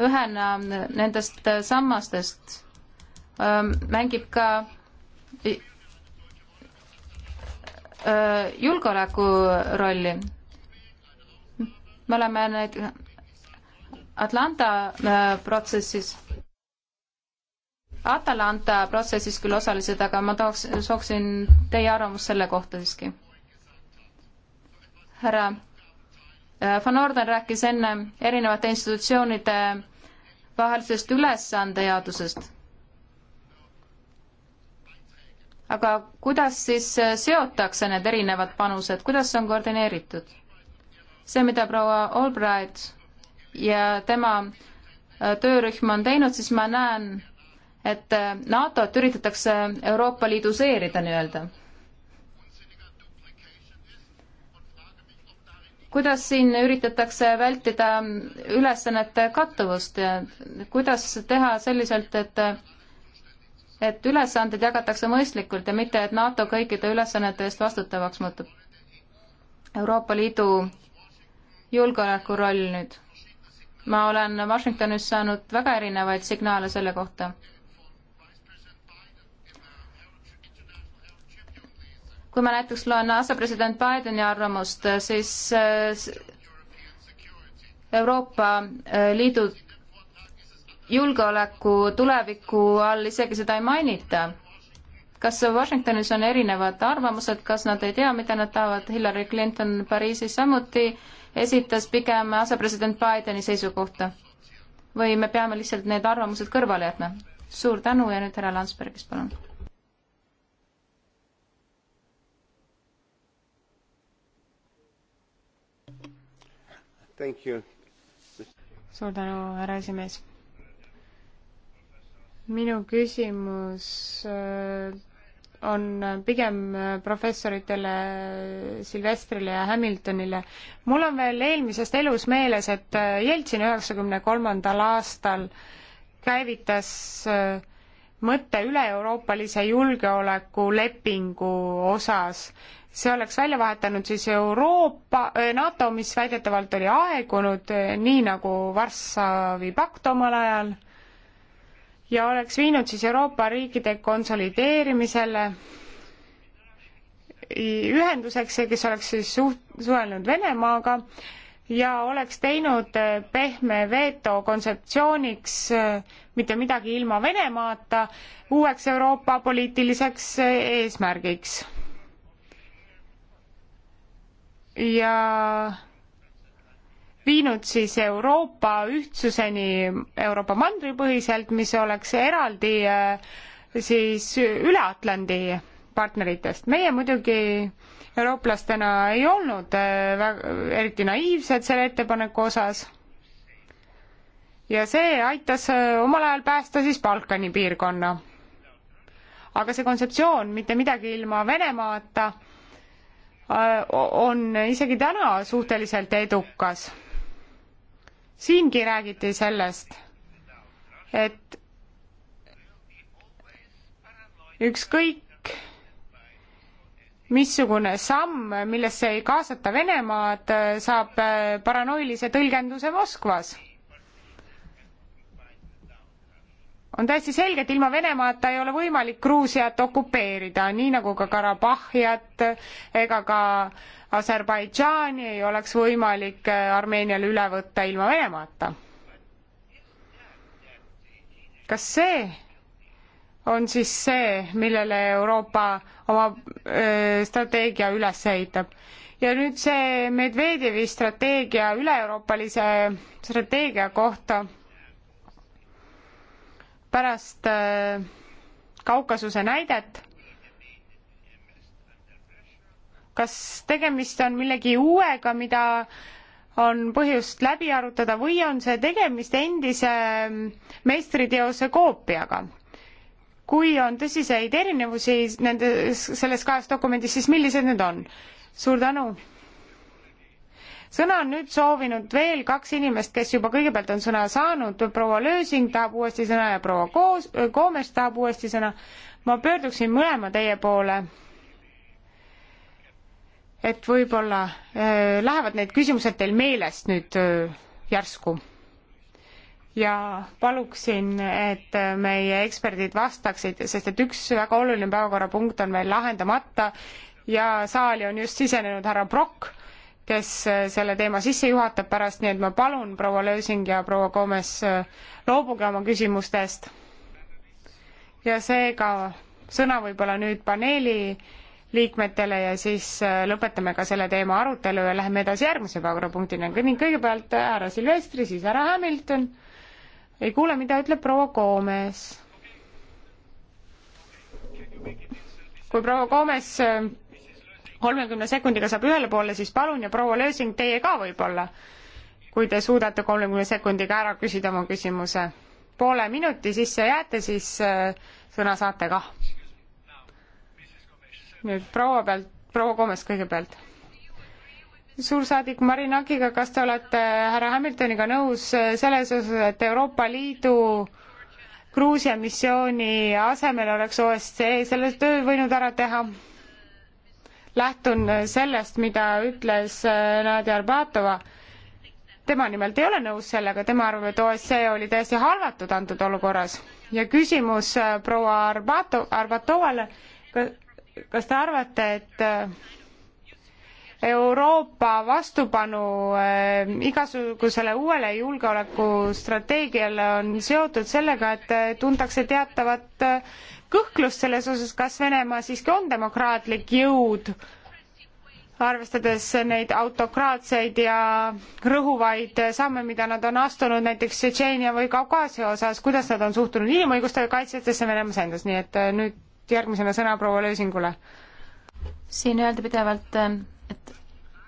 S2: ühena nendest sammastest ähm, mängib ka äh, julgeoleku rolli. me oleme need Atlanta äh, protsessis Atalanta protsessis küll osalised, aga ma tahaks, sooksin teie arvamust selle kohta siiski. härra Äh, Van Orden rääkis enne erinevate institutsioonide vahelisest ülesandejaotusest. aga kuidas siis äh, seotakse need erinevad panused, kuidas see on koordineeritud? see, mida proua Albright ja tema äh, töörühm on teinud, siis ma näen, et NATO-t üritatakse Euroopa Liiduseerida nii-öelda kuidas siin üritatakse vältida ülesannete kattuvust ja kuidas teha selliselt, et et ülesanded jagatakse mõistlikult ja mitte, et NATO kõikide ülesannete eest vastutavaks muutub. Euroopa Liidu julgeoleku roll nüüd. ma olen Washingtonis saanud väga erinevaid signaale selle kohta kui ma näiteks loen NASA president Bideni arvamust, siis eh, Euroopa eh, Liidu julgeoleku tuleviku all isegi seda ei mainita. kas Washingtonis on erinevad arvamused, kas nad ei tea, mida nad tahavad, Hillary Clinton Pariisis samuti esitas pigem asepresident Bideni seisukohta? või me peame lihtsalt need arvamused kõrvale jätma? suur tänu ja nüüd härra Landsbergis, palun
S1: suur tänu, härra esimees. minu küsimus äh, on pigem äh, professoritele Silvestrile ja Hamiltonile. mul on veel eelmisest elus meeles, et äh, Jeltsin üheksakümne kolmandal aastal käivitas mõtte üle-euroopalise julgeolekulepingu osas see oleks välja vahetanud siis Euroopa, eh, NATO, mis väidetavalt oli aegunud, eh, nii nagu Varssavi pakt omal ajal, ja oleks viinud siis Euroopa riikide konsolideerimisele ühenduseks, eh, kes oleks siis suht-, suhelnud Venemaaga ja oleks teinud pehme veto kontseptsiooniks mitte midagi ilma Venemaata uueks Euroopa poliitiliseks eesmärgiks ja viinud siis Euroopa ühtsuseni Euroopa mandripõhiselt, mis oleks eraldi äh, siis üle Atlandi partneritest. meie muidugi eurooplastena ei olnud äh, väga, eriti naiivsed selle ettepaneku osas. ja see aitas äh, omal ajal päästa siis Balkani piirkonna. aga see kontseptsioon mitte midagi ilma Venemaata Äh, on isegi täna suhteliselt edukas. siingi räägiti sellest, et ükskõik missugune samm, millesse ei kaasata Venemaad, saab äh, paranoilise tõlgenduse Moskvas on täiesti selge, et ilma Venemaata ei ole võimalik Gruusiat okupeerida, nii nagu ka Karabahhiat ega ka Aserbaidžaani ei oleks võimalik äh, Armeenial üle võtta ilma Venemaata. kas see on siis see, millele Euroopa oma öö, äh, strateegia üles ehitab? ja nüüd see Medvedjevi strateegia, üle-euroopalise strateegia kohta pärast äh, Kaukasuse näidet. kas tegemist on millegi uuega, mida on põhjust läbi arutada või on see tegemist endise ähm, meistriteose koopiaga? kui on tõsiseid erinevusi nende, selles kahes dokumendis, siis millised need on? suur tänu! sõna on nüüd soovinud veel kaks inimest, kes juba kõigepealt on sõna saanud, proua Lösing tahab uuesti sõna ja proua Koos-, Koomes tahab uuesti sõna. ma pöörduksin mõlema teie poole et võib-olla äh, lähevad need küsimused teil meelest nüüd äh, järsku. ja paluksin, et äh, meie eksperdid vastaksid, sest et üks väga oluline päevakorrapunkt on veel lahendamata ja saali on just sisenenud härra Brock kes äh, selle teema sisse juhatab pärast, nii et ma palun, proua Lösing ja proua Gomes, äh, loobuge oma küsimustest. ja seega sõna võib-olla nüüd paneeli liikmetele ja siis äh, lõpetame ka selle teema arutelu ja läheme edasi järgmise päevakorrapunktini. ning kõigepealt härra Silvestri, siis härra Hamilton. ei kuule, mida ütleb proua Gomes. kui proua Gomes kolmekümne sekundiga saab ühele poole, siis palun ja proua Lösing, teie ka võib-olla, kui te suudate kolmekümne sekundiga ära küsida oma küsimuse. poole minuti sisse jääte, siis äh, sõna saate kah. nüüd proua pealt, proua Komes kõigepealt suursaadik Marin Akiga, kas te olete härra Hamiltoniga nõus äh, selles osas, et Euroopa Liidu Gruusia missiooni asemel oleks OSCE selle töö võinud ära teha? lähtun äh, sellest, mida ütles äh, Nadia Arbatova. tema nimelt ei ole nõus sellega, tema arvab, et OSCE oli täiesti halvatud antud olukorras ja küsimus äh, proua Arbato-, Arbatovale, kas te arvate, et Euroopa vastupanu igasugusele uuele julgeolekustrateegiale on seotud sellega, et tuntakse teatavat kõhklust selles osas, kas Venemaa siiski on demokraatlik jõud, arvestades neid autokraatseid ja rõhuvaid samme, mida nad on astunud näiteks Tšetšeenia või Kaukaasia osas, kuidas nad on suhtunud inimõiguste kaitsjatesse Venemaas endas, nii et äh, nüüd järgmisena sõna proua Lösingule. siin
S2: öeldi pidevalt, äh, et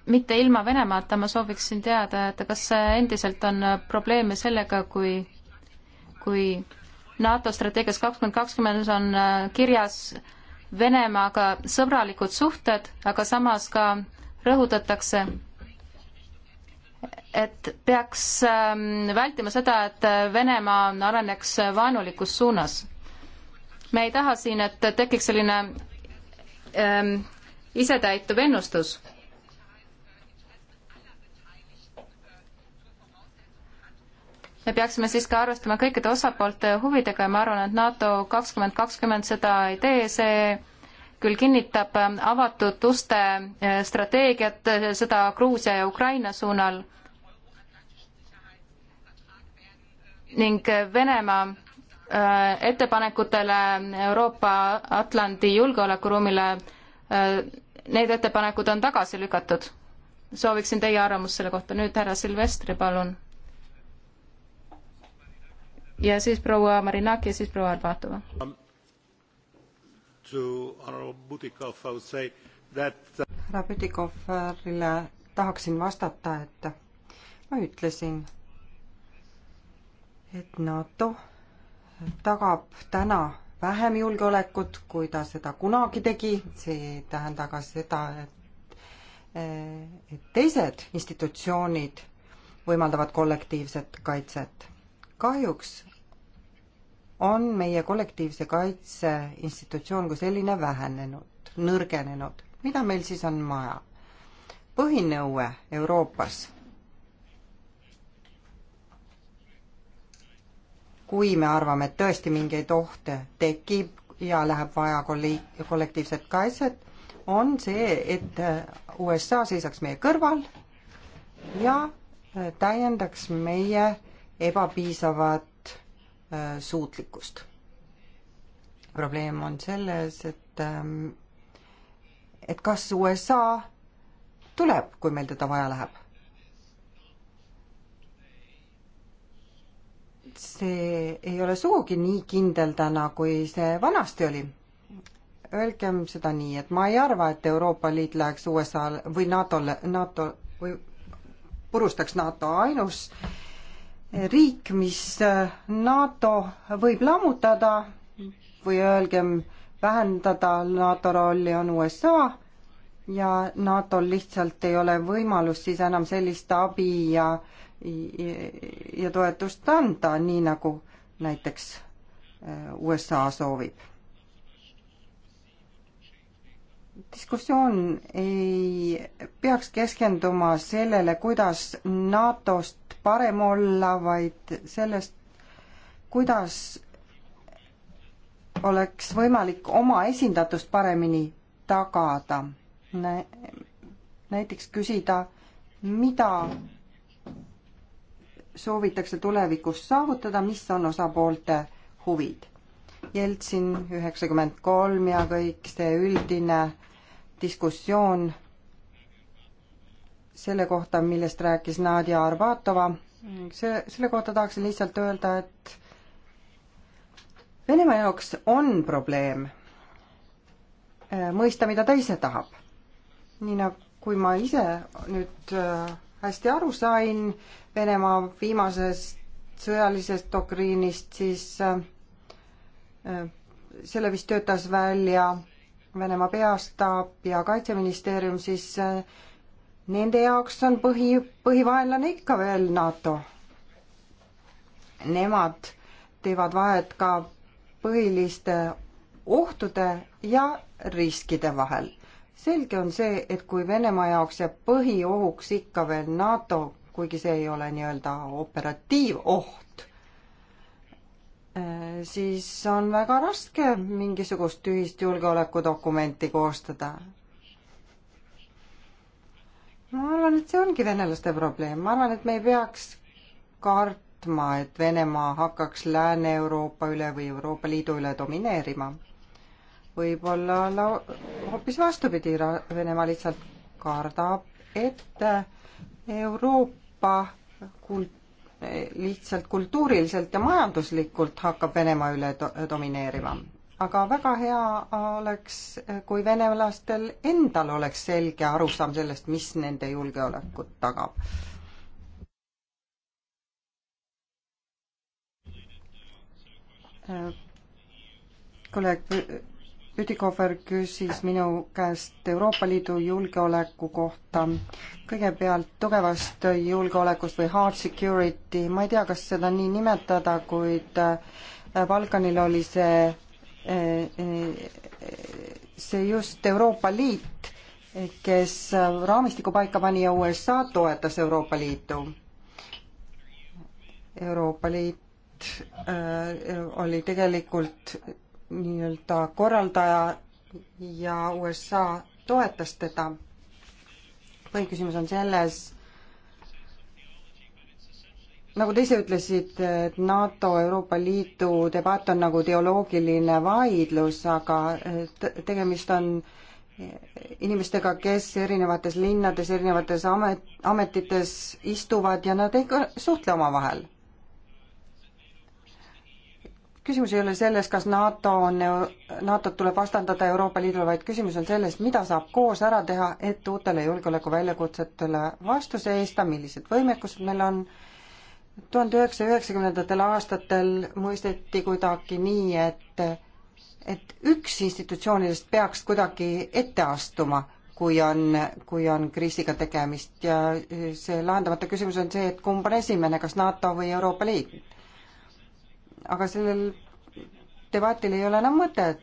S2: mitte ilma Venemaata ma sooviksin teada, et kas endiselt on äh, probleeme sellega, kui, kui NATO strateegias kakskümmend kakskümmend on äh, kirjas Venemaaga sõbralikud suhted, aga samas ka rõhutatakse, et peaks ähm, vältima seda, et Venemaa areneks vaenulikus suunas. me ei taha siin, et tekiks selline ähm, isetäituv ennustus me peaksime siiski arvestama kõikide osapoolte huvidega ja ma arvan, et NATO kakskümmend kakskümmend seda ei tee, see küll kinnitab avatud uste eh, strateegiat, eh, seda Gruusia ja Ukraina suunal ning eh, Venemaa ettepanekutele Euroopa Atlandi julgeolekuruumile, need ettepanekud on tagasi lükatud. sooviksin teie arvamust selle kohta, nüüd härra Silvestri, palun ja siis proua Marinaki ja siis proua Arbatova
S4: um,. Uh, härra
S3: Pütikoferile tahaksin vastata, et ma ütlesin, et NATO tagab täna vähem julgeolekut, kui ta seda kunagi tegi, see ei tähenda ka seda, et, et teised institutsioonid võimaldavad kollektiivset kaitset kahjuks on meie kollektiivse kaitse institutsioon kui selline vähenenud, nõrgenenud. mida meil siis on vaja? põhinõue Euroopas. kui me arvame, et tõesti mingeid ohte tekib ja läheb vaja kolli-, kollektiivset kaitset, on see, et USA seisaks meie kõrval ja täiendaks meie ebapiisavat äh, suutlikkust. probleem on selles, et ähm, et kas USA tuleb, kui meil teda vaja läheb. see ei ole sugugi nii kindel täna, kui see vanasti oli. Öelgem seda nii, et ma ei arva, et Euroopa Liit läheks USA-le või NATO-le, NATO või purustaks NATO ainus äh, riik, mis äh, NATO võib lammutada või öelgem, vähendada NATO rolli, on USA ja NATO-l lihtsalt ei ole võimalust siis enam sellist abi ja ja toetust anda, nii nagu näiteks äh, USA soovib diskussioon ei peaks keskenduma sellele, kuidas NATO-st parem olla, vaid sellest, kuidas oleks võimalik oma esindatust paremini tagada. näiteks küsida, mida soovitakse tulevikus saavutada, mis on osapoolte huvid Jeltsin üheksakümmend kolm ja kõik see üldine diskussioon selle kohta, millest rääkis Nadia Arbatova, see, selle kohta tahaksin lihtsalt öelda, et Venemaa jaoks on probleem äh, mõista, mida ta ise tahab. nii nagu, kui ma ise nüüd äh, hästi aru sain Venemaa viimasest sõjalisest doktriinist, siis äh, selle vist töötas välja Venemaa peastaap ja Kaitseministeerium, siis eh, nende jaoks on põhi, põhivaenlane ikka veel NATO. Nemad teevad vahet ka põhiliste ohtude ja riskide vahel. selge on see, et kui Venemaa jaoks jääb põhiohuks ikka veel NATO, kuigi see ei ole nii-öelda operatiivoht, Äh, siis on väga raske mingisugust ühist julgeolekudokumenti koostada. ma arvan, et see ongi venelaste probleem, ma arvan, et me ei peaks kartma, et Venemaa hakkaks Lääne-Euroopa üle või Euroopa Liidu üle domineerima. võib-olla lau-, hoopis vastupidi, Venemaa lihtsalt kardab, et Euroopa kult-, lihtsalt kultuuriliselt ja majanduslikult hakkab Venemaa üle do domineerima. aga väga hea oleks, kui venelastel endal oleks selge arusaam sellest, mis nende julgeolekut tagab. kolleeg Pütikofer küsis minu käest Euroopa Liidu julgeoleku kohta. kõigepealt tugevast julgeolekust või hard security, ma ei tea, kas seda nii nimetada, kuid äh, Balkanil oli see, äh, see just Euroopa Liit, kes raamistiku paika pani ja USA toetas Euroopa Liitu. Euroopa Liit äh, oli tegelikult nii-öelda korraldaja ja USA toetas teda. põhiküsimus on selles, nagu te ise ütlesite, et NATO, Euroopa Liidu debatt on nagu teoloogiline vaidlus, aga tegemist on inimestega, kes erinevates linnades, erinevates amet, ametites istuvad ja nad ei suhtle omavahel küsimus ei ole selles, kas NATO on, NATO-t tuleb vastandada Euroopa Liidule, vaid küsimus on selles, mida saab koos ära teha, et uutele julgeolekuväljakutsetele vastu seista, millised võimekused meil on. tuhande üheksasaja üheksakümnendatel aastatel mõisteti kuidagi nii, et, et üks institutsioonidest peaks kuidagi ette astuma, kui on, kui on kriisiga tegemist ja see lahendamata küsimus on see, et kumb on esimene, kas NATO või Euroopa Liit aga sellel debatil ei ole enam mõtet.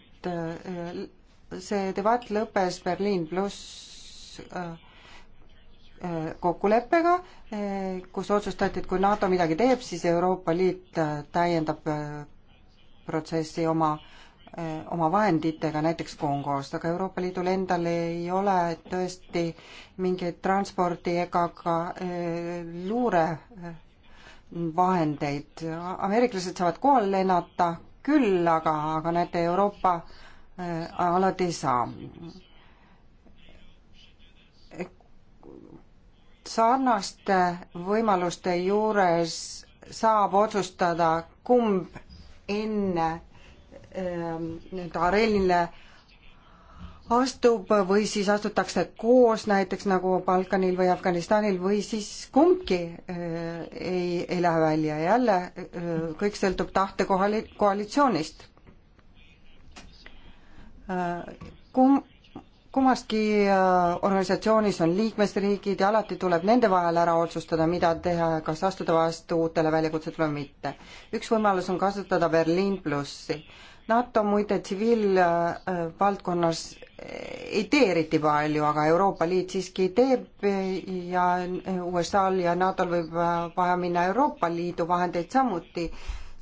S3: see debatt lõppes Berliin pluss äh, äh, kokkuleppega, äh, kus otsustati, et kui NATO midagi teeb, siis Euroopa Liit täiendab protsessi oma, oma vahenditega, näiteks Kongost, aga Euroopa Liidul endal ei ole tõesti mingeid transpordi ega ka luure vahendeid. ameeriklased saavad kohale lennata küll, aga, aga näete, Euroopa äh, alati ei saa. sarnaste võimaluste juures saab otsustada, kumb enne äh, nii-öelda areelile äh, astub või siis astutakse koos näiteks nagu Balkanil või Afganistanil või siis kumbki äh, ei, ei lähe välja. jälle äh, kõik sõltub tahte kohali-, koalitsioonist. Äh, kum-, kummaski organisatsioonis on liikmesriigid ja alati tuleb nende vahel ära otsustada, mida teha, kas astuda vastu uutele väljakutsetele või mitte. üks võimalus on kasutada Berliin plussi NATO muide tsiviilvaldkonnas äh, ei tee eriti palju, aga Euroopa Liit siiski teeb ja USA-l ja NATO-l võib vaja minna Euroopa Liidu vahendeid samuti.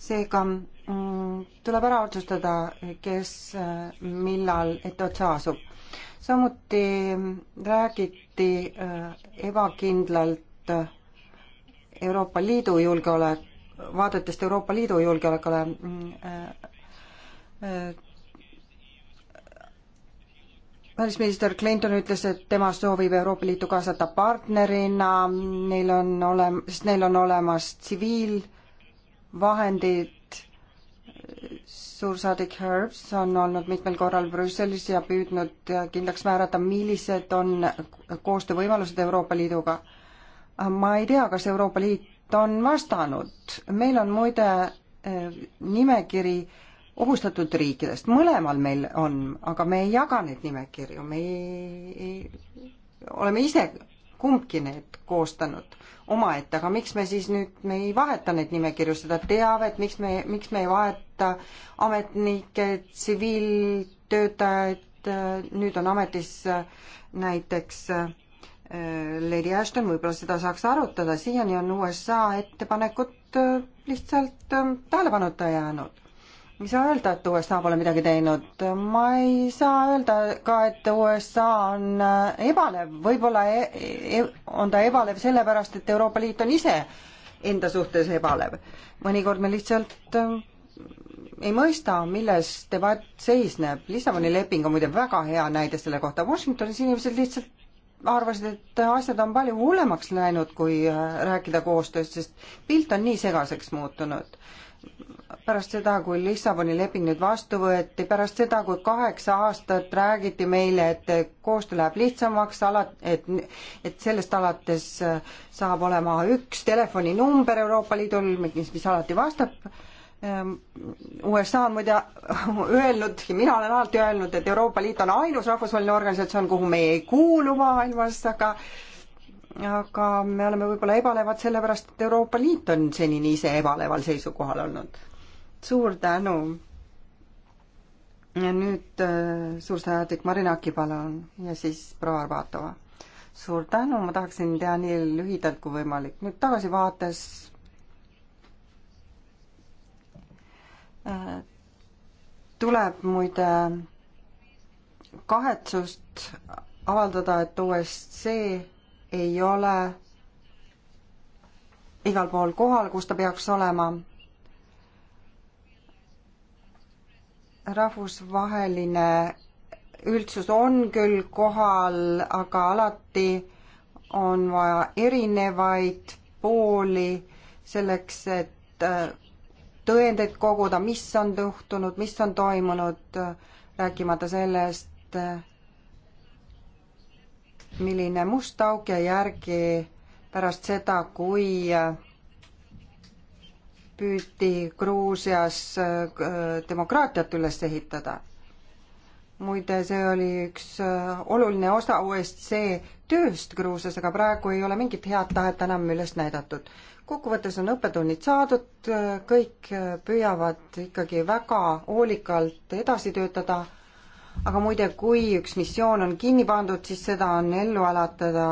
S3: seega mm, tuleb ära otsustada, kes millal etteotsa asub. samuti räägiti äh, ebakindlalt äh, Euroopa Liidu julgeolek, vaadetest Euroopa Liidu julgeolekule mm, äh, välisminister Clinton ütles, et tema soovib Euroopa Liitu kaasata partnerina, neil on olem-, sest neil on olemas tsiviilvahendid, suursaadik Herbs on olnud mitmel korral Brüsselis ja püüdnud kindlaks määrata, millised on koostöövõimalused Euroopa Liiduga. ma ei tea, kas Euroopa Liit on vastanud, meil on muide eh, nimekiri äh, ohustatud riikidest, mõlemal meil on, aga me ei jaga neid nimekirju, me ei, ei, oleme ise kumbki need koostanud omaette, aga miks me siis nüüd, me ei vaheta neid nimekirju, seda teavet, miks me, miks me ei vaheta ametnikke, tsiviiltöötajaid, nüüd on ametis äh, näiteks äh, Lady Ashton, võib-olla seda saaks arutada, siiani on USA ettepanekud äh, lihtsalt tähelepanuta jäänud ei saa öelda, et USA pole midagi teinud, ma ei saa öelda ka, et USA on äh, ebalev, võib-olla e e on ta ebalev sellepärast, et Euroopa Liit on ise enda suhtes ebalev. mõnikord me lihtsalt äh, ei mõista, milles debatt seisneb. Lissaboni leping on muide väga hea näide selle kohta, Washingtonis inimesed lihtsalt arvasid, et asjad on palju hullemaks läinud, kui äh, rääkida koostööst, sest pilt on nii segaseks muutunud pärast seda, kui Lissaboni leping nüüd vastu võeti, pärast seda, kui kaheksa aastat räägiti meile, et koostöö läheb lihtsamaks, ala-, et, et sellest alates saab olema üks telefoninumber Euroopa Liidul, mis, mis alati vastab, ehm, USA on muide öelnud ja mina olen alati öelnud, et Euroopa Liit on ainus rahvusvaheline organisatsioon, kuhu me ei kuulu maailmas, aga aga me oleme võib-olla ebalevad sellepärast, et Euroopa Liit on senini ise ebaleval seisukohal olnud suur tänu. ja nüüd äh, suursaadik Marina Aki, palun, ja siis proua Arvatova. suur tänu, ma tahaksin teha nii lühidalt kui võimalik. nüüd tagasi vaates äh, tuleb muide kahetsust avaldada, et OSCE ei ole igal pool kohal, kus ta peaks olema rahvusvaheline üldsus on küll kohal, aga alati on vaja erinevaid pooli selleks, et äh, tõendeid koguda, mis on juhtunud, mis on toimunud, rääkimata sellest, milline must auk jäi järgi pärast seda, kui äh, püüti Gruusias äh, demokraatiat üles ehitada. muide, see oli üks äh, oluline osa OSCE tööst Gruusias, aga praegu ei ole mingit head tahet enam üles näidatud. kokkuvõttes on õppetunnid saadud, äh, kõik püüavad ikkagi väga hoolikalt edasi töötada, aga muide, kui üks missioon on kinni pandud, siis seda on ellu alatada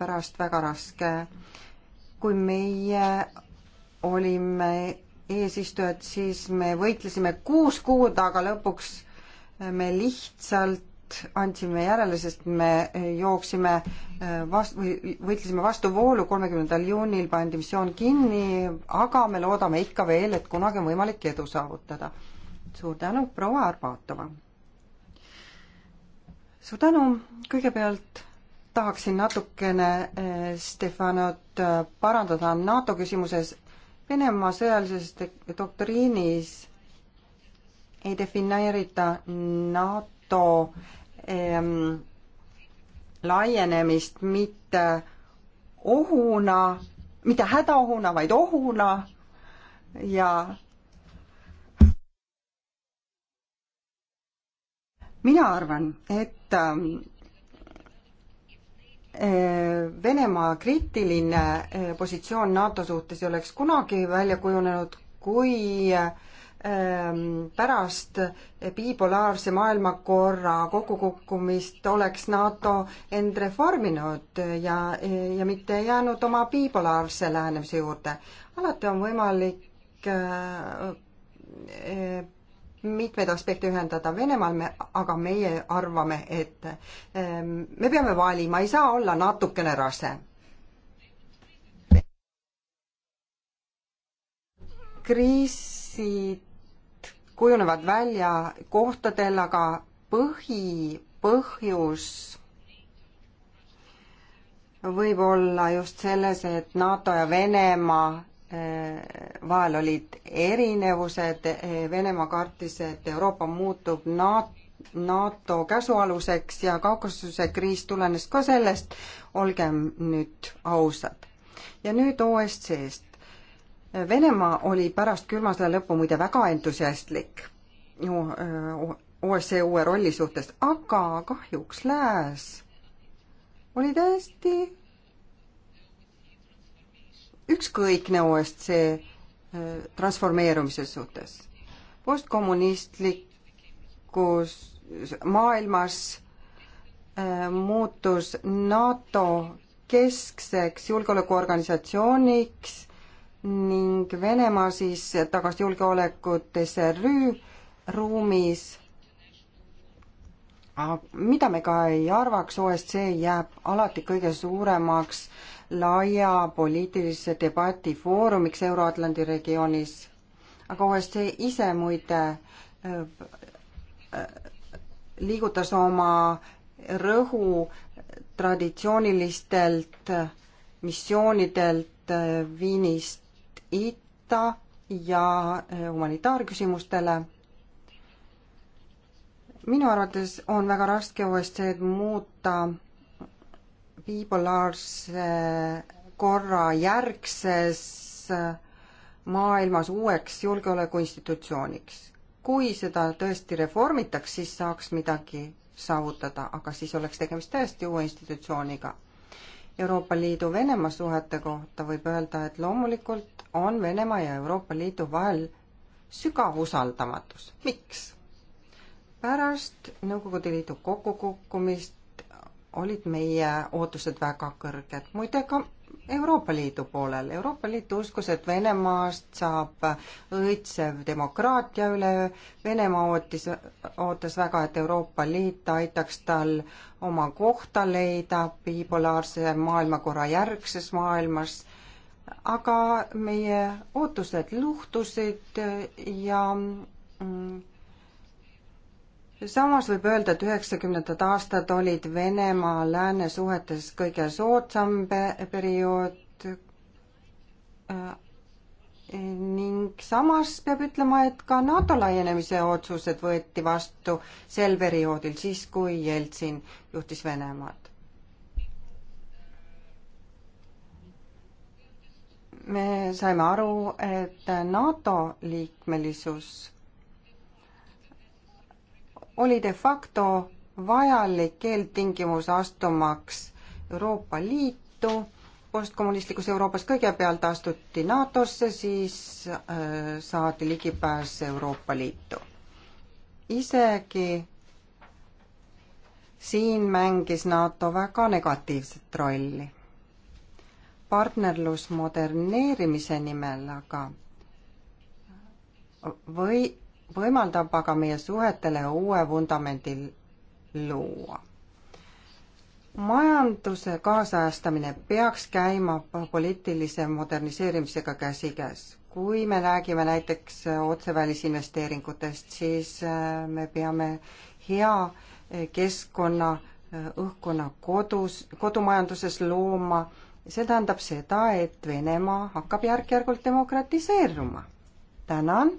S3: pärast väga raske kui meie olime eesistujad, siis me võitlesime kuus kuud, aga lõpuks me lihtsalt andsime järele, sest me jooksime äh, vast- või võitlesime vastuvoolu, kolmekümnendal juunil pandi missioon kinni, aga me loodame ikka veel, et kunagi on võimalik edu saavutada. suur tänu, proua Arbatova! suur tänu, kõigepealt tahaksin natukene äh, Stefanot äh, parandada NATO küsimuses Venemaa sõjalises doktriinis ei defineerita NATO ähm, laienemist mitte ohuna, mitte hädaohuna, vaid ohuna ja mina arvan, et ähm, Venemaa kriitiline eh, positsioon NATO suhtes ei oleks kunagi välja kujunenud, kui ehm, pärast bipolaarse maailmakorra kokkukukkumist oleks NATO end reforminud ja, ja mitte jäänud oma bipolaarse lähenemise juurde. alati on võimalik eh, eh, mitmeid aspekte ühendada. Venemaal me, aga meie arvame, et ehm, me peame valima, ei saa olla natukene rase. kriisid kujunevad välja kohtadel, aga põhipõhjus võib olla just selles, et NATO ja Venemaa vahel olid erinevused, Venemaa kartis, et Euroopa muutub NATO NATO käsualuseks ja Kaukasuse kriis tulenes ka sellest, olgem nüüd ausad. ja nüüd OSCE-st. Venemaa oli pärast külma sõja lõppu muide väga entusiastlik OSCE uue rolli suhtes, aga kahjuks Lääs oli täiesti ükskõikne OSCE äh, transformeerumise suhtes. postkommunistlikus maailmas äh, muutus NATO keskseks julgeolekuorganisatsiooniks ning Venemaa siis tagas julgeolekut SRÜ ruumis mida me ka ei arvaks, OSCE jääb alati kõige suuremaks laia poliitilise debati foorumiks Euro-Atlandi regioonis, aga OSCE ise muide äh, liigutas oma rõhu traditsioonilistelt missioonidelt äh, Viinist itta ja äh, humanitaarküsimustele. minu arvates on väga raske OSCE-d muuta bipolaarse korra järgses maailmas uueks julgeolekuinstitutsiooniks. kui seda tõesti reformitaks, siis saaks midagi saavutada, aga siis oleks tegemist täiesti uue institutsiooniga. Euroopa Liidu Venemaa suhete kohta võib öelda, et loomulikult on Venemaa ja Euroopa Liidu vahel sügav usaldamatus. miks? pärast Nõukogude Liidu kokkukukkumist olid meie ootused väga kõrged. muide, ka Euroopa Liidu poolel. Euroopa Liit uskus, et Venemaast saab õitsev demokraatia üleöö. Venemaa ootis, ootas väga, et Euroopa Liit aitaks tal oma kohta leida bipolaarse maailmakorra järgses maailmas. aga meie ootused luhtusid ja mm, samas võib öelda, et üheksakümnendad aastad olid Venemaa lääne suhetes kõige soodsam periood äh, ning samas peab ütlema, et ka NATO laienemise otsused võeti vastu sel perioodil, siis kui Jeltsin juhtis Venemaad. me saime aru, et NATO liikmelisus oli de facto vajalik eeltingimus astumaks Euroopa Liitu, postkommunistlikus Euroopas kõigepealt astuti NATO-sse, siis äh, saadi ligipääs Euroopa Liitu. isegi siin mängis NATO väga negatiivset rolli. partnerlus moderneerimise nimel aga või võimaldab aga meie suhetele uue vundamendi luua. majanduse kaasajastamine peaks käima poliitilise moderniseerimisega käsikäes. kui me räägime näiteks otsevälisinvesteeringutest, siis äh, me peame hea äh, keskkonna, äh, õhkkonna kodus, kodumajanduses looma. see tähendab seda, et Venemaa hakkab järk-järgult demokratiseeruma. tänan,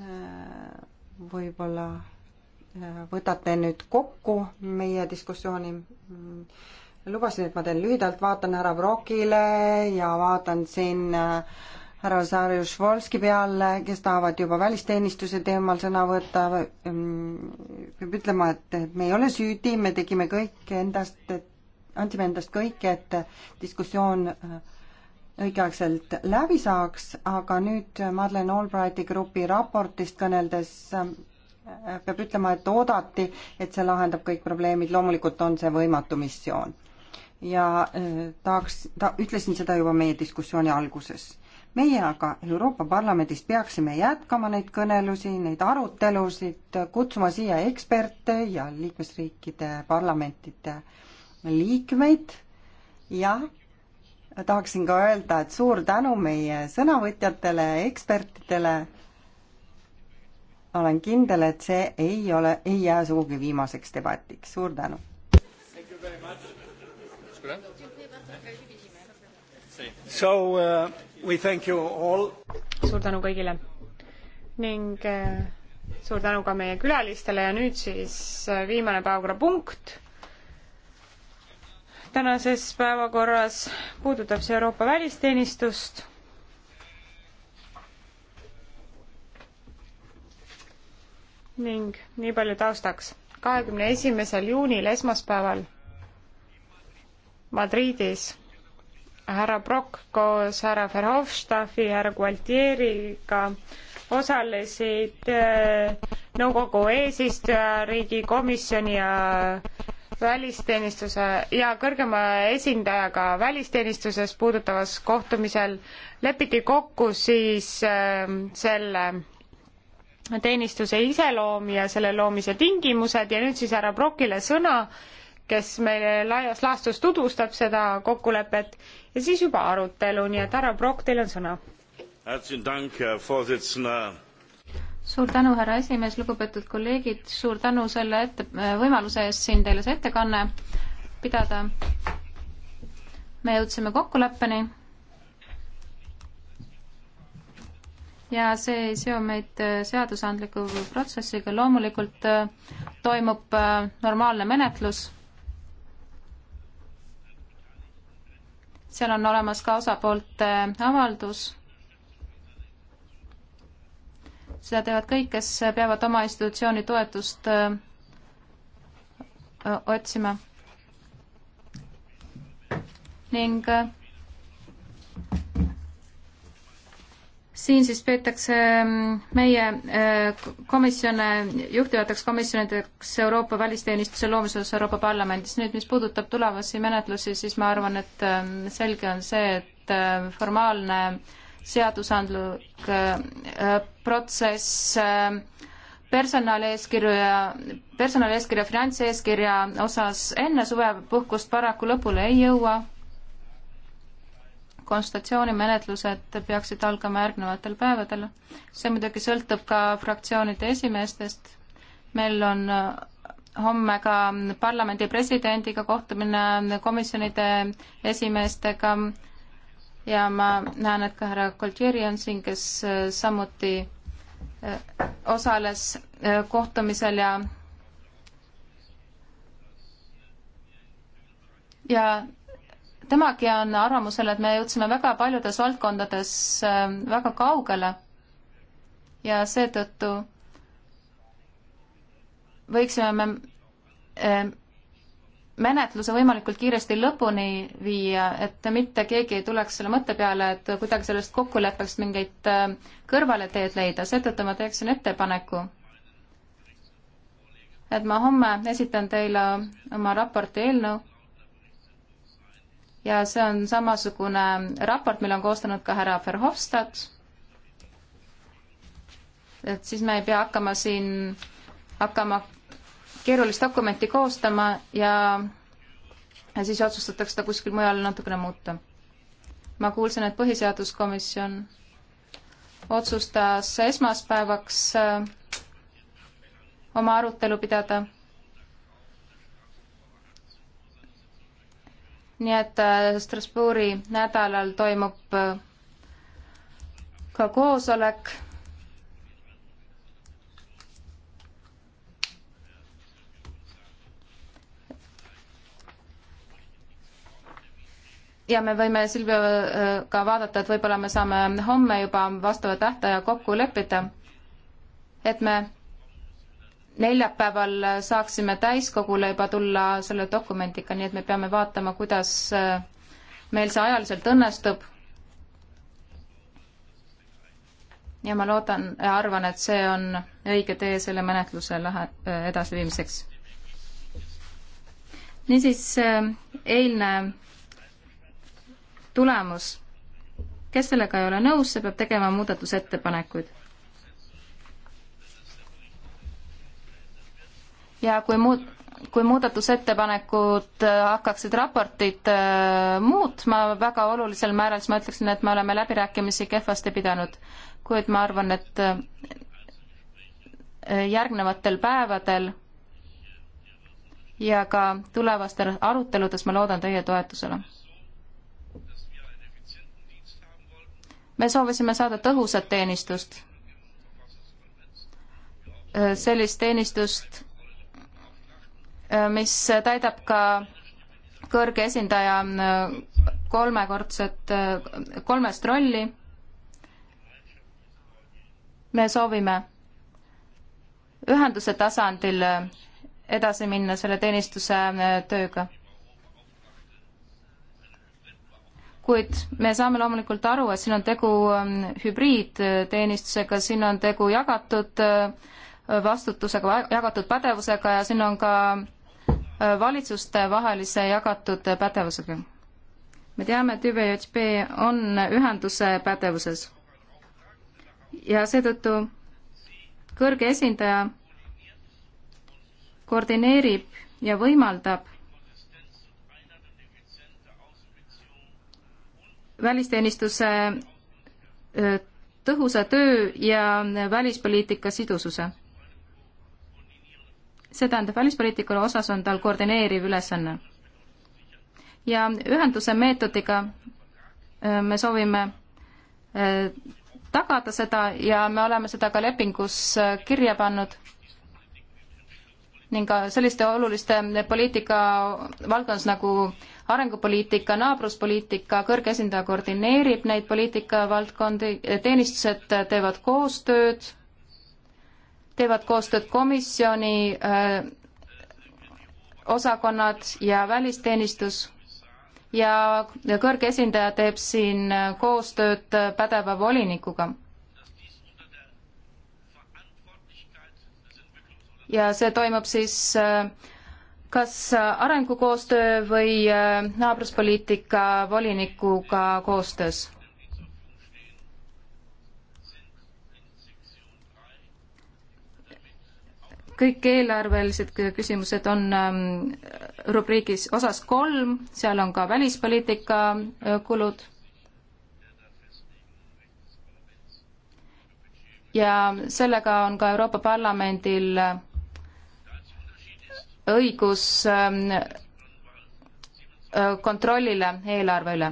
S3: Äh, võib-olla äh, võtate nüüd kokku meie diskussiooni. Mm, lubasin, et ma teen lühidalt, vaatan härra Brokile ja vaatan siin äh, härra Sarjus Volski peale, kes tahavad juba välisteenistuse teemal sõna võtta. Mm, peab ütlema, et me ei ole süüdi, me tegime kõik endast, andsime endast kõik, et diskussioon äh, õigeaegselt läbi saaks, aga nüüd Madeleine Albrighti grupi raportist kõneldes äh, peab ütlema, et oodati, et see lahendab kõik probleemid, loomulikult on see võimatu missioon. ja äh, tahaks, ta, ütlesin seda juba meie diskussiooni alguses. meie aga Euroopa Parlamendis peaksime jätkama neid kõnelusi, neid arutelusid, kutsuma siia eksperte ja liikmesriikide parlamentide liikmeid, jah tahaksin ka öelda, et suur tänu meie sõnavõtjatele ja ekspertidele. olen kindel, et see ei ole, ei jää sugugi viimaseks debatiks, suur tänu.
S4: So uh, we thank you all.
S3: suur tänu
S1: kõigile ning uh, suur tänu ka meie külalistele ja nüüd siis uh, viimane päevakorrapunkt tänases päevakorras, puudutab see Euroopa välisteenistust. ning nii palju taustaks. kahekümne esimesel juunil, esmaspäeval Madridis härra Brock koos härra Verhofstaffi, härra Gualtieriga osalesid äh, nõukogu eesistuja, riigikomisjoni ja välisteenistuse ja kõrgema esindajaga välisteenistuses puudutavas kohtumisel lepiti kokku siis ähm, selle teenistuse iseloom ja selle loomise tingimused ja nüüd siis härra Brokile sõna, kes meile laias laastus tutvustab seda kokkulepet ja siis juba arutelu, nii et härra Brok, teil on sõna
S2: suur tänu, härra esimees, lugupeetud kolleegid, suur tänu selle ette, äh, võimaluse eest siin teile see ettekanne pidada. me jõudsime kokkuleppeni. ja see ei seo meid äh, seadusandliku protsessiga, loomulikult äh, toimub normaalne menetlus. seal on olemas ka osapoolte avaldus seda teevad kõik, kes peavad oma institutsiooni toetust öö, otsima. ning öö, siin siis peetakse meie komisjone, juhtivateks komisjonideks Euroopa välisteenistuse loomises Euroopa Parlamendis. nüüd, mis puudutab tulevasi menetlusi, siis ma arvan, et selge on see, et formaalne seadusandlik äh, äh, protsess äh, personalieeskirju ja personalieeskirja, finantseeskirja osas enne suvepuhkust paraku lõpule ei jõua. konsultatsioonimenetlused peaksid algama järgnevatel päevadel. see muidugi sõltub ka fraktsioonide esimeestest. meil on homme ka parlamendi presidendiga kohtumine, komisjonide esimeestega ja ma näen, et ka härra Koltjeri on siin, kes äh, samuti äh, osales äh, kohtumisel ja ja temagi on arvamusel, et me jõudsime väga paljudes valdkondades väga kaugele ja seetõttu võiksime me menetluse võimalikult kiiresti lõpuni viia, et mitte keegi ei tuleks selle mõtte peale, et kuidagi sellest kokkuleppest mingeid äh, kõrvaleteed leida, seetõttu ma teeksin ettepaneku, et ma homme esitan teile oma raporti eelnõu ja see on samasugune raport, mille on koostanud ka härra Verhofstadt, et siis me ei pea hakkama siin hakkama keerulist dokumenti koostama ja, ja siis otsustatakse ta kuskil mujal natukene muuta. ma kuulsin, et põhiseaduskomisjon otsustas esmaspäevaks äh, oma arutelu pidada. nii et äh, Strasbourgi nädalal toimub äh, ka koosolek ja me võime Silvioga äh, vaadata, et võib-olla me saame homme juba vastava tähtaja kokku leppida, et me neljapäeval saaksime täiskogule juba tulla selle dokumendiga, nii et me peame vaatama, kuidas äh, meil see ajaliselt õnnestub. ja ma loodan ja arvan, et see on õige tee selle menetluse lähe-, äh, edasiviimiseks. niisiis, eilne tulemus. kes sellega ei ole nõus, see peab tegema muudatusettepanekuid. ja kui muud, kui muudatusettepanekud äh, hakkaksid raportit äh, muutma väga olulisel määral, siis ma ütleksin, et me oleme läbirääkimisi kehvasti pidanud. kuid ma arvan, et äh, järgnevatel päevadel ja ka tulevastel aruteludes ma loodan teie toetusele me soovisime saada tõhusat teenistust, äh, sellist teenistust, äh, mis täidab ka kõrge esindaja äh, kolmekordset, kolmest rolli. me soovime ühenduse tasandil edasi minna selle teenistuse tööga kuid me saame loomulikult aru, et siin on tegu ähm, hübriidteenistusega, siin on tegu jagatud äh, vastutusega, jagatud pädevusega ja siin on ka äh, valitsustevahelise jagatud pädevusega. me teame, et ÜVJP on ühenduse pädevuses ja seetõttu kõrge esindaja koordineerib ja võimaldab välisteenistuse tõhusa töö ja välispoliitika sidususe. see tähendab, välispoliitikale osas on tal koordineeriv ülesanne. ja ühenduse meetodiga me soovime tagada seda ja me oleme seda ka lepingus kirja pannud ning ka selliste oluliste poliitika valdkonnas nagu arengupoliitika, naabruspoliitika, kõrge esindaja koordineerib neid poliitikavaldkondi, teenistused teevad koostööd, teevad koostööd komisjoni öö, äh, osakonnad ja välisteenistus ja kõrge esindaja teeb siin koostööd pädeva volinikuga. ja see toimub siis äh, kas äh, arengukoostöö või äh, naabruspoliitika volinikuga koostöös? kõik eelarvelised küsimused on ähm, rubriigis osas kolm, seal on ka välispoliitika äh, kulud. ja sellega on ka Euroopa Parlamendil õigus ähm, äh, kontrollile eelarve üle.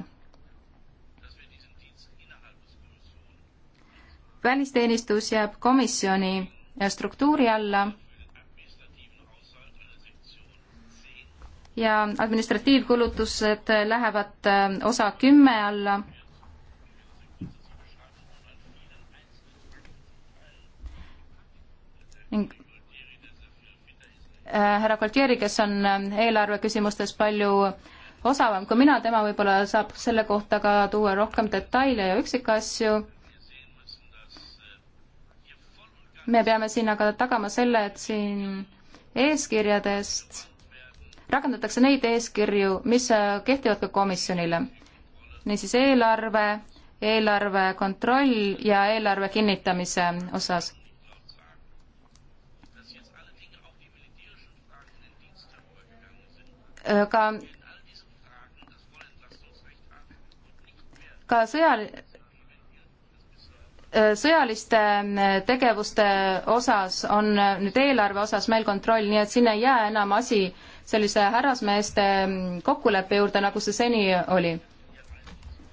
S2: välisteenistus jääb komisjoni struktuuri alla ja administratiivkulutused lähevad äh, osa kümme alla ning härra Koltieri, kes on äh, eelarve küsimustes palju osavam kui mina, tema võib-olla saab selle kohta ka tuua rohkem detaile ja üksikasju. me peame siin aga tagama selle, et siin eeskirjadest rakendatakse neid eeskirju, mis äh, kehtivad ka komisjonile. niisiis eelarve, eelarve kontroll ja eelarve kinnitamise osas ka ka sõjal-, sõjaliste tegevuste osas on nüüd eelarve osas meil kontroll, nii et siin ei jää enam asi sellise härrasmeeste kokkuleppe juurde, nagu see seni oli.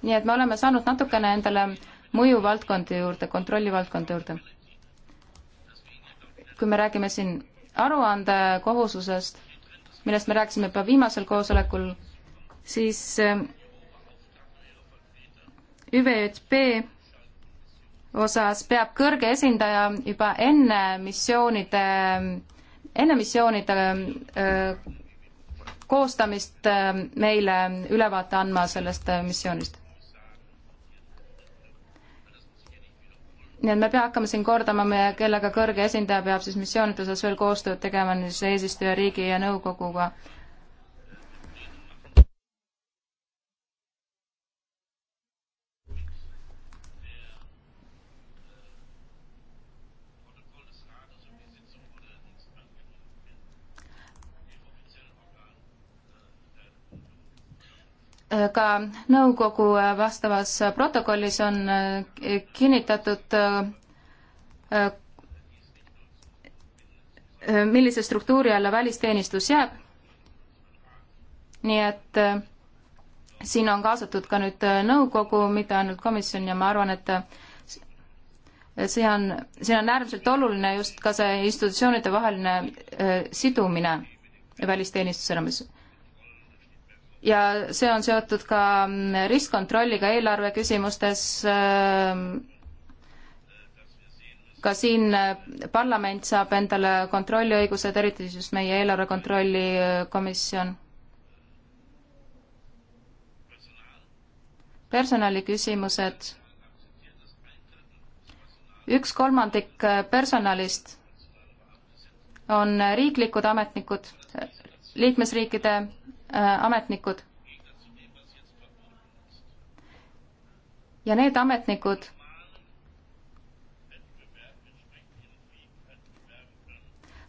S2: nii et me oleme saanud natukene endale mõjuvaldkondi juurde, kontrollivaldkonda juurde. kui me räägime siin aruandekohususest, millest me rääkisime juba viimasel koosolekul, siis äh, ÜVJP osas peab kõrge esindaja juba enne missioonide, enne missioonide öö, äh, koostamist äh, meile ülevaate andma sellest missioonist. nii et me ei pea hakkama siin kordama, me, kellega kõrge esindaja peab siis missioonide osas veel koostööd tegema, siis eesistujariigi ja nõukoguga ka nõukogu äh, vastavas äh, protokollis on äh, kinnitatud millise struktuuri alla välisteenistus jääb. nii et siin on kaasatud ka nüüd nõukogu, mitte ainult komisjon ja ma arvan, et see on, see on äärmiselt oluline just ka see institutsioonide vaheline sidumine välisteenistuse raames ja see on seotud ka mm, riskkontrolliga eelarve küsimustes. Ähm, ka siin äh, parlament saab endale kontrolliõigused, eriti siis meie eelarve kontrolli äh, komisjon. personaliküsimused. üks kolmandik äh, personalist on riiklikud ametnikud, liikmesriikide Äh, ametnikud. ja need ametnikud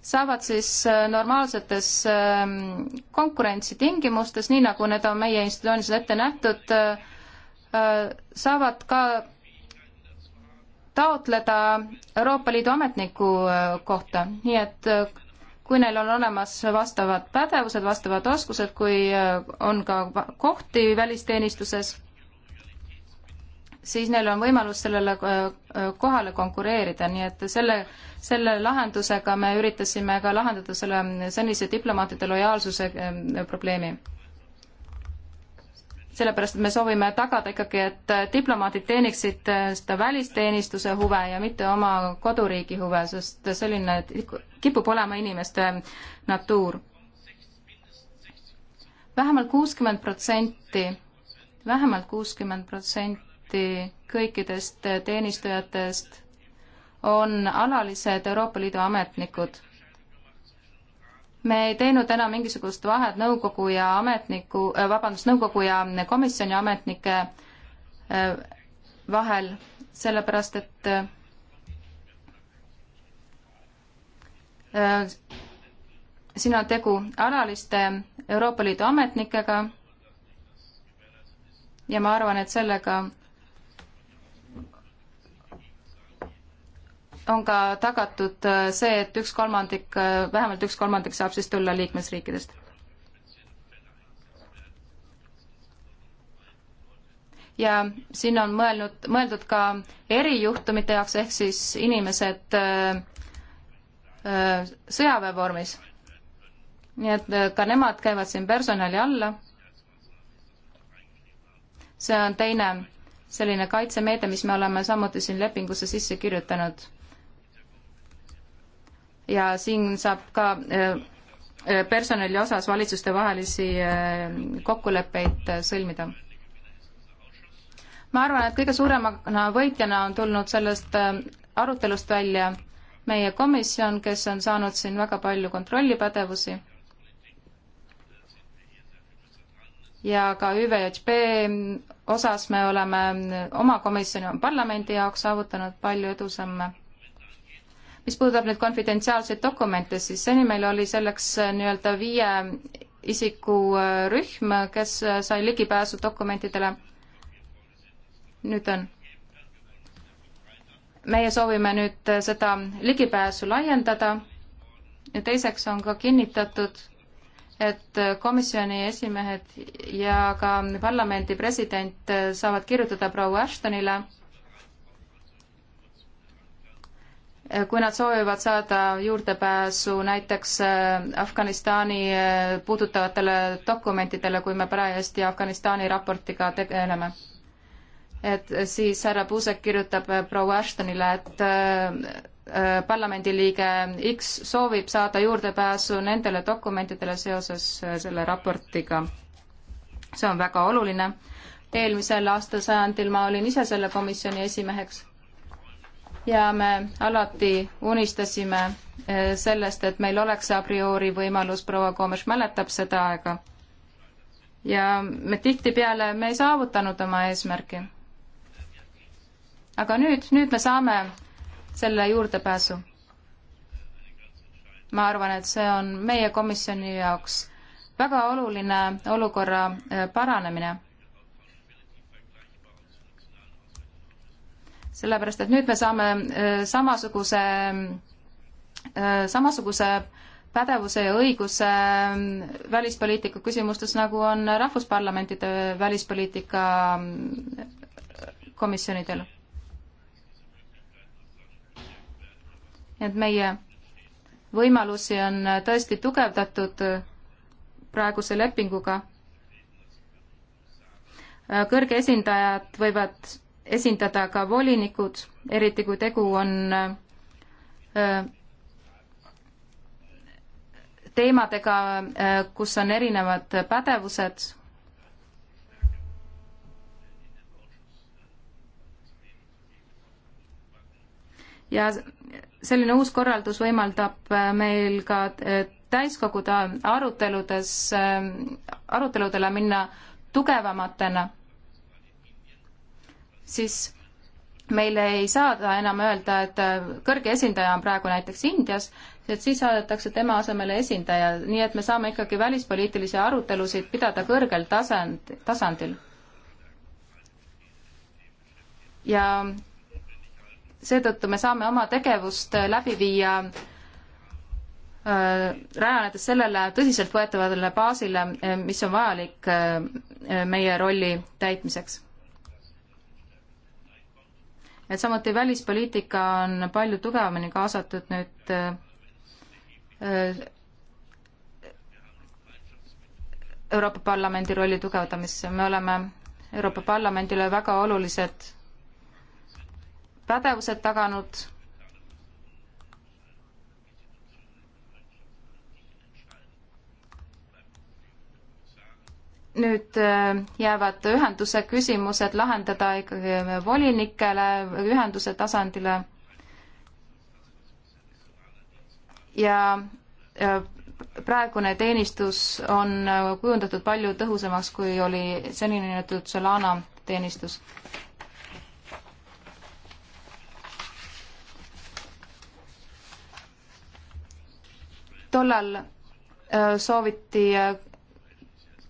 S2: saavad siis äh, normaalsetes ähm, konkurentsitingimustes, nii nagu need on meie institutsioonis ette nähtud, äh, saavad ka taotleda Euroopa Liidu ametniku kohta, nii et kui neil on olemas vastavad pädevused, vastavad oskused, kui äh, on ka kohti välisteenistuses, siis neil on võimalus sellele äh, äh, kohale konkureerida, nii et selle, selle lahendusega me üritasime ka lahendada selle mm, senise diplomaatide lojaalsuse ähm, probleemi. sellepärast, et me soovime tagada ikkagi, et diplomaadid teeniksid seda välisteenistuse huve ja mitte oma koduriigi huve, sest selline kipub olema inimeste natuur vähemalt. vähemalt kuuskümmend protsenti, vähemalt kuuskümmend protsenti kõikidest teenistujatest on alalised Euroopa Liidu ametnikud me ei teinud enam mingisugust vahet nõukogu ja ametniku, äh, vabandust, nõukogu ja komisjoni ametnike äh, vahel, sellepärast et äh, Äh, siin on tegu alaliste Euroopa Liidu ametnikega ja ma arvan, et sellega on ka tagatud äh, see, et üks kolmandik, äh, vähemalt üks kolmandik saab siis tulla liikmesriikidest. ja siin on mõelnud, mõeldud ka erijuhtumite jaoks, ehk siis inimesed äh, sõjaväevormis. nii et äh, ka nemad käivad siin personali alla. see on teine selline kaitsemeede, mis me oleme samuti siin lepingusse sisse kirjutanud. ja siin saab ka äh, äh, personali osas valitsustevahelisi kokkuleppeid sõlmida. ma arvan, et kõige suuremana võitjana on tulnud sellest arutelust välja meie komisjon, kes on saanud siin väga palju kontrollipädevusi ja ka ÜVJP osas me oleme oma komisjoni parlamendi jaoks saavutanud palju edusamme. mis puudutab nüüd konfidentsiaalseid dokumente, siis seni meil oli selleks nii-öelda viie isiku äh, rühm, kes äh, sai ligipääsu dokumentidele. nüüd on meie soovime nüüd seda ligipääsu laiendada ja teiseks on ka kinnitatud, et komisjoni esimehed ja ka parlamendi president saavad kirjutada proua Ashtonile, kui nad soovivad saada juurdepääsu näiteks Afganistani puudutavatele dokumentidele, kui me parajasti Afganistani raportiga tegeleme et siis härra Puusek kirjutab äh, proua Ashtonile, et äh, äh, parlamendiliige X soovib saada juurdepääsu nendele dokumentidele seoses selle raportiga. see on väga oluline. eelmisel aastasajandil ma olin ise selle komisjoni esimeheks ja me alati unistasime sellest, et meil oleks a priori võimalus, proua Koomes mäletab seda aega. ja me tihtipeale, me ei saavutanud oma eesmärki aga nüüd, nüüd me saame selle juurdepääsu. ma arvan, et see on meie komisjoni jaoks väga oluline olukorra äh, paranemine. sellepärast, et nüüd me saame äh, samasuguse, äh, samasuguse pädevuse ja õiguse ähm, välispoliitika küsimustes, nagu on rahvusparlamentide välispoliitika komisjonidel et meie võimalusi on tõesti tugevdatud praeguse lepinguga. kõrge esindajad võivad esindada ka volinikud, eriti kui tegu on äh, teemadega, äh, kus on erinevad pädevused. ja selline uus korraldus võimaldab äh, meil ka äh, täiskogude aruteludes, äh, aruteludele minna tugevamatena, siis meile ei saada enam öelda, et kõrge esindaja on praegu näiteks Indias, et siis saadetakse tema asemele esindaja, nii et me saame ikkagi välispoliitilisi arutelusid pidada kõrgel tasand, tasandil. ja seetõttu me saame oma tegevust äh, läbi viia äh, rajanedes sellele tõsiseltvõetavale baasile, äh, mis on vajalik meie rolli täitmiseks. et samuti välispoliitika on palju tugevamini kaasatud nüüd Euroopa Parlamendi rolli tugevdamisse, me oleme Euroopa Parlamendile väga olulised pädevused taganud nüüd äh, jäävad ühenduse küsimused lahendada ikkagi äh, volinikele, ühenduse tasandile. ja äh, praegune teenistus on kujundatud palju tõhusamaks, kui oli senine niinimetatud Solana teenistus. tollal sooviti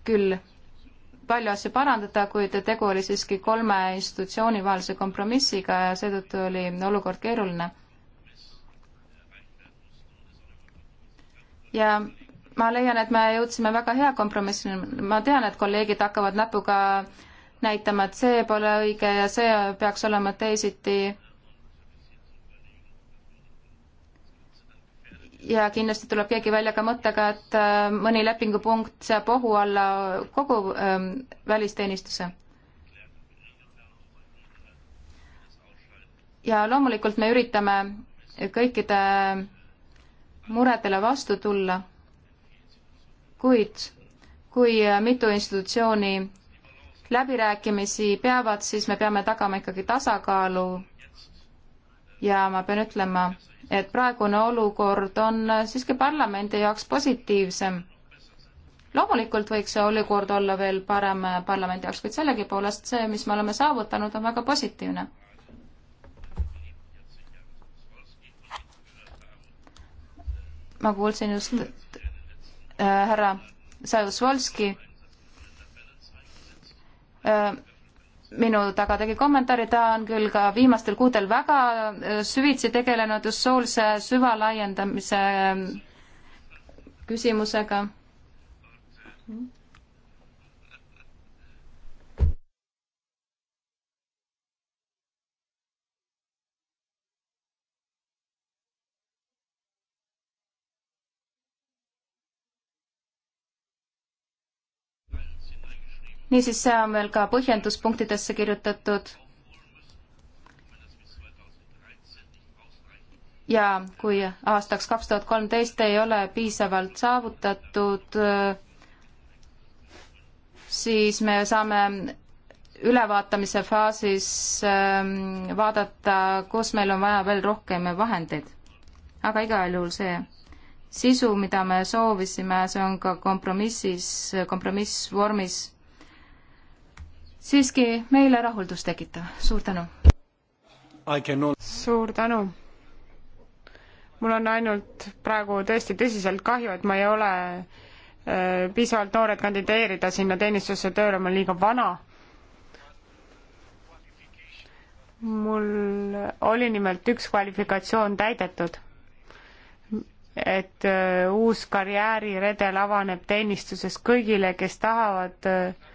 S2: küll palju asju parandada, kuid tegu oli siiski kolme institutsiooni vahelise kompromissiga ja seetõttu oli olukord keeruline. ja ma leian, et me jõudsime väga hea kompromissini, ma tean, et kolleegid hakkavad näpuga näitama, et see pole õige ja see peaks olema teisiti ja kindlasti tuleb keegi välja ka mõttega, et äh, mõni lepingupunkt seab ohu alla kogu ähm, välisteenistuse. ja loomulikult me üritame kõikide muredele vastu tulla, kuid kui mitu institutsiooni läbirääkimisi peavad, siis me peame tagama ikkagi tasakaalu ja ma pean ütlema, et praegune olukord on siiski parlamendi jaoks positiivsem. loomulikult võiks see olukord olla veel parem parlamendi jaoks, kuid sellegipoolest see, mis me oleme saavutanud, on väga positiivne. ma kuulsin just äh, härra Sajusvolski äh, minu taga tegi kommentaari, ta on küll ka viimastel kuudel väga äh, süvitsi tegelenud just soolise süvalaiendamise küsimusega. niisiis, see on veel ka põhjenduspunktidesse kirjutatud. ja kui aastaks kaks tuhat kolmteist ei ole piisavalt saavutatud, siis me saame ülevaatamise faasis ähm, vaadata, kus meil on vaja veel rohkem vahendeid. aga igal juhul see sisu, mida me soovisime, see on ka kompromissis, kompromissvormis siiski meile rahuldust tekitav. suur tänu!
S4: suur
S1: tänu! mul on ainult praegu tõesti tõsiselt kahju, et ma ei ole äh, piisavalt noor, et kandideerida sinna teenistusse tööle, ma olen liiga vana. mul oli nimelt üks kvalifikatsioon täidetud, et äh, uus karjääriredel avaneb teenistuses kõigile, kes tahavad äh,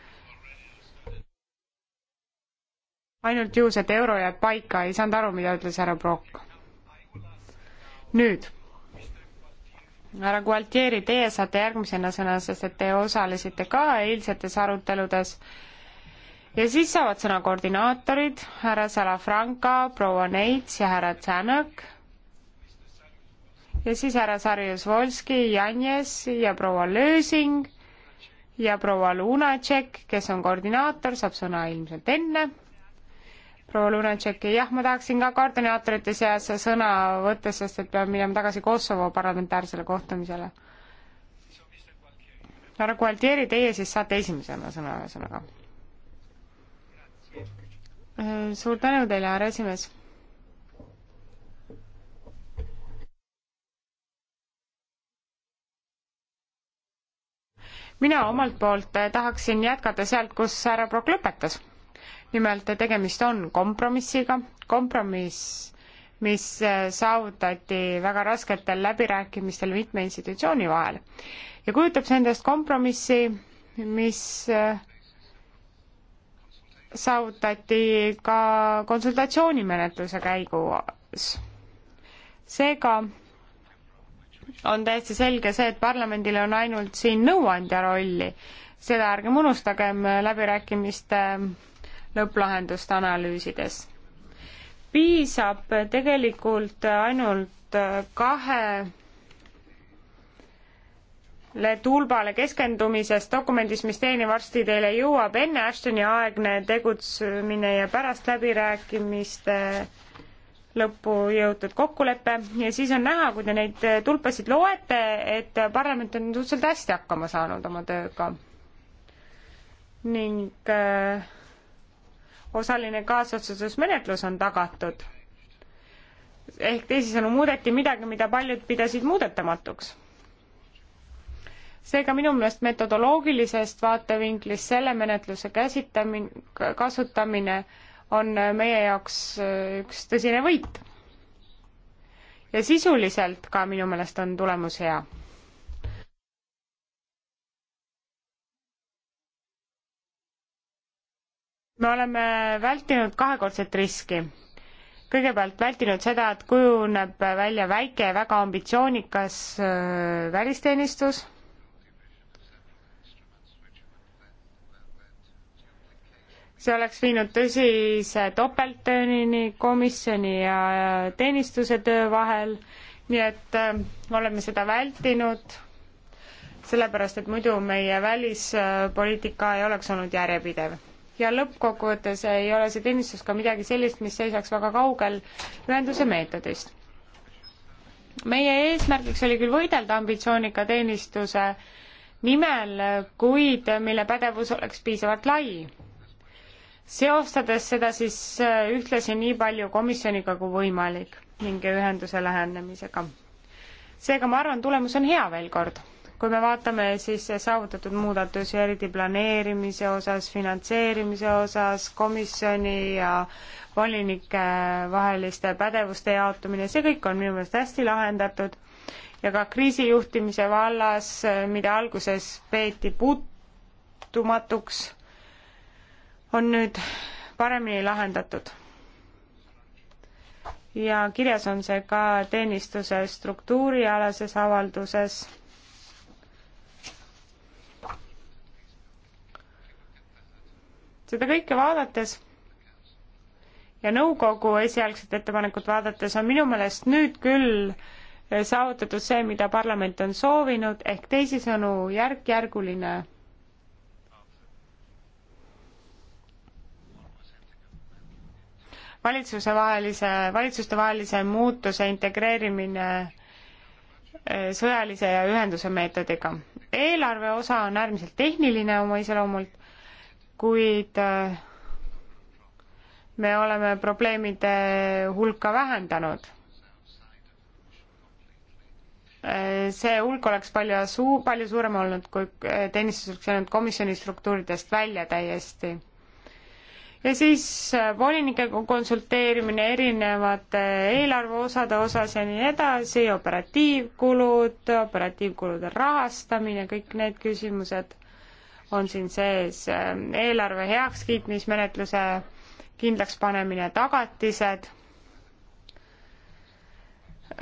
S1: ainult juhus, et euro jääb paika, ei saanud aru, mida ütles härra Brock. nüüd härra Gualtieri, teie saate järgmisena sõna, sest et te osalesite ka eilsetes aruteludes. ja siis saavad sõna koordinaatorid, härra Salafranca, proua Neits ja härra Tšanõk. ja siis härra Sarjus Volski, Janjes ja proua Lösing ja proua Lunatšek, kes on koordinaator, saab sõna ilmselt enne proua Lunatšeki, jah, ma tahaksin ka koordinaatorite seas sõna võtta, sest et pean minema tagasi Kosovo parlamentaarsele kohtumisele. härra Gualtieri, teie siis saate esimesena sõna, ühesõnaga. suur tänu teile, härra esimees mina omalt poolt tahaksin jätkata sealt, kus härra Prokk lõpetas nimelt tegemist on kompromissiga, kompromiss, mis äh, saavutati väga rasketel läbirääkimistel mitme institutsiooni vahel ja kujutab see endast kompromissi, mis äh, saavutati ka konsultatsioonimenetluse käigus. seega on täiesti selge see, et parlamendil on ainult siin nõuandja rolli, seda ärgem unustagem läbirääkimiste lõpplahendust analüüsides. piisab tegelikult ainult kahe le tulbale keskendumisest dokumendis, mis teieni varsti teile jõuab, enne Ashtoni aegne tegutsemine ja pärast läbirääkimiste lõppu jõutud kokkulepe ja siis on näha, kui te neid tulpasid loete, et parlament on suhteliselt hästi hakkama saanud oma tööga. ning äh, osaline kaasotsustusmenetlus on tagatud. ehk teisisõnu muudeti midagi, mida paljud pidasid muudetamatuks. seega minu meelest metodoloogilisest vaatevinklist selle menetluse käsitamine, kasutamine on meie jaoks äh, üks tõsine võit. ja sisuliselt ka minu meelest on tulemus hea me oleme vältinud kahekordset riski. kõigepealt vältinud seda, et kujuneb välja väike ja väga ambitsioonikas äh, välisteenistus see oleks viinud tõsise topelttöönini komisjoni ja teenistuse töö vahel, nii et äh, oleme seda vältinud, sellepärast et muidu meie välispoliitika ei oleks olnud järjepidev ja lõppkokkuvõttes ei ole see teenistus ka midagi sellist, mis seisaks väga kaugel ühenduse meetodist. meie eesmärgiks oli küll võidelda ambitsioonika teenistuse nimel, kuid mille pädevus oleks piisavalt lai. seostades seda siis äh, ühtlasi nii palju komisjoniga kui võimalik ning ühenduse lähenemisega. seega ma arvan, tulemus on hea veel kord kui me vaatame siis saavutatud muudatusi, eriti planeerimise osas, finantseerimise osas, komisjoni ja volinike vaheliste pädevuste jaotumine, see kõik on minu meelest hästi lahendatud ja ka kriisijuhtimise vallas, mida alguses peeti puutumatuks, on nüüd paremini lahendatud ja kirjas on see ka teenistuse struktuurialases avalduses seda kõike vaadates ja nõukogu esialgset ettepanekut vaadates on minu meelest nüüd küll eh, saavutatud see, mida parlament on soovinud, ehk teisisõnu järk-järguline valitsusevahelise, valitsustevahelise muutuse integreerimine eh, sõjalise ja ühenduse meetodiga. eelarve osa on äärmiselt tehniline oma iseloomult kuid äh, me oleme probleemide hulka vähendanud. Äh, see hulk oleks palju suu-, palju suurem olnud, kui äh, teenistus oleks jäänud komisjoni struktuuridest välja täiesti. ja siis volinikega konsulteerimine erinevate eelarveosade osas ja nii edasi, operatiivkulud, operatiivkulude rahastamine, kõik need küsimused on siin sees ähm, eelarve heakskiitmismenetluse kindlakspanemine, tagatised,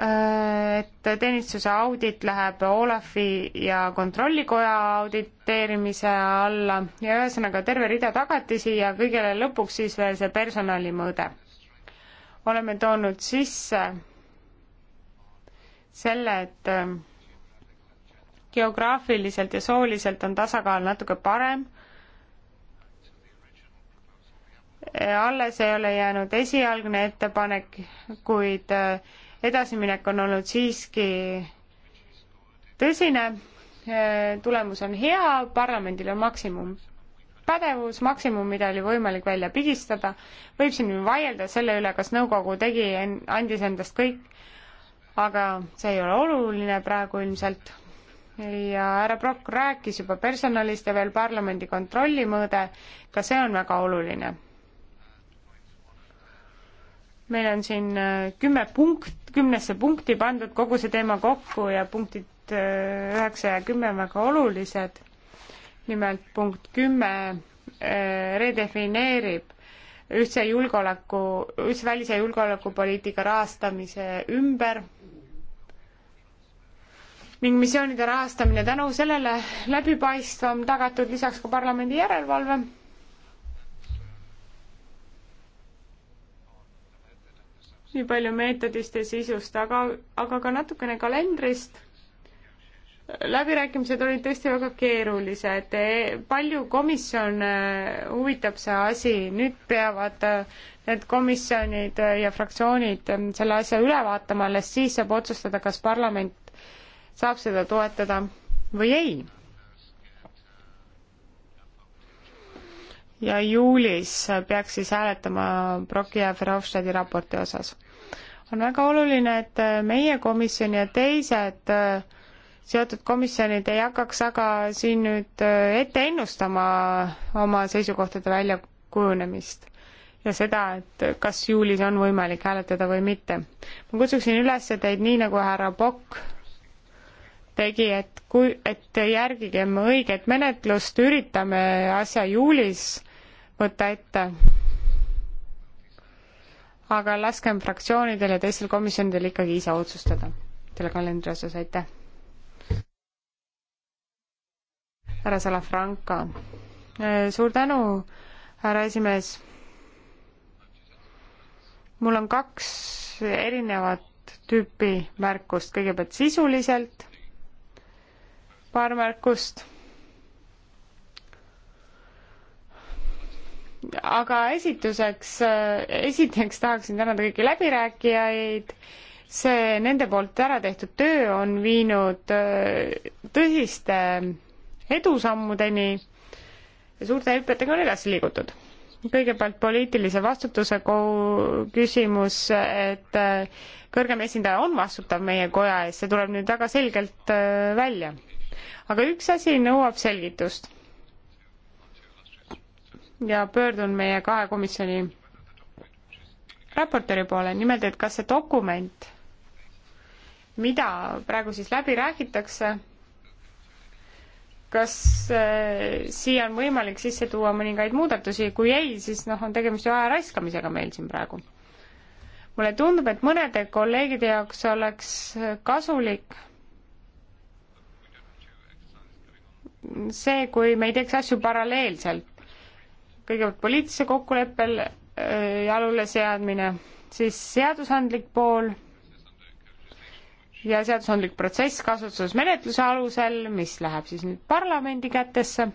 S1: äh, et teenistuse audit läheb Olafi ja Kontrollikoja auditeerimise alla ja ühesõnaga terve rida tagatisi ja kõigele lõpuks siis veel see personalimõõde. oleme toonud sisse selle, et ähm, geograafiliselt ja sooliselt on tasakaal natuke parem. alles ei ole jäänud esialgne ettepanek, kuid äh, edasiminek on olnud siiski tõsine. Äh, tulemus on hea, parlamendil on maksimum pädevus, maksimum, mida oli võimalik välja pigistada. võib siin vaielda selle üle, kas nõukogu tegi, andis endast kõik, aga see ei ole oluline praegu ilmselt ja härra Prokk rääkis juba personalist ja veel parlamendi kontrolli mõõde, ka see on väga oluline. meil on siin äh, kümme punkt, kümnesse punkti pandud kogu see teema kokku ja punktid äh, üheksa ja kümme on väga olulised. nimelt punkt kümme äh, redefineerib ühtse julgeoleku, ühtse välise julgeolekupoliitika rahastamise ümber ning missioonide rahastamine tänu sellele läbipaistvam, tagatud lisaks ka parlamendi järelevalve. nii palju meetodist ja sisust, aga, aga ka natukene kalendrist läbirääkimised olid tõesti väga keerulised, e, palju komisjon e, huvitab see asi, nüüd peavad e, need komisjonid ja fraktsioonid selle asja üle vaatama, alles siis saab otsustada, kas parlament saab seda toetada või ei. ja juulis peaks siis hääletama Broki ja Verhofstadti raporti osas. on väga oluline, et meie komisjon ja teised äh, seotud komisjonid ei hakkaks aga siin nüüd äh, ette ennustama oma seisukohtade väljakujunemist ja seda, et kas juulis on võimalik hääletada või mitte. ma kutsuksin üles teid, nii nagu härra Pokk tegi, et kui, et järgigem õiget menetlust, üritame asja juulis võtta ette. aga laskem fraktsioonidel ja teistel komisjonidel ikkagi ise otsustada selle kalendri osas, aitäh. härra Salafranca, suur tänu, härra esimees. mul on kaks erinevat tüüpi märkust, kõigepealt sisuliselt paar märkust. aga esituseks, äh, esiteks tahaksin tänada kõiki läbirääkijaid, see nende poolt ära tehtud töö on viinud äh, tõsiste edusammudeni ja suurte hüpetega on edasi liigutud kõigepealt poliitilise vastutuse küsimus, et äh, kõrgem esindaja on vastutav meie koja ees, see tuleb nüüd väga selgelt välja aga üks asi nõuab selgitust. ja pöördun meie kahe komisjoni raportööri poole, nimelt, et kas see dokument, mida praegu siis läbi räägitakse, kas äh, siia on võimalik sisse tuua mõningaid muudatusi, kui ei, siis noh, on tegemist ju aja raiskamisega meil siin praegu. mulle tundub, et mõnede kolleegide jaoks oleks kasulik see, kui me ei teeks asju paralleelselt. kõigepealt poliitilise kokkuleppel äh, jalule seadmine, siis seadusandlik pool ja seadusandlik protsess kasutusmenetluse alusel, mis läheb siis nüüd parlamendi kätesse.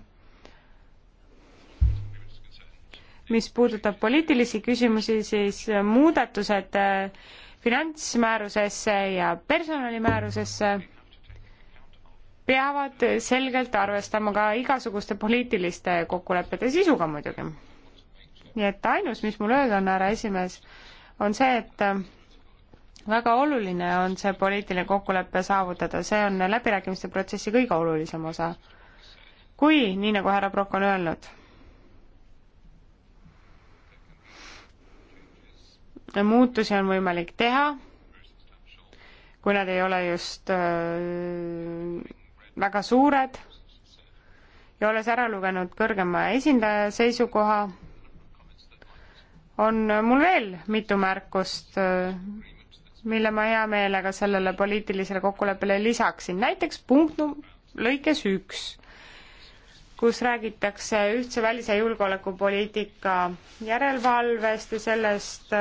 S1: mis puudutab poliitilisi küsimusi, siis muudatused äh, finantsmäärusesse ja personalimäärusesse peavad selgelt arvestama ka igasuguste poliitiliste kokkulepete sisuga muidugi. nii et ainus, mis mul öelda on, härra esimees, on see, et äh, väga oluline on see poliitiline kokkulepe saavutada, see on läbirääkimiste protsessi kõige olulisem osa. kui, nii nagu härra Prokk on öelnud, muutusi on võimalik teha, kui nad ei ole just öö, äh, väga suured ja olles ära lugenud kõrgema esindaja seisukoha, on mul veel mitu märkust, mille ma hea meelega sellele poliitilisele kokkuleppele lisaksin, näiteks punkt lõikes üks, kus räägitakse ühtse välis- ja julgeolekupoliitika järelevalvest ja sellest,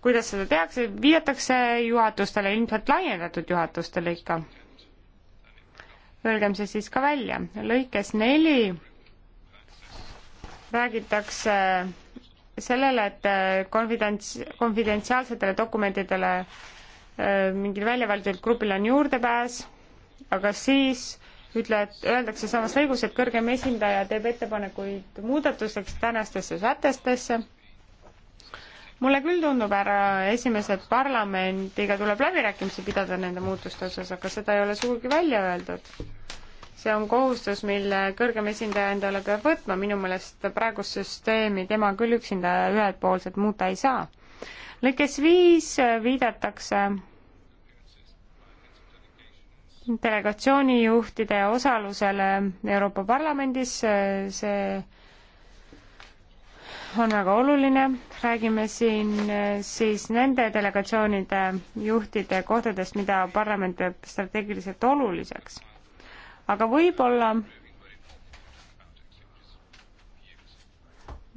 S1: kuidas seda tehakse, viidatakse juhatustele, ilmselt laiendatud juhatustele ikka. Öelgem see siis ka välja. lõikes neli räägitakse sellele, et konfidents, konfidentsiaalsetele dokumentidele äh, mingil välja valitud grupil on juurdepääs, aga siis ütled, öeldakse samas lõigus, et kõrgem esindaja teeb ettepanekuid muudatusteks tänastesse sätestesse mulle küll tundub, härra esimees, et parlamendiga tuleb läbirääkimisi pidada nende muutuste osas, aga seda ei ole sugugi välja öeldud. see on kohustus, mille kõrgem esindaja endale peab võtma, minu meelest praegust süsteemi tema küll üksinda ühepoolselt muuta ei saa. lõikes viis viidatakse delegatsioonijuhtide osalusele Euroopa Parlamendis, see on väga oluline, räägime siin eh, siis nende delegatsioonide juhtide kohtadest, mida parlament peab strateegiliselt oluliseks. aga võib-olla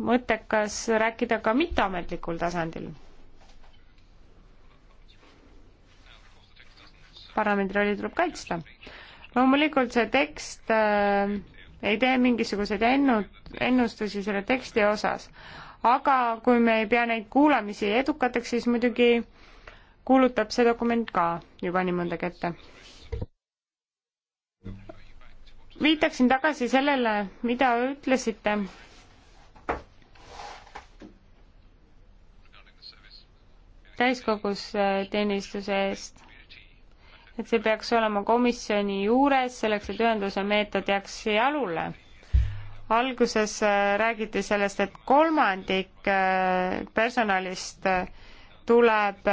S1: mõttekas rääkida ka mitteametlikul tasandil. parlamendi rolli tuleb kaitsta. loomulikult see tekst äh, ei tee mingisuguseid ennu-, ennustusi selle teksti osas. aga kui me ei pea neid kuulamisi edukateks, siis muidugi kuulutab see dokument ka juba nii mõndagi ette. viitaksin tagasi sellele, mida ütlesite täiskogus äh, teenistuse eest et see peaks olema komisjoni juures selleks, et ühenduse meetod jääks jalule. alguses äh, räägiti sellest, et kolmandik äh, personalist äh, tuleb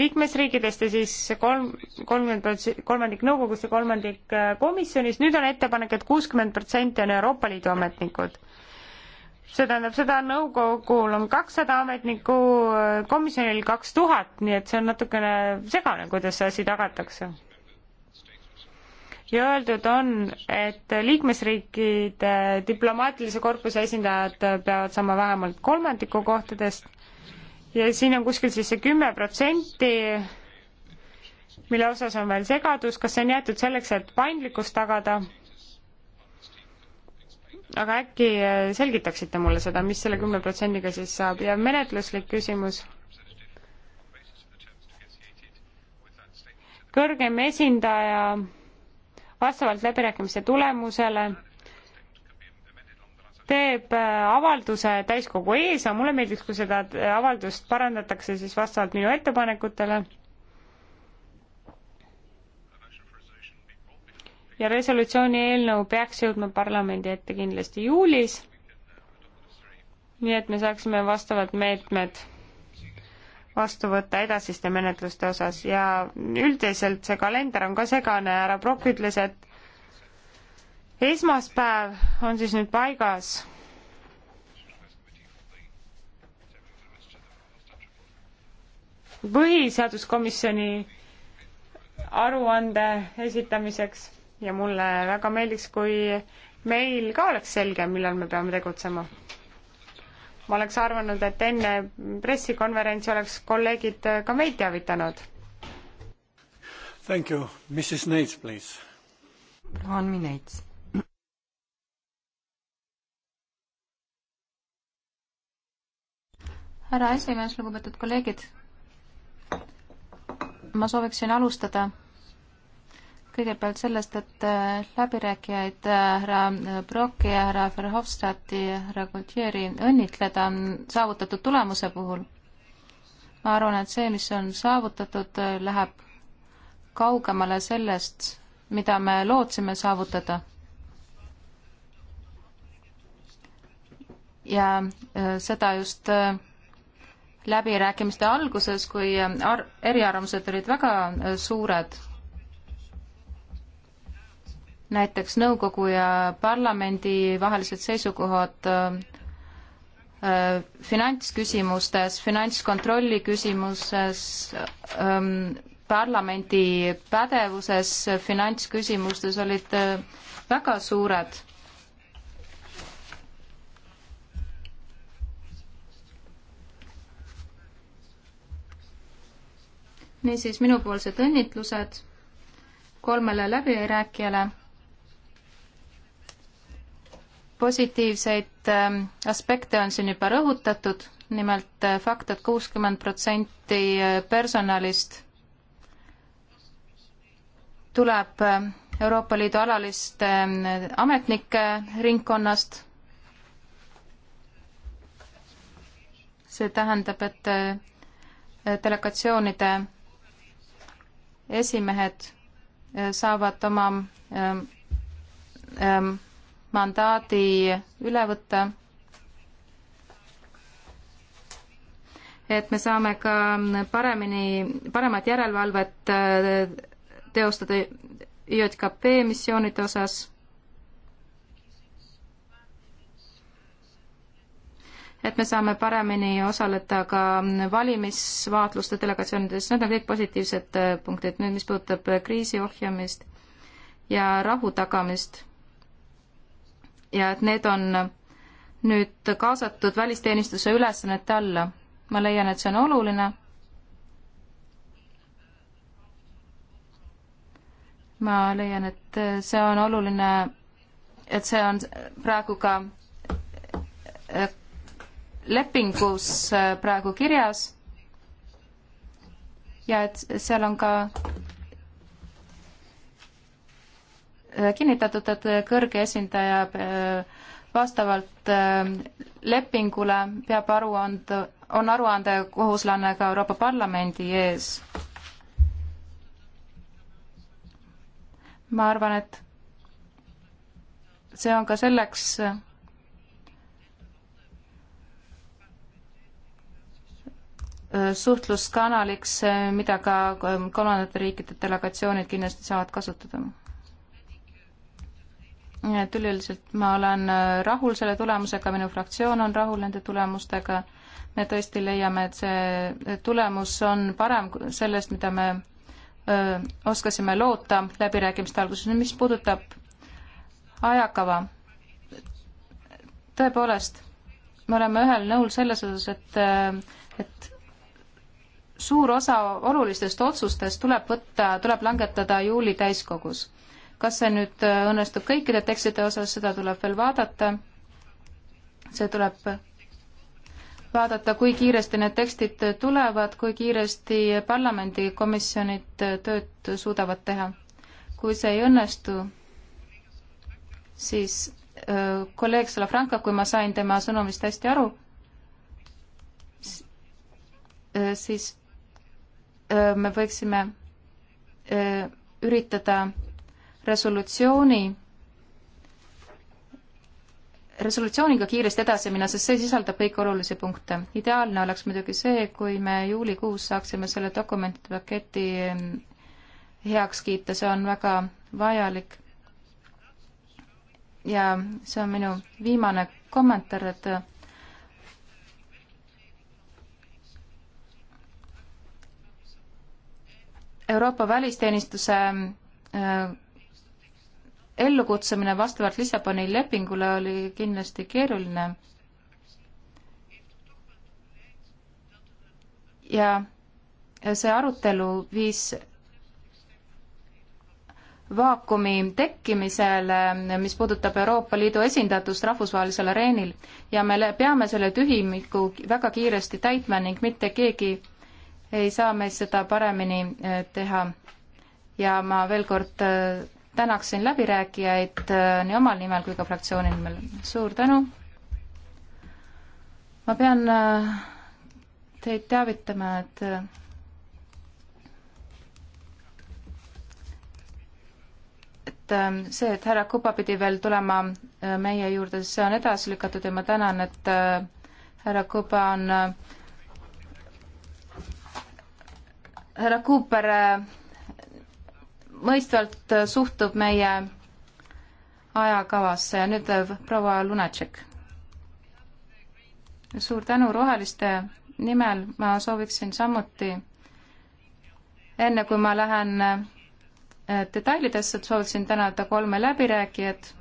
S1: liikmesriikidest ja siis kolm, kolmkümmend prots-, kolmandik nõukogust ja kolmandik komisjonist, nüüd on ettepanek et, et kuuskümmend protsenti on Euroopa Liidu ametnikud see tähendab seda, nõukogul on kakssada ametnikku, komisjonil kaks tuhat, nii et see on natukene segane, kuidas see asi tagatakse. ja öeldud on, et liikmesriikide diplomaatilise korpuse esindajad peavad saama vähemalt kolmandiku kohtadest ja siin on kuskil siis see kümme protsenti, mille osas on veel segadus, kas see on jäetud selleks, et paindlikkust tagada aga äkki äh, selgitaksite mulle seda, mis selle kümne protsendiga siis saab ja menetluslik küsimus? kõrgem esindaja vastavalt läbirääkimiste tulemusele teeb äh, avalduse täiskogu ees, aga mulle meeldiks, kui seda äh, avaldust parandatakse siis vastavalt minu ettepanekutele ja resolutsiooni eelnõu peaks jõudma parlamendi ette kindlasti juulis, nii et me saaksime vastavad meetmed vastu võtta edasiste menetluste osas ja üldiselt see kalender on ka segane, härra Prokk ütles, et esmaspäev on siis nüüd paigas. põhiseaduskomisjoni aruande esitamiseks ja mulle väga meeldiks, kui meil ka oleks selge, millal me peame tegutsema. ma oleks arvanud, et enne pressikonverentsi oleks kolleegid ka meid teavitanud.
S4: Thank you, Mrs Neits, please.
S3: Anni Neits.
S2: härra esimees, lugupeetud kolleegid, ma sooviksin alustada kõigepealt sellest, et äh, läbirääkijaid äh, härra äh, Brocki ja härra Verhofstadti ja härra Gualtieri õnnitleda saavutatud tulemuse puhul. ma arvan, et see, mis on saavutatud, läheb kaugemale sellest, mida me lootsime saavutada. ja seda just läbirääkimiste alguses, kui eriarvamused olid väga suured näiteks nõukogu ja parlamendi vahelised seisukohad äh, finantsküsimustes, finantskontrolli küsimuses, ähm, parlamendi pädevuses finantsküsimustes olid äh, väga suured. niisiis, minupoolsed õnnitlused kolmele läbirääkijale positiivseid ähm, aspekte on siin juba rõhutatud, nimelt äh, fakt et, et kuuskümmend protsenti äh, personalist tuleb ähm, Euroopa Liidu alaliste ähm, ametnike ringkonnast. see tähendab, et äh, delegatsioonide esimehed saavad oma ähm, ähm, mandaadi üle võtta. et me saame ka paremini, paremat järelevalvet äh, teostada JKP missioonide osas. et me saame paremini osaleda ka valimisvaatluste delegatsioonides, need on kõik positiivsed äh, punktid. nüüd, mis puudutab kriisi ohjamist ja rahu tagamist ja et need on nüüd kaasatud välisteenistuse ülesannete alla. ma leian, et see on oluline. ma leian, et see on oluline, et see on praegu ka äh, lepingus äh, praegu kirjas ja et seal on ka Äh, kinnitatud, et kõrge esindaja äh, vastavalt äh, lepingule peab aru and-, on aruandekohuslane ka Euroopa Parlamendi ees. ma arvan, et see on ka selleks suhtluskanaliks, mida ka kolmandate riikide delegatsioonid kindlasti saavad kasutada et üleüldiselt ma olen äh, rahul selle tulemusega, minu fraktsioon on rahul nende tulemustega. me tõesti leiame, et see äh, tulemus on parem sellest, mida me öö, äh, oskasime loota läbirääkimiste alguses. mis puudutab ajakava, tõepoolest, me oleme ühel nõul selles osas, et, et suur osa olulistest otsustest tuleb võtta, tuleb langetada juuli täiskogus kas see nüüd äh, õnnestub kõikide tekstide osas, seda tuleb veel vaadata. see tuleb vaadata, kui kiiresti need tekstid tulevad, kui kiiresti parlamendikomisjonid tööd suudavad teha. kui see ei õnnestu, siis äh, kolleeg Salafranca, kui ma sain tema sõnumist hästi aru, äh, siis me võiksime üritada resolutsiooni, resolutsiooniga kiiresti edasi minna, sest see sisaldab kõiki olulisi punkte. ideaalne oleks muidugi see, kui me juulikuus saaksime selle dokumentide paketi heaks kiita, see on väga vajalik. ja see on minu viimane kommentaar, et Euroopa välisteenistuse ellukutsemine vastavalt Lissaboni lepingule oli kindlasti keeruline. ja see arutelu viis vaakumi tekkimisele, mis puudutab Euroopa Liidu esindatust rahvusvahelisel areenil ja me peame selle tühimiku väga kiiresti täitma ning mitte keegi ei saa meist seda paremini eh, teha. ja ma veel kord eh, tänaksin läbirääkijaid äh, nii omal nimel kui ka fraktsiooni nimel. suur tänu. ma pean äh, teid teavitama, et et äh, see, et härra Kuba pidi veel tulema meie juurde, see on edasi lükatud ja ma tänan, et härra Kuba on härra Cooper mõistvalt suhtub meie ajakavasse ja nüüd äh, proua Lunatšek. suur tänu roheliste nimel, ma sooviksin samuti, enne kui ma lähen äh, detailidesse, et sooviksin tänada kolme läbirääkijat.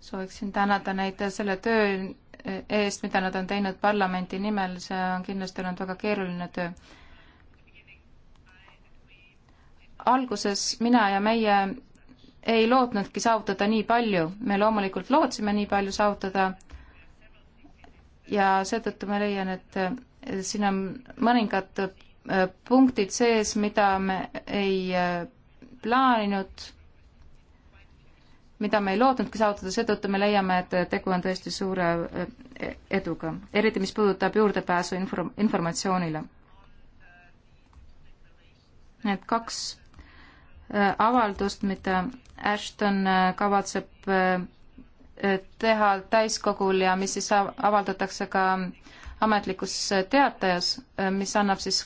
S2: sooviksin tänada neid selle töö äh, eest, mida nad on teinud parlamendi nimel, see on kindlasti olnud väga keeruline töö alguses mina ja meie ei lootnudki saavutada nii palju, me loomulikult lootsime nii palju saavutada ja seetõttu ma leian, et siin on mõningad äh, punktid sees, mida me ei äh, plaaninud, mida me ei lootnudki saavutada, seetõttu me leiame, et tegu on tõesti suure äh, eduga, eriti mis puudutab juurdepääsu inform-, informatsioonile. Need kaks Äh, avaldust, mida Ashton äh, kavatseb äh, teha täiskogul ja mis siis avaldatakse ka ametlikus teatajas, mis annab siis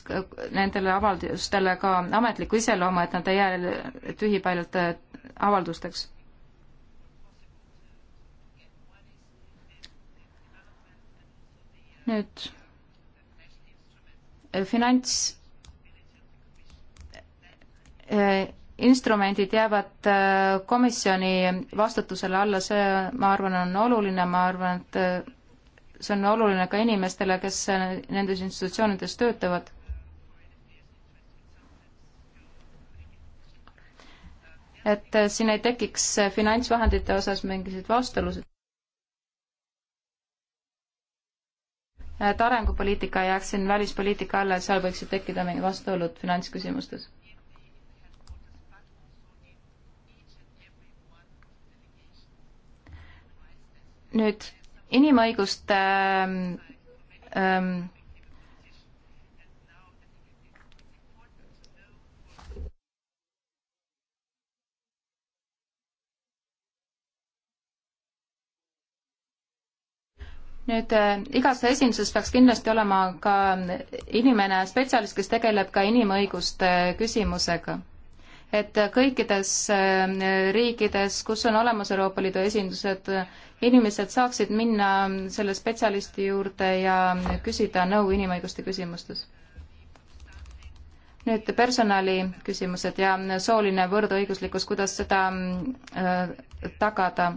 S2: nendele avaldustele ka ametliku iseloomu, et nad ei jää tühipaljalt avaldusteks. nüüd finants instrumendid jäävad äh, komisjoni vastutusele alla, see, ma arvan, on oluline, ma arvan, et äh, see on oluline ka inimestele, kes äh, nendes institutsioonides töötavad. et siin ei tekiks finantsvahendite osas mingisuguseid vastuolusid. et arengupoliitika jääks siin välispoliitika alla, et seal võiksid tekkida mingid vastuolud finantsküsimustes nüüd inimõiguste ähm, ähm, nüüd äh, igas esinduses peaks kindlasti olema ka inimene, spetsialist, kes tegeleb ka inimõiguste küsimusega. et kõikides äh, riikides, kus on olemas Euroopa Liidu esindused äh,, inimesed saaksid minna selle spetsialisti juurde ja küsida nõu inimõiguste küsimustes. nüüd personali küsimused ja sooline võrdõiguslikkus, kuidas seda äh, tagada?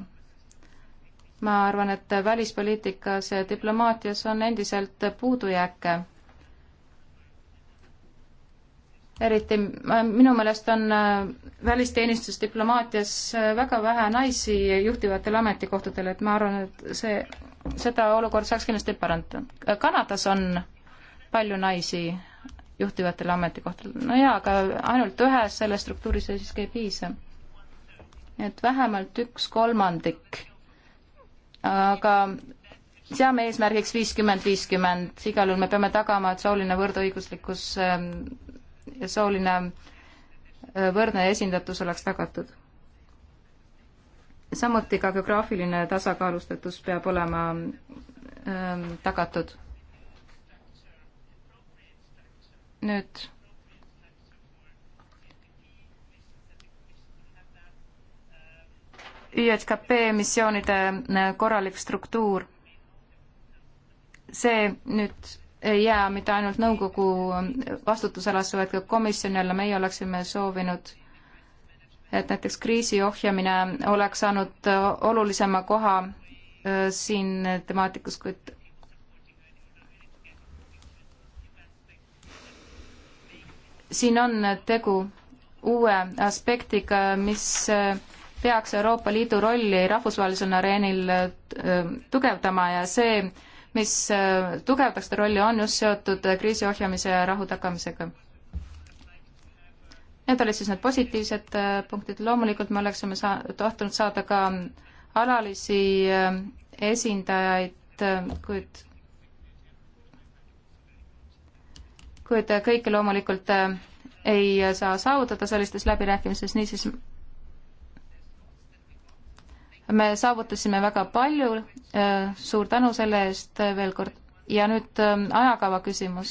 S2: ma arvan, et välispoliitikas ja diplomaatias on endiselt puudujääke eriti äh, minu meelest on äh, välisteenistus diplomaatias äh, väga vähe naisi juhtivatel ametikohtadel, et ma arvan, et see, seda olukord saaks kindlasti parandada. Kanadas on palju naisi juhtivatel ametikohtadel, no jaa, aga ainult ühes selles struktuuris siiski ei piisa. et vähemalt üks kolmandik, aga seame eesmärgiks viiskümmend, viiskümmend, igal juhul me peame tagama, et sooline võrdõiguslikkus ähm, sooline äh, võrdne esindatus oleks tagatud. samuti ka geograafiline tasakaalustatus peab olema ähm, tagatud. nüüd ÜHKP missioonide äh, korralik struktuur. see nüüd ei jää mitte ainult nõukogu vastutusalasse, vaid ka komisjonile, meie oleksime soovinud, et näiteks kriisi ohjamine oleks saanud olulisema koha äh, siin temaatikas, kuid siin on tegu uue aspektiga, mis äh, peaks Euroopa Liidu rolli rahvusvahelisel areenil äh, tugevdama ja see mis äh, tugevdaks ta rolli, on just seotud äh, kriisi ohjamise ja rahu tagamisega. Need olid siis need positiivsed äh, punktid, loomulikult me oleksime saa-, tahtnud saada ka mm, alalisi esindajaid, kuid kuid kõike loomulikult ei saa saavutada sellistes läbirääkimistes, niisiis me saavutasime väga palju, äh, suur tänu selle eest veel kord. ja nüüd ähm, ajakava küsimus.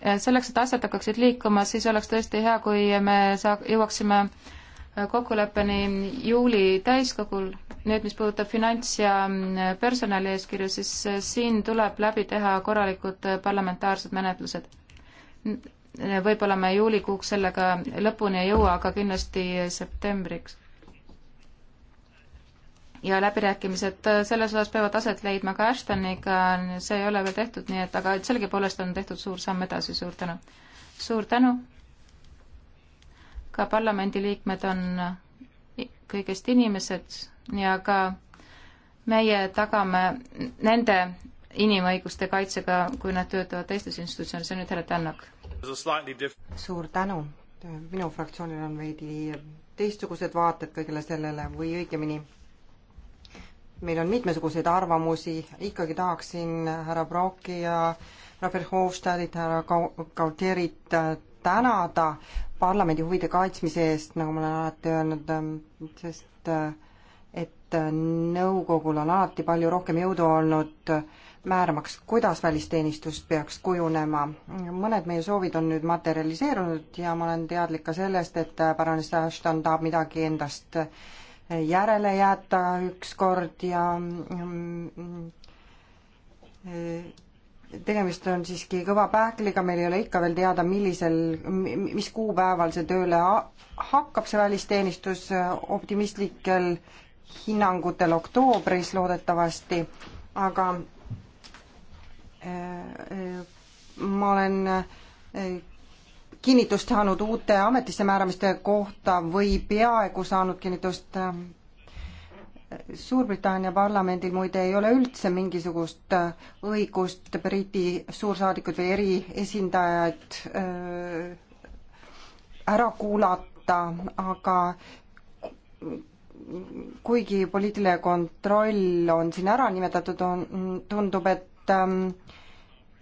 S2: Äh, selleks, et asjad hakkaksid liikuma, siis oleks tõesti hea, kui me saa-, jõuaksime äh, kokkuleppeni juuli täiskogul. nüüd, mis puudutab finants- ja mm, personalieeskirju, siis siin tuleb läbi teha korralikud parlamentaarsed menetlused võib-olla me juulikuuks sellega lõpuni ei jõua, aga kindlasti septembriks. ja läbirääkimised äh, selles osas peavad aset leidma ka Ashtoniga, see ei ole veel tehtud, nii et aga sellegipoolest on tehtud suur samm edasi, suur tänu. suur tänu. ka parlamendiliikmed on äh, kõigest inimesed ja ka meie tagame nende inimõiguste kaitsega, kui nad töötavad teistes institutsioonides, see on nüüd Hele Tännak
S3: suur tänu. minu fraktsioonil on veidi teistsugused vaated kõigele sellele või õigemini meil on mitmesuguseid arvamusi, ikkagi tahaksin härra Brocki ja Robert Hofstadit, härra Kauterit tänada parlamendi huvide kaitsmise eest, nagu ma olen alati öelnud, sest et nõukogul on alati palju rohkem jõudu olnud äh, määramaks, kuidas välisteenistus peaks kujunema. mõned meie soovid on nüüd materialiseerunud ja ma olen teadlik ka sellest, et Baroness Ashton tahab midagi endast järele jätta ükskord ja mm, tegemist on siiski kõva pähkliga, meil ei ole ikka veel teada, millisel, mis kuupäeval see tööle hakkab, see välisteenistus optimistlikel hinnangutel oktoobris loodetavasti, aga ma olen e, kinnitust saanud uute ametisse määramiste kohta või peaaegu saanud kinnitust. E, Suurbritannia parlamendil muide ei ole üldse mingisugust e, õigust Briti suursaadikud või eriesindajad ära kuulata, aga kuigi poliitiline kontroll on siin ära nimetatud, on, tundub, et et ähm,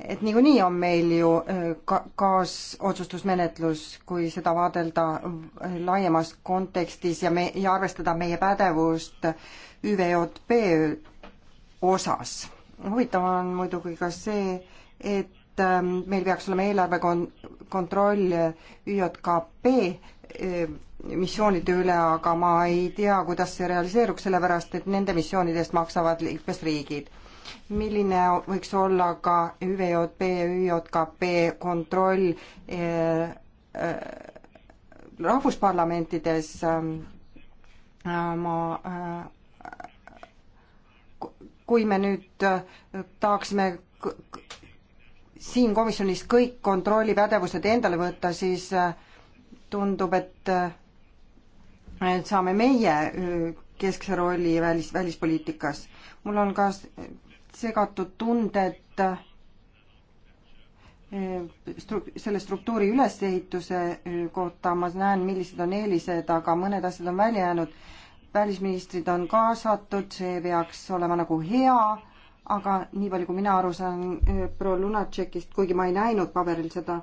S3: et niikuinii on meil ju äh, ka-, kaasotsustusmenetlus, kui seda vaadelda laiemas kontekstis ja me, ja arvestada meie pädevust ÜVJP osas. huvitav on muidugi ka see, et ähm, meil peaks olema eelarve kon-, kontroll ÜJKP äh, missioonide üle, aga ma ei tea, kuidas see realiseeruks, sellepärast et nende missioonidest maksavad liikmesriigid milline võiks olla ka ÜVJP ja ÜJKP kontroll eh, eh, rahvusparlamentides eh, ma kui me nüüd tahaksime siin komisjonis kõik kontrollipädevused endale võtta, siis tundub, et et saame meie keskse rolli välis, välispoliitikas. mul on ka segatud tunded eh, stru-, selle struktuuri ülesehituse eh, kohta, ma näen, millised on eelised, aga mõned asjad on välja jäänud. välisministrid on kaasatud, see peaks olema nagu hea, aga nii palju, kui mina aru saan eh, proua Lunatšekist, kuigi ma ei näinud paberil seda,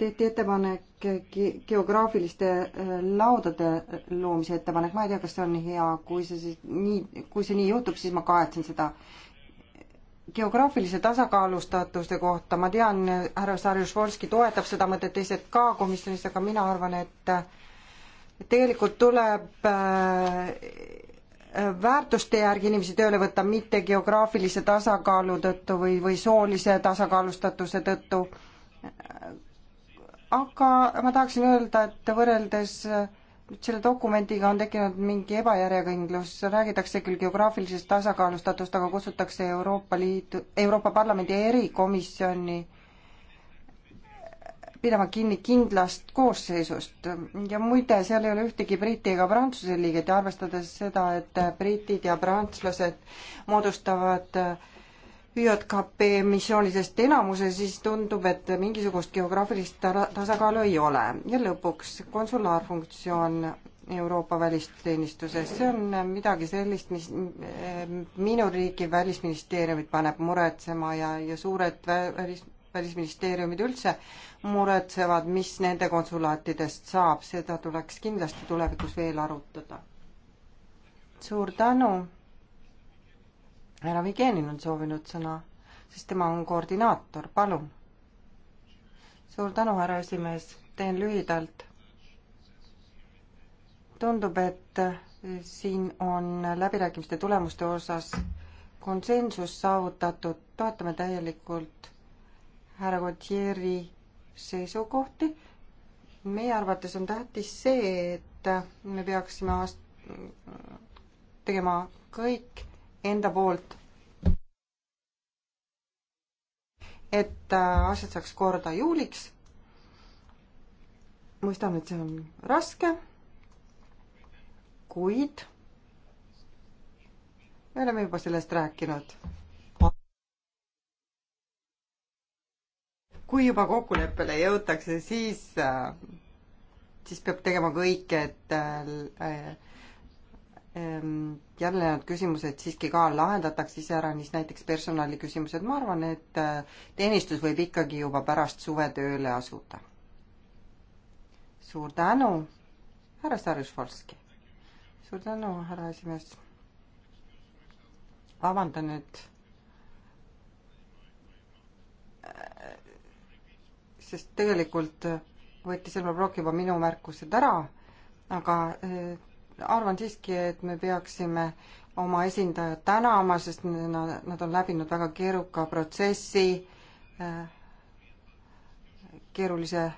S3: tehti ettepanek geograafiliste laudade loomise ettepanek, ma ei tea, kas see on hea, kui see siis nii, kui see nii juhtub, siis ma kahetsen seda geograafilise tasakaalustatuste kohta, ma tean, härra Sarjušvolski toetab seda mõtet, teised ka komisjonis, aga mina arvan, et tegelikult tuleb äh, väärtuste järgi inimesi tööle võtta, mitte geograafilise tasakaalu tõttu või, või soolise tasakaalustatuse tõttu. aga ma tahaksin öelda, et võrreldes äh, selle dokumendiga on tekkinud mingi ebajärjekindlus, räägitakse küll geograafilisest tasakaalustatust, aga kutsutakse Euroopa Liidu, Euroopa Parlamendi erikomisjoni pidama kinni kindlast koosseisust ja muide, seal ei ole ühtegi Briti ega Prantsuse liiget ja arvestades seda, et britid ja prantslased moodustavad äh, ÜJKP missioonidest enamuse, siis tundub, et mingisugust geograafilist ta-, tasakaalu ei ole. ja lõpuks konsulaarfunktsioon Euroopa välisteenistuses, see on midagi sellist, mis eh, minu riigi välisministeeriumit paneb muretsema ja, ja suured välis, välisministeeriumid üldse muretsevad, mis nende konsulaatidest saab, seda tuleks kindlasti tulevikus veel arutada. suur tänu! härra Vigenin on soovinud sõna, sest tema on koordinaator, palun. suur tänu, härra esimees, teen lühidalt. tundub, et siin on läbirääkimiste tulemuste osas konsensus saavutatud, toetame täielikult härra Gautieri seisukohti. meie arvates on tähtis see, et me peaksime aast-, tegema kõik enda poolt, et äh, asjad saaks korda juuliks. mõistan, et see on raske, kuid me oleme juba sellest rääkinud. kui juba kokkuleppele jõutakse, siis, äh, siis peab tegema kõik, et äh, Ehm, jälle need küsimused siiski ka lahendatakse iseäranis, näiteks personaliküsimused, ma arvan, et äh, teenistus võib ikkagi juba pärast suve tööle asuda. suur tänu, härra Sarjusvolski. suur tänu, härra esimees. vabandan nüüd. Äh, sest tegelikult võttis Elmar Brock juba minu märkused ära, aga äh, arvan siiski, et me peaksime oma esindajad tänama, sest nad on läbinud väga keeruka protsessi, äh, keerulise äh,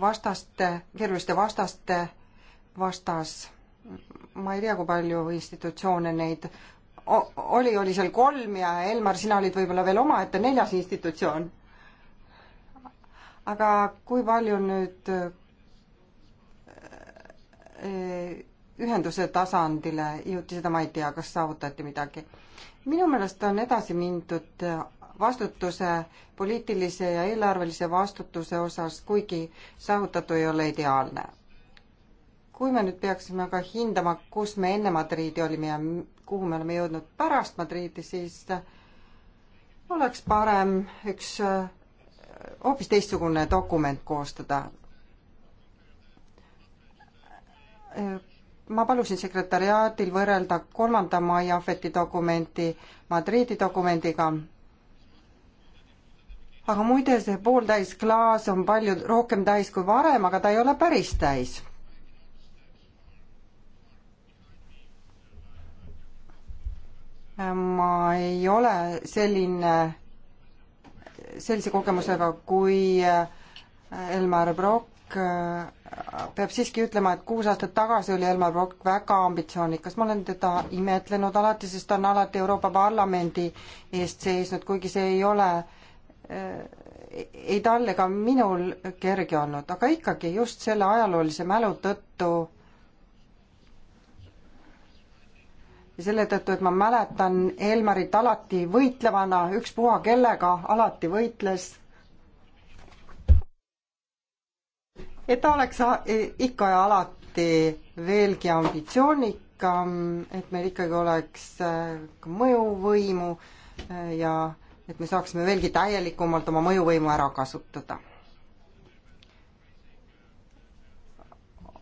S3: vastaste, keeruliste vastaste vastas. ma ei tea, kui palju institutsioone neid o oli, oli seal kolm ja Elmar, sina olid võib-olla veel omaette neljas institutsioon. aga kui palju nüüd Äh, ühenduse tasandile jõuti, seda ma ei tea, kas saavutati midagi. minu meelest on edasi mindud vastutuse, poliitilise ja eelarvelise vastutuse osas, kuigi saavutatu ei ole ideaalne. kui me nüüd peaksime aga hindama, kus me enne Madriidi olime ja kuhu me oleme jõudnud pärast Madriidi, siis oleks parem üks äh, hoopis teistsugune dokument koostada. Äh, ma palusin sekretäriaadil võrrelda kolmanda mai ahveti dokumenti Madridi dokumendiga. aga muide, see pooltäis klaas on palju rohkem täis kui varem, aga ta ei ole päris täis. ma ei ole selline, sellise kogemusega kui äh, Elmar Brokk äh, peab siiski ütlema, et kuus aastat tagasi oli Elmar Brok väga ambitsioonikas, ma olen teda imetlenud alati, sest ta on alati Euroopa Parlamendi eest seisnud, kuigi see ei ole eh, ei tal ega minul kerge olnud, aga ikkagi just selle ajaloolise mälu tõttu ja selle tõttu, et ma mäletan Elmarit alati võitlevana, ükspuha kellega, alati võitles et ta oleks e-, ikka ja alati veelgi ambitsioonikam, et meil ikkagi oleks äh, ka mõjuvõimu äh, ja et me saaksime veelgi täielikumalt oma mõjuvõimu ära kasutada.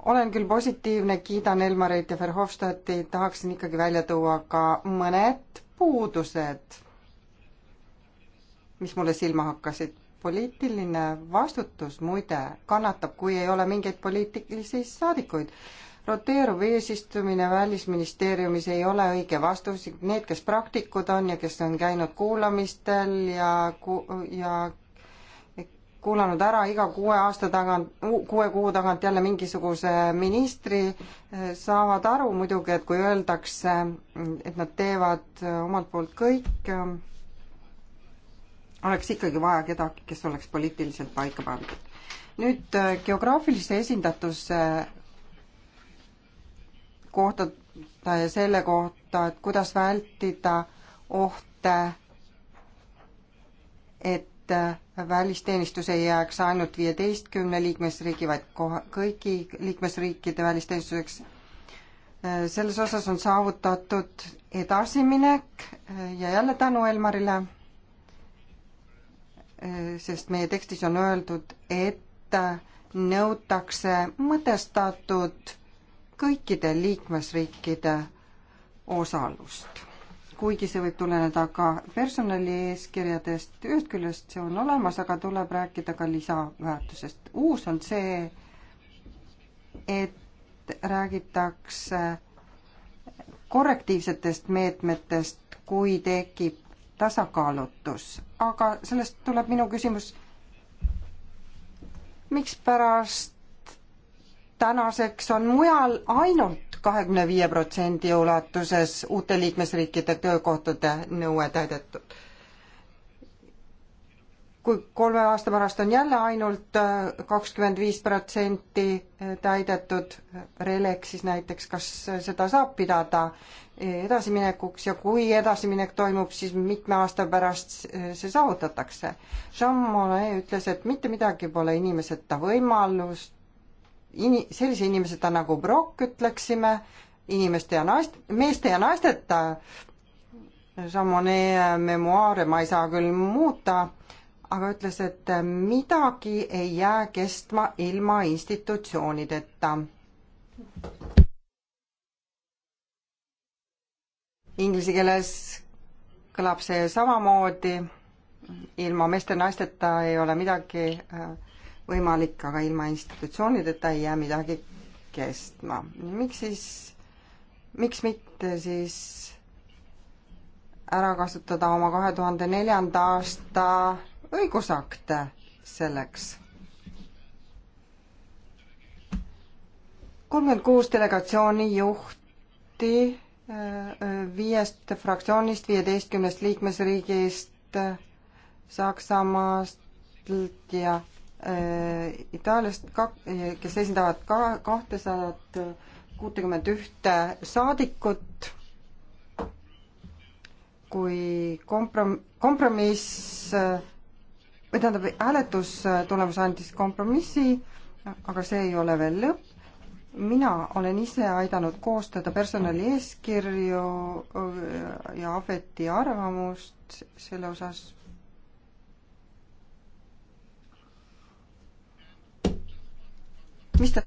S3: olen küll positiivne, kiidan Elmarit ja Verhofstadti, tahaksin ikkagi välja tuua ka mõned puudused, mis mulle silma hakkasid poliitiline vastutus muide kannatab, kui ei ole mingeid poliitilisi saadikuid. roteeruv eesistumine Välisministeeriumis ei ole õige vastus, need, kes praktikud on ja kes on käinud kuulamistel ja ku-, ja kuulanud ära iga kuue aasta tagant, kuue kuu tagant jälle mingisuguse ministri, saavad aru muidugi, et kui öeldakse, et nad teevad omalt poolt kõik, oleks ikkagi vaja kedagi, kes oleks poliitiliselt paika pandud. nüüd äh, geograafilise esindatuse kohta ja äh, selle kohta, et kuidas vältida ohte, et äh, välisteenistus ei jääks ainult viieteistkümne liikmesriigi, vaid koha, kõigi liikmesriikide välisteenistuseks. selles osas on saavutatud edasiminek ja jälle tänu Elmarile sest meie tekstis on öeldud, et nõutakse mõtestatud kõikide liikmesriikide osalust. kuigi see võib tuleneda ka personali eeskirjadest, ühest küljest see on olemas, aga tuleb rääkida ka lisaväärtusest. uus on see, et räägitakse korrektiivsetest meetmetest, kui tekib tasakaalutus, aga sellest tuleb minu küsimus. mikspärast tänaseks on mujal ainult kahekümne viie protsendi ulatuses uute liikmesriikide töökohtade nõue täidetud? kui kolme aasta pärast on jälle ainult äh, kakskümmend viis protsenti äh, täidetud releks, siis näiteks kas äh, seda saab pidada edasiminekuks ja kui edasiminek toimub, siis mitme aasta pärast see saavutatakse. Jean Monnet ütles, et mitte midagi pole inimeseta võimalust, ini-, sellise inimeseta nagu Brock ütleksime, inimeste ja naist-, meeste ja naisteta, Jean Monnet memuaare ma ei saa küll muuta, aga ütles, et midagi ei jää kestma ilma institutsioonideta. Inglise keeles kõlab see samamoodi, ilma meeste-naisteta ei ole midagi äh, võimalik, aga ilma institutsioonideta ei jää midagi kestma. miks siis, miks mitte siis ära kasutada oma kahe tuhande neljanda aasta õigusakte selleks? kolmkümmend kuus delegatsiooni juhti viiest fraktsioonist, viieteistkümnest liikmesriigist, Saksamaast ja äh, Itaaliast, kes esindavad ka kahtesadat kuutekümmet ühte saadikut. kui komprom-, kompromiss või tähendab, hääletustulemus äh, andis kompromissi, aga see ei ole veel lõpp mina olen ise aidanud koostada personali eeskirju äh, ja Ahveti arvamust selle osas. mis te?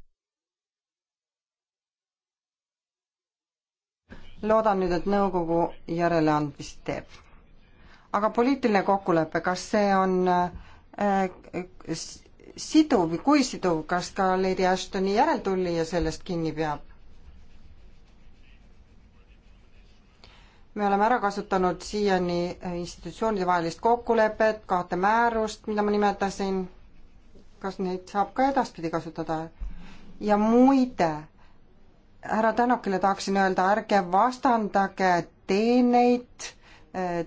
S3: loodan nüüd, et nõukogu järeleandmist teeb. aga poliitiline kokkulepe, kas see on äh, äh siduv, kui siduv, kas ka Lady Ashtoni järeltulija sellest kinni peab? me oleme ära kasutanud siiani institutsioonide vahelist kokkulepet, kahte määrust, mida ma nimetasin. kas neid saab ka edaspidi kasutada? ja muide, härra Tänakile tahaksin öelda, ärge vastandage teeneid,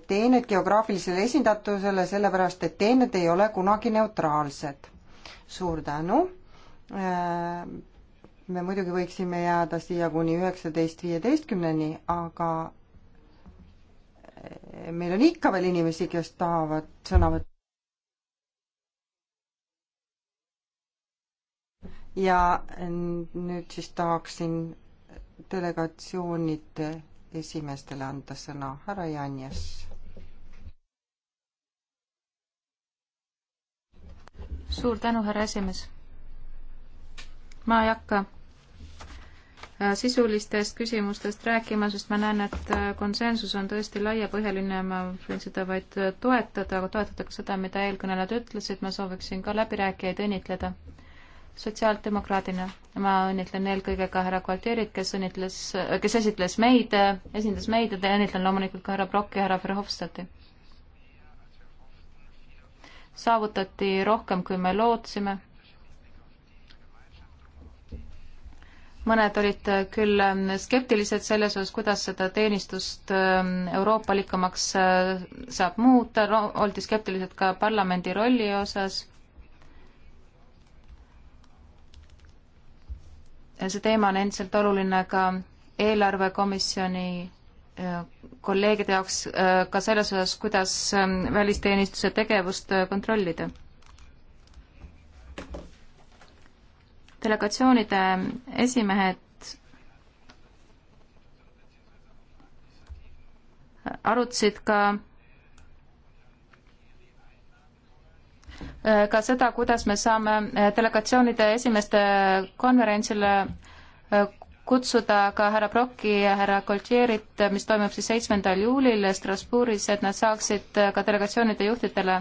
S3: teened geograafilisele esindatusele, sellepärast et teened ei ole kunagi neutraalsed suur tänu. Äh, me muidugi võiksime jääda siia kuni üheksateist viieteistkümneni, aga äh, meil on ikka veel inimesi, kes tahavad sõna võtta. ja nüüd siis tahaksin delegatsioonide esimeestele anda sõna, härra Janjes
S2: suur tänu, härra esimees. ma ei hakka äh, sisulistest küsimustest rääkima, sest ma näen, et äh, konsensus on tõesti laiapõhjaline ja ma võin seda vaid äh, toetada, aga toetada ka seda, mida eelkõnelejad ütlesid, ma sooviksin ka läbirääkijaid õnnitleda. sotsiaaldemokraadina ma õnnitlen eelkõige ka härra Gualtierit, kes õnnitles, kes esitles meid, esindas meid ja õnnitlen loomulikult ka härra Brocki ja härra Verhofstadti saavutati rohkem, kui me lootsime. mõned olid küll skeptilised selles osas, kuidas seda teenistust ähm, euroopalikumaks äh, saab muuta, oldi skeptilised ka parlamendi rolli osas. see teema on endiselt oluline ka eelarvekomisjoni kolleegide jaoks äh, ka selles osas, kuidas ähm, välisteenistuse tegevust äh, kontrollida. delegatsioonide esimehed arutasid ka äh, ka seda, kuidas me saame delegatsioonide esimeeste konverentsile kutsuda ka härra Brocki ja härra Koltšerit, mis toimub siis seitsmendal juulil Strasbourgis, et nad saaksid ka delegatsioonide juhtidele,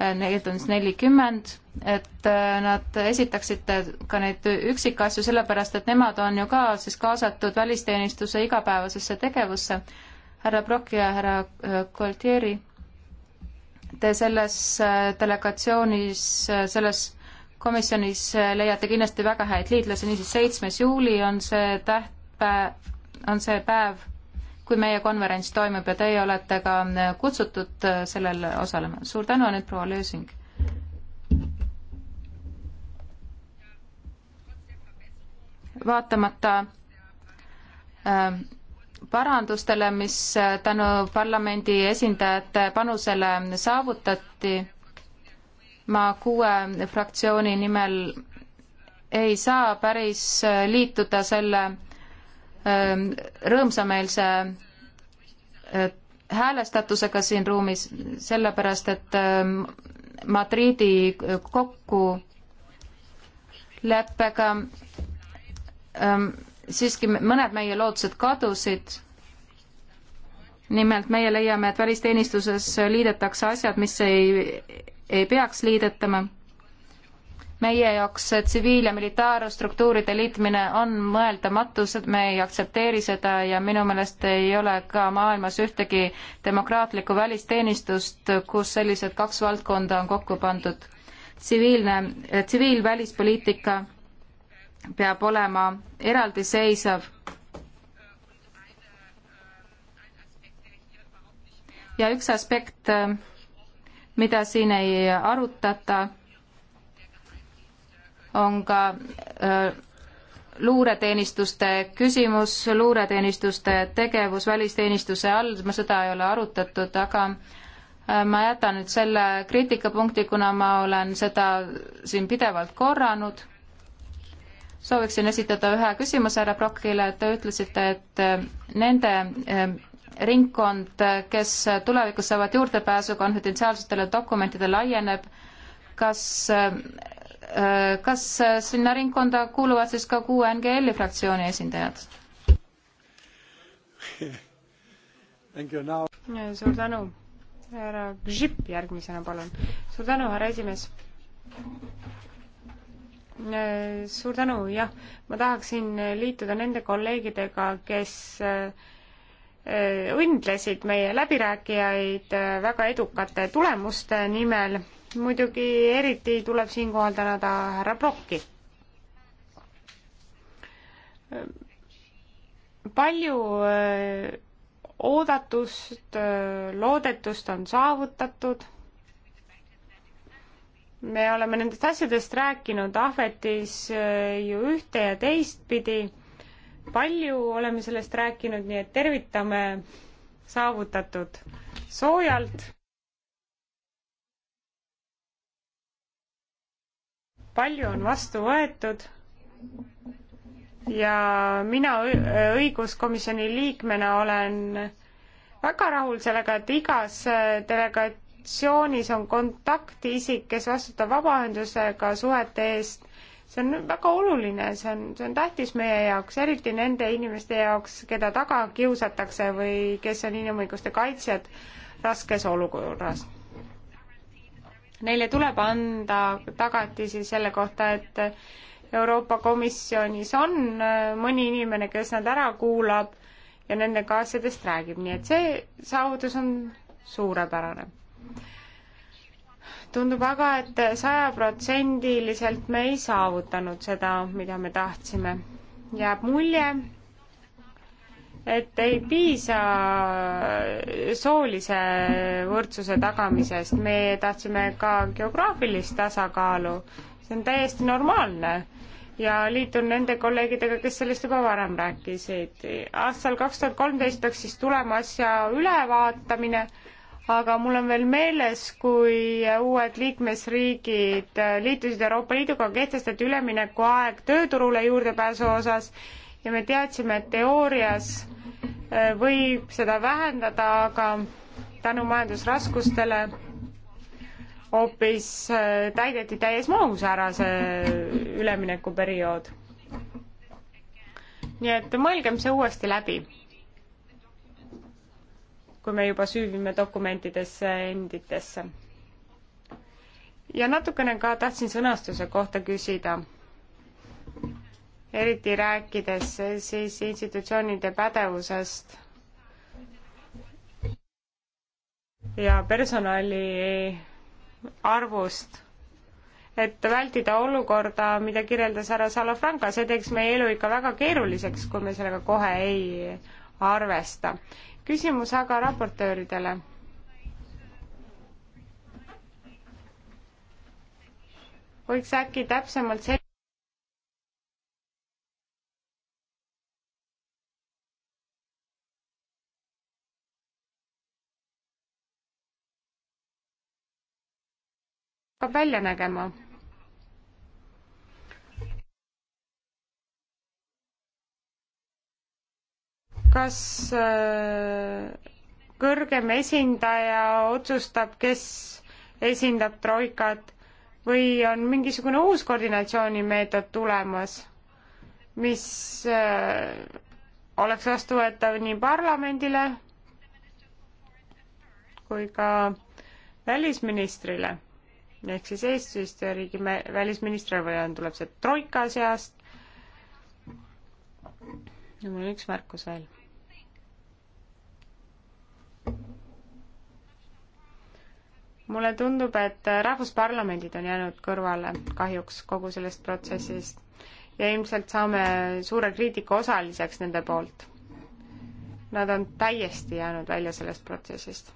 S2: eh, neid on siis nelikümmend, et eh, nad esitaksid ka neid üksikasju, sellepärast et nemad on ju ka siis kaasatud välisteenistuse igapäevasesse tegevusse. härra Brock ja härra Koltšeri, eh, te selles delegatsioonis, selles komisjonis leiate kindlasti väga häid liitlasi, niisiis seitsmes juuli on see tähtpäev, on see päev, kui meie konverents toimub ja teie olete ka kutsutud sellel osalema. suur tänu, nüüd proua Lösing. vaatamata äh, parandustele, mis äh, tänu parlamendi esindajate panusele saavutati ma kuue fraktsiooni nimel ei saa päris äh, liituda selle ähm, rõõmsameelse äh, häälestatusega siin ruumis, sellepärast et ähm, Madridi kokkuleppega ähm, siiski mõned meie lootused kadusid nimelt meie leiame, et välisteenistuses liidetakse asjad, mis ei, ei peaks liidetama. meie jaoks tsiviil- ja militaarstruktuuride liitmine on mõeldamatu, me ei aktsepteeri seda ja minu meelest ei ole ka maailmas ühtegi demokraatlikku välisteenistust, kus sellised kaks valdkonda on kokku pandud. tsiviilne, tsiviilvälispoliitika peab olema eraldiseisev ja üks aspekt, äh, mida siin ei arutata, on ka äh, luureteenistuste küsimus, luureteenistuste tegevus välisteenistuse all, ma seda ei ole arutatud, aga äh, ma jätan nüüd selle kriitikapunkti, kuna ma olen seda siin pidevalt korranud. sooviksin esitada ühe küsimuse härra Brockile, et te ütlesite, et nende ringkond, kes tulevikus saavad juurdepääsu konfidentsiaalsetele dokumentidele laieneb, kas, kas sinna ringkonda kuuluvad siis ka QNGL-i fraktsiooni esindajad? suur tänu, härra
S1: Gžip järgmisena, palun. suur tänu, härra esimees suur tänu, jah, ma tahaksin liituda nende kolleegidega, kes äh, õndlesid meie läbirääkijaid äh, väga edukate tulemuste nimel. muidugi eriti tuleb siinkohal tänada härra Brocki. palju äh, oodatust, äh, loodetust on saavutatud. me oleme nendest asjadest rääkinud Ahvetis ju ühte ja teistpidi palju oleme sellest rääkinud, nii et tervitame saavutatud soojalt. palju on vastu võetud ja mina õiguskomisjoni liikmena olen väga rahul sellega, et igas äh, delegatsioonis on kontaktisik, kes vastutab vabaühendusega suhete eest see on väga oluline, see on, see on tähtis meie jaoks, eriti nende inimeste jaoks, keda taga kiusatakse või kes on inimõiguste kaitsjad raskes olukorras. Neile tuleb anda tagatisi selle kohta, et Euroopa Komisjonis on äh, mõni inimene, kes nad ära kuulab ja nendega asjadest räägib, nii et see saavutus on suurepärane tundub aga et, et sajaprotsendiliselt me ei saavutanud seda, mida me tahtsime. jääb mulje, et ei piisa soolise võrdsuse tagamisest, me tahtsime ka geograafilist tasakaalu, see on täiesti normaalne ja liitun nende kolleegidega, kes sellest juba varem rääkisid. aastal kaks tuhat kolmteist peaks siis tulema asja ülevaatamine aga mul on veel meeles, kui uued liikmesriigid liitusid Euroopa Liiduga, kehtestati üleminekuaeg tööturule juurdepääsu osas ja me teadsime, et teoorias äh, võib seda vähendada, aga tänu majandusraskustele hoopis äh, täideti täies mahus ära see üleminekuperiood. nii et mõelgem see uuesti läbi kui me juba süüvime dokumentidesse enditesse. ja natukene ka tahtsin sõnastuse kohta küsida. eriti rääkides siis institutsioonide pädevusest ja personali arvust et vältida olukorda, mida kirjeldas härra Salafranca, see teeks meie elu ikka väga keeruliseks, kui me sellega kohe ei arvesta küsimus aga raportööridele. võiks äkki täpsemalt sel-? hakkab välja nägema kas äh, kõrgem esindaja otsustab, kes esindab Troikat või on mingisugune uus koordinatsioonimeetod tulemas, mis äh, oleks vastuvõetav nii parlamendile kui ka välisministrile ehk siis eesistujariigi välisministrile või on, tuleb see troika seast. ja mul on üks märkus veel mulle tundub, et rahvusparlamendid on jäänud kõrvale kahjuks kogu sellest protsessist ja ilmselt saame suure kriitika osaliseks nende poolt. Nad on täiesti jäänud välja sellest protsessist.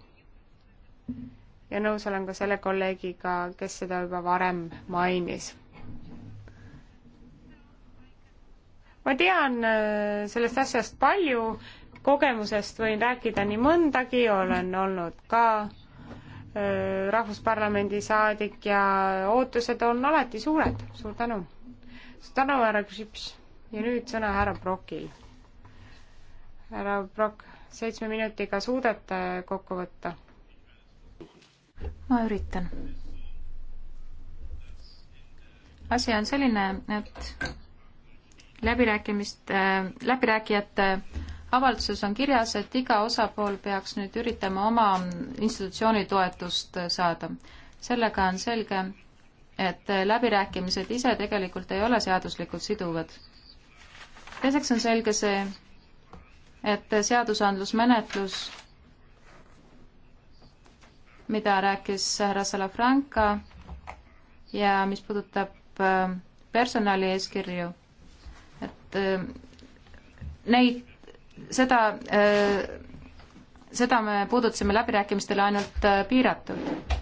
S1: ja nõus olen ka selle kolleegiga, kes seda juba varem mainis. ma tean äh, sellest asjast palju, kogemusest võin rääkida nii mõndagi, olen olnud ka Äh, rahvusparlamendi saadik ja ootused on alati suured. suur tänu. suur tänu, härra Kšips. ja nüüd sõna härra Brokil. härra Brok, seitsme minutiga suudate kokku võtta?
S2: ma üritan. asi on selline, et läbirääkimiste, äh, läbirääkijate avalduses on kirjas, et iga osapool peaks nüüd üritama oma institutsiooni toetust saada. sellega on selge, et läbirääkimised ise tegelikult ei ole seaduslikult siduvad. teiseks on selge see, et seadusandlusmenetlus, mida rääkis härra Salafranca ja mis puudutab äh, personalieeskirju, et äh, neid seda, äh, seda me puudutasime läbirääkimistele ainult äh, piiratult.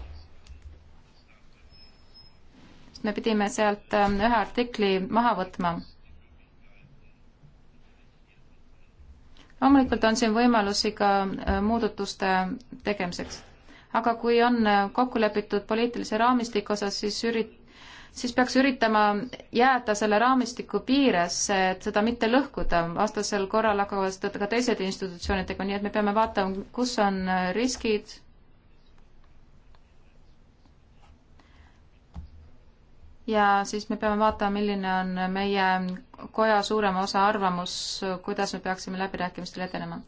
S2: sest me pidime sealt ähm, ühe artikli maha võtma loomulikult on siin võimalusi ka äh, muudatuste tegemiseks. aga kui on kokku lepitud poliitilise raamistiku osas, siis ürit-, siis peaks üritama jääda selle raamistiku piiresse, et seda mitte lõhkuda, vastasel korral hakkavad seda ka teised institutsioonid tegema, nii et me peame vaatama, kus on äh, riskid. ja siis me peame vaatama, milline on meie koja suurema osa arvamus, kuidas me peaksime läbirääkimistel edenema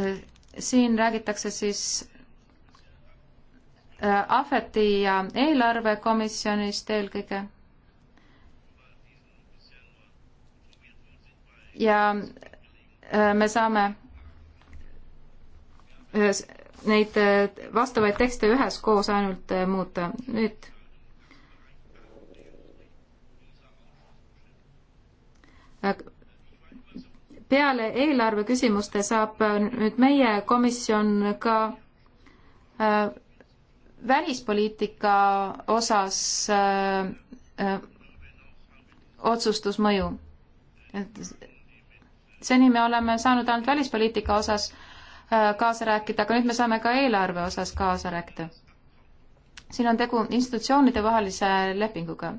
S2: äh, siin räägitakse siis Äh, Ahveti ja eelarvekomisjonist eelkõige. ja äh, me saame äh, neid vastavaid tekste üheskoos ainult muuta. nüüd peale eelarve küsimuste saab nüüd meie komisjon ka välispoliitika osas äh, äh, otsustusmõju. et seni me oleme saanud ainult välispoliitika osas äh, kaasa rääkida, aga nüüd me saame ka eelarve osas kaasa rääkida. siin on tegu institutsioonide vahelise lepinguga.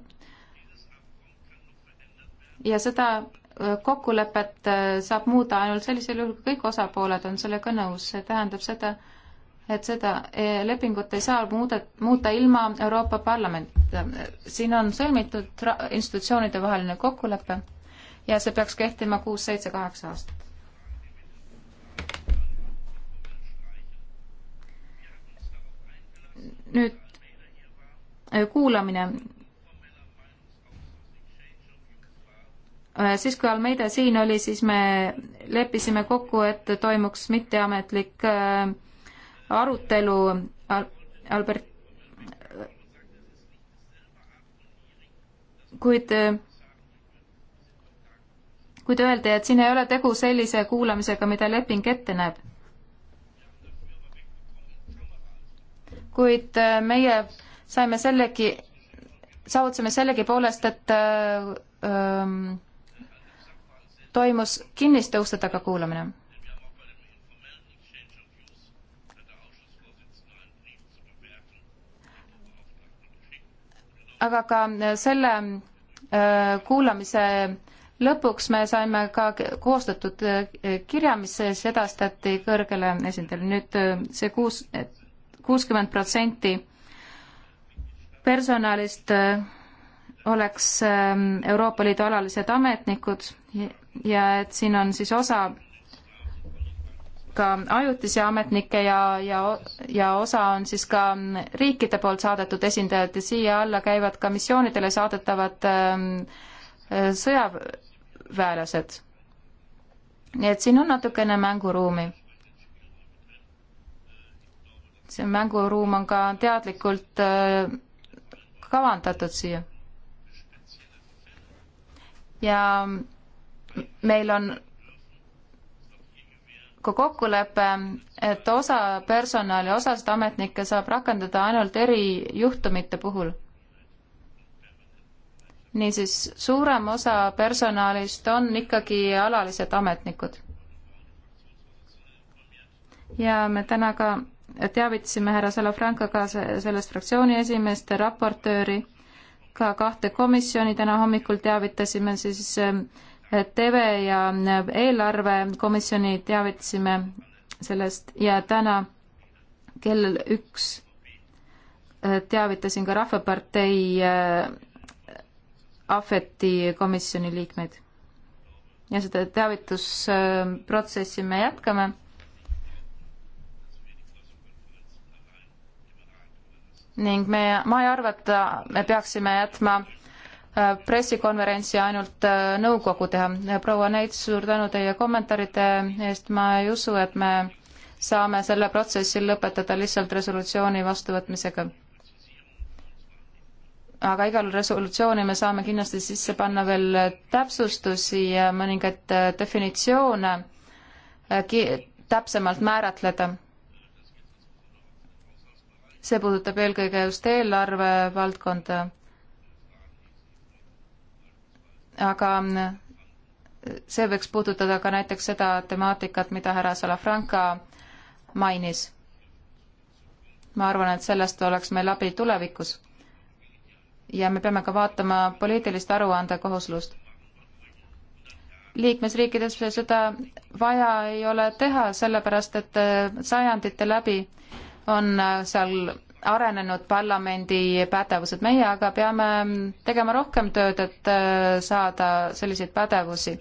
S2: ja seda äh, kokkulepet äh, saab muuda ainult sellisel juhul, kui kõik osapooled on sellega nõus, see tähendab seda, et seda e, lepingut ei saa muuda, muuta ilma Euroopa Parlamendita. siin on sõlmitud institutsioonide vaheline kokkulepe ja see peaks kehtima kuus, seitse, kaheksa aastat. nüüd e, kuulamine. E, siis, kui Almeida siin oli, siis me leppisime kokku, et toimuks mitteametlik äh, arutelu Albert, kuid kuid öeldi, et siin ei ole tegu sellise kuulamisega, mida leping ette näeb. kuid äh, meie saime sellegi, saavutasime sellegipoolest, et öö, äh, ähm, toimus kinniste uste taga kuulamine aga ka selle äh, kuulamise lõpuks me saime ka koostatud äh, kirja, mis sedastati kõrgele esindajale. nüüd äh, see kuus, kuuskümmend protsenti personalist oleks Euroopa Liidu alalised ametnikud ja et siin on siis osa ka ajutisi ametnikke ja, ja, ja osa on siis ka riikide poolt saadetud esindajad ja siia alla käivad ka missioonidele saadetavad ähm, äh, sõjaväelased. nii et siin on natukene mänguruumi. see mänguruum on ka teadlikult äh, kavandatud siia. ja meil on ka kokkulepe, et osa personali, osasid ametnikke saab rakendada ainult erijuhtumite puhul. niisiis, suurem osa personalist on ikkagi alalised ametnikud. ja me täna ka teavitasime härra Salafranca ka sellest fraktsiooni esimeest raportööri, ka kahte komisjoni täna hommikul teavitasime siis äh, TV- ja eelarvekomisjoni teavitasime sellest ja täna kell üks äh, teavitasin ka Rahvapartei äh, Ahveti komisjoni liikmeid. ja seda teavitusprotsessi me jätkame. ning me, ma ei arva, et me peaksime jätma pressikonverentsi ainult äh, nõukogu teha. proua Neits, suur tänu teie kommentaaride eest, ma ei usu, et me saame selle protsessi lõpetada lihtsalt resolutsiooni vastuvõtmisega. aga igal resolutsiooni me saame kindlasti sisse panna veel täpsustusi ja mõningaid äh, definitsioone äh, täpsemalt määratleda see puudutab eelkõige just eelarve valdkonda aga äh, see võiks puudutada ka näiteks seda temaatikat, mida härra Salafranca mainis. ma arvan, et sellest oleks meil abi tulevikus. ja me peame ka vaatama poliitilist aruandekohuslust liikmesriikides seda vaja ei ole teha, sellepärast et äh, sajandite läbi on äh, seal arenenud parlamendi pädevused, meie aga peame tegema rohkem tööd, et äh, saada selliseid pädevusi.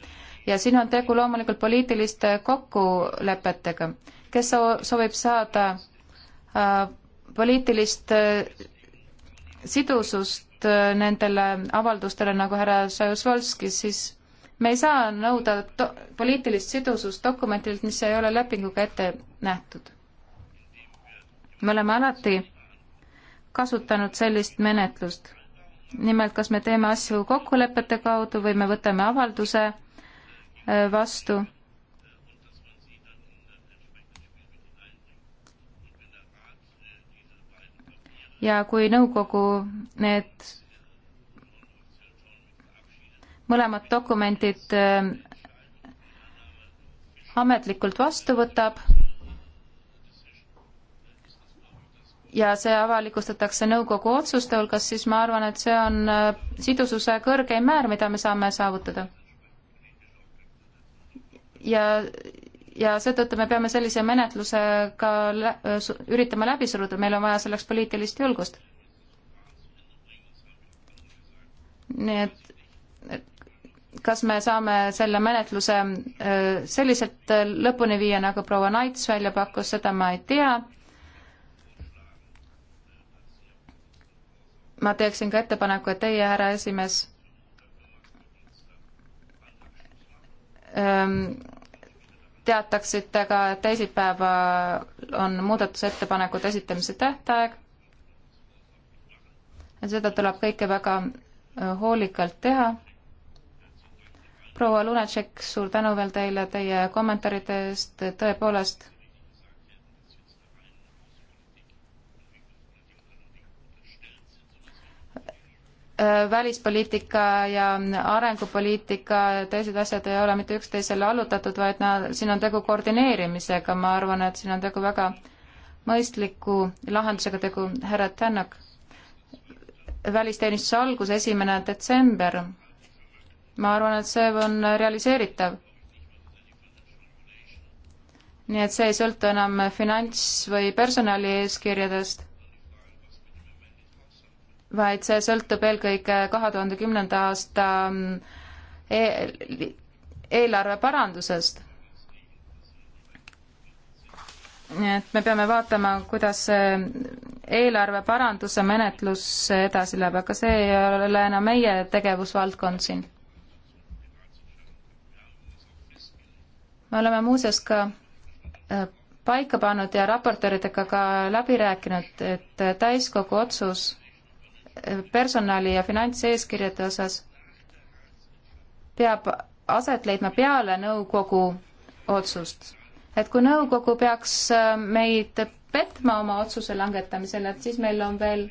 S2: ja siin on tegu loomulikult poliitiliste kokkulepetega. kes soovib saada äh, poliitilist äh, sidusust nendele avaldustele, nagu härra Šajusvolski, siis me ei saa nõuda poliitilist sidusust dokumentilt, mis ei ole lepinguga ette nähtud. me oleme alati kasutanud sellist menetlust. nimelt, kas me teeme asju kokkulepete kaudu või me võtame avalduse äh, vastu. ja kui nõukogu need mõlemad dokumendid äh, ametlikult vastu võtab, ja see avalikustatakse nõukogu otsuste hulgas, siis ma arvan, et see on äh, sidususe kõrgeim määr, mida me saame saavutada. ja, ja seetõttu me peame sellise menetluse ka lä äh, üritama läbi suruda, meil on vaja selleks poliitilist julgust. nii et kas me saame selle menetluse äh, selliselt lõpuni viia, nagu proua Naits välja pakkus, seda ma ei tea ma teeksin ka ettepaneku, et teie, härra esimees, ähm, teataksite ka, et teisipäeva on muudatusettepanekute esitamise tähtaeg. et seda tuleb kõike väga äh, hoolikalt teha. proua Lunatšek, suur tänu veel teile teie kommentaaride eest, tõepoolest Äh, välispoliitika ja arengupoliitika ja teised asjad ei ole mitte üksteisele allutatud, vaid nad, siin on tegu koordineerimisega, ma arvan, et siin on tegu väga mõistliku lahendusega tegu, härra Tänak. välisteenistuse algus, esimene detsember. ma arvan, et see on realiseeritav nii et see ei sõltu enam finants- või personalieeskirjadest vaid see sõltub eelkõige kahe tuhande kümnenda aasta mm, e-, eelarve parandusest. nii et me peame vaatama, kuidas eelarve paranduse menetlus edasi läheb, aga see ei ole enam meie tegevusvaldkond siin. me oleme muuseas ka äh, paika pannud ja raportööridega ka läbi rääkinud, et täiskogu otsus personali ja finantseeskirjade osas peab aset leidma peale nõukogu otsust. et kui nõukogu peaks äh, meid petma oma otsuse langetamisel, et siis meil on veel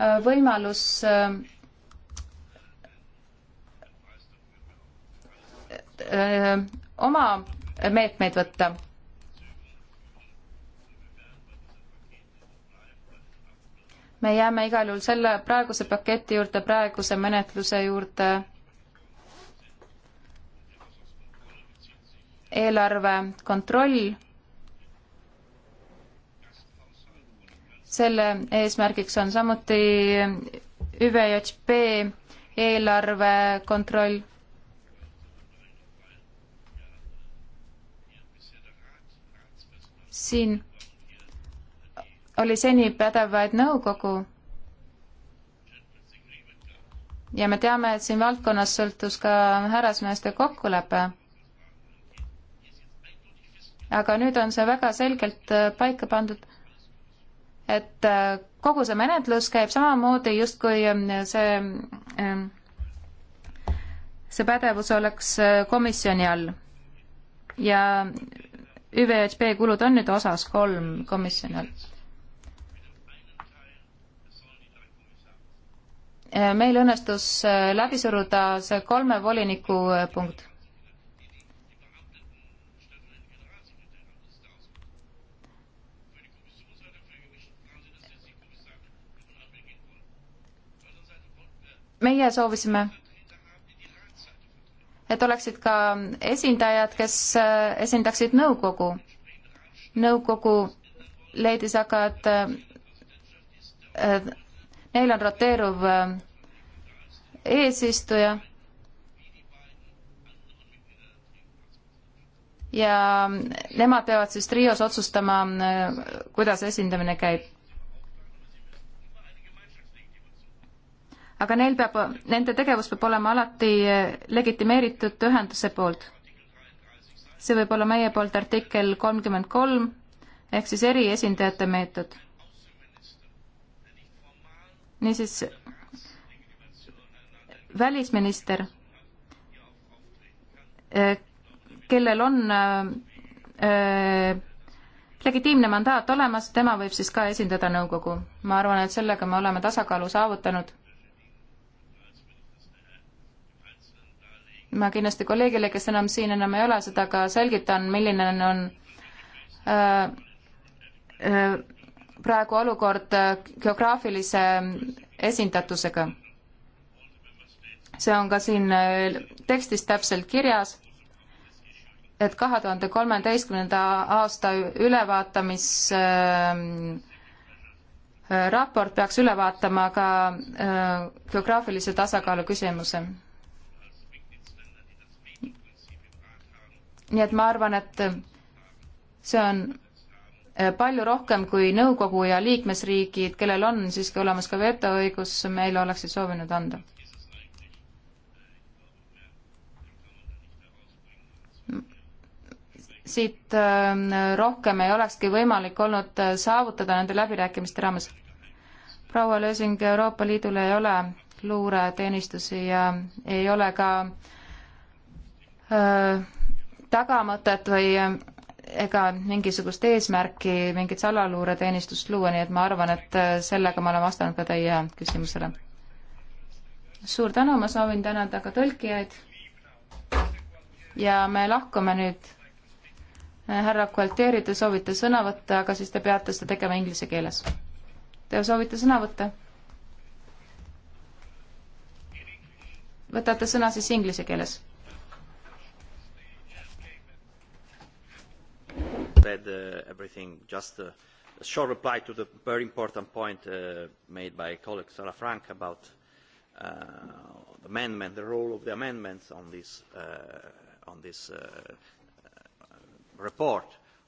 S2: äh, võimalus öö, äh, oma meetmeid võtta me jääme igal juhul selle praeguse paketi juurde, praeguse menetluse juurde. eelarve kontroll. selle eesmärgiks on samuti ÜVJP eelarve kontroll. siin oli seni pädev vaid nõukogu. ja me teame, et siin valdkonnas sõltus ka härrasmeeste kokkulepe. aga nüüd on see väga selgelt äh, paika pandud, et äh, kogu see menetlus käib samamoodi, justkui äh, see see pädevus oleks komisjoni all. ja ÜVHP kulud on nüüd osas kolm komisjoni all meil õnnestus äh, läbi suruda see kolme voliniku äh, punkt. meie soovisime, et oleksid ka esindajad, kes äh, esindaksid nõukogu. nõukogu leidis aga, et neil on roteeruv eesistuja ja nemad peavad siis trios otsustama, kuidas esindamine käib. aga neil peab, nende tegevus peab olema alati legitimeeritud ühenduse poolt. see võib olla meie poolt artikkel kolmkümmend kolm ehk siis eriesindajate meetod. niisiis välisminister, eh, kellel on eh, eh, legitiimne mandaat olemas, tema võib siis ka esindada nõukogu. ma arvan, et sellega me oleme tasakaalu saavutanud. ma kindlasti kolleegile, kes enam siin enam ei ole, seda ka selgitan, milline on äh, äh, praegu olukord geograafilise esindatusega see on ka siin äh, tekstis täpselt kirjas, et kahe tuhande kolmeteistkümnenda aasta ülevaatamisraport äh, äh, peaks üle vaatama ka geograafilise tasakaalu küsimuse. nii et ma arvan, et see on palju rohkem kui nõukogu ja liikmesriigid, kellel on siiski olemas ka vetoõigus, meile oleksid soovinud anda siit ähm, rohkem ei olekski võimalik olnud äh, saavutada nende läbirääkimiste raames. proua Lösing, Euroopa Liidul ei ole luureteenistusi ja ei ole ka öö, äh, tagamõtet või äh, ega mingisugust eesmärki mingit salaluureteenistust luua, nii et ma arvan, et sellega ma olen vastanud ka teie küsimusele. suur tänu, ma soovin tänada ka tõlkijaid ja me lahkume nüüd Eh, härra Gualtieri, te soovite sõna võtta, aga siis te peate seda tegema inglise keeles. Te soovite sõna võtta? võtate sõna siis inglise keeles.
S4: Read uh, everything just uh, a short reply to the very important point uh, made by colleague Salafranca about uh, the amendment, the role of the amendments on this, uh, on this uh, report.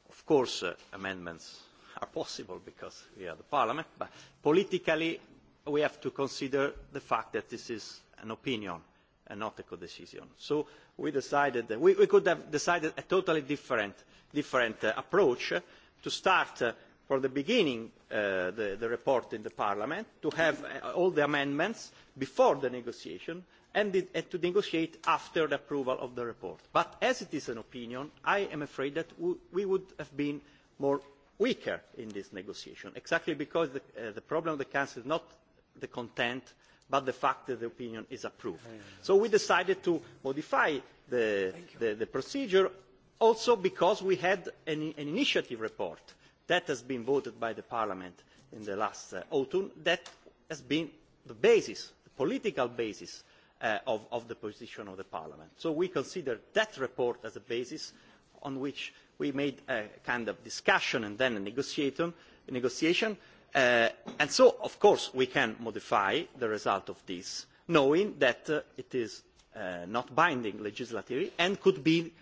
S4: Of course, uh, amendments are possible because we are the Parliament, but politically we have to consider the fact that this is an opinion and not a co-decision. So we decided that we, we could have decided a totally different, different uh, approach uh, to start uh, from the beginning uh, the, the report in the Parliament, to have uh, all the amendments before the negotiation, uh, and to negotiate after the approval of the report. But as it is an opinion, I am afraid that we would have been more weaker in this negotiation, exactly because the, uh, the problem of the Council is not the content, but the fact that the opinion is approved. So we decided to modify the, the, the procedure also because we had an, an initiative report that has been voted by the Parliament in the last uh, autumn that has been the basis, the political basis uh, of, of the position of the Parliament. So we consider that report as a basis on which we made a kind of discussion and then a negotiation. A negotiation. Uh, and so, of course, we can modify the result of this, knowing that uh, it is uh, not binding legislatively and could be uh,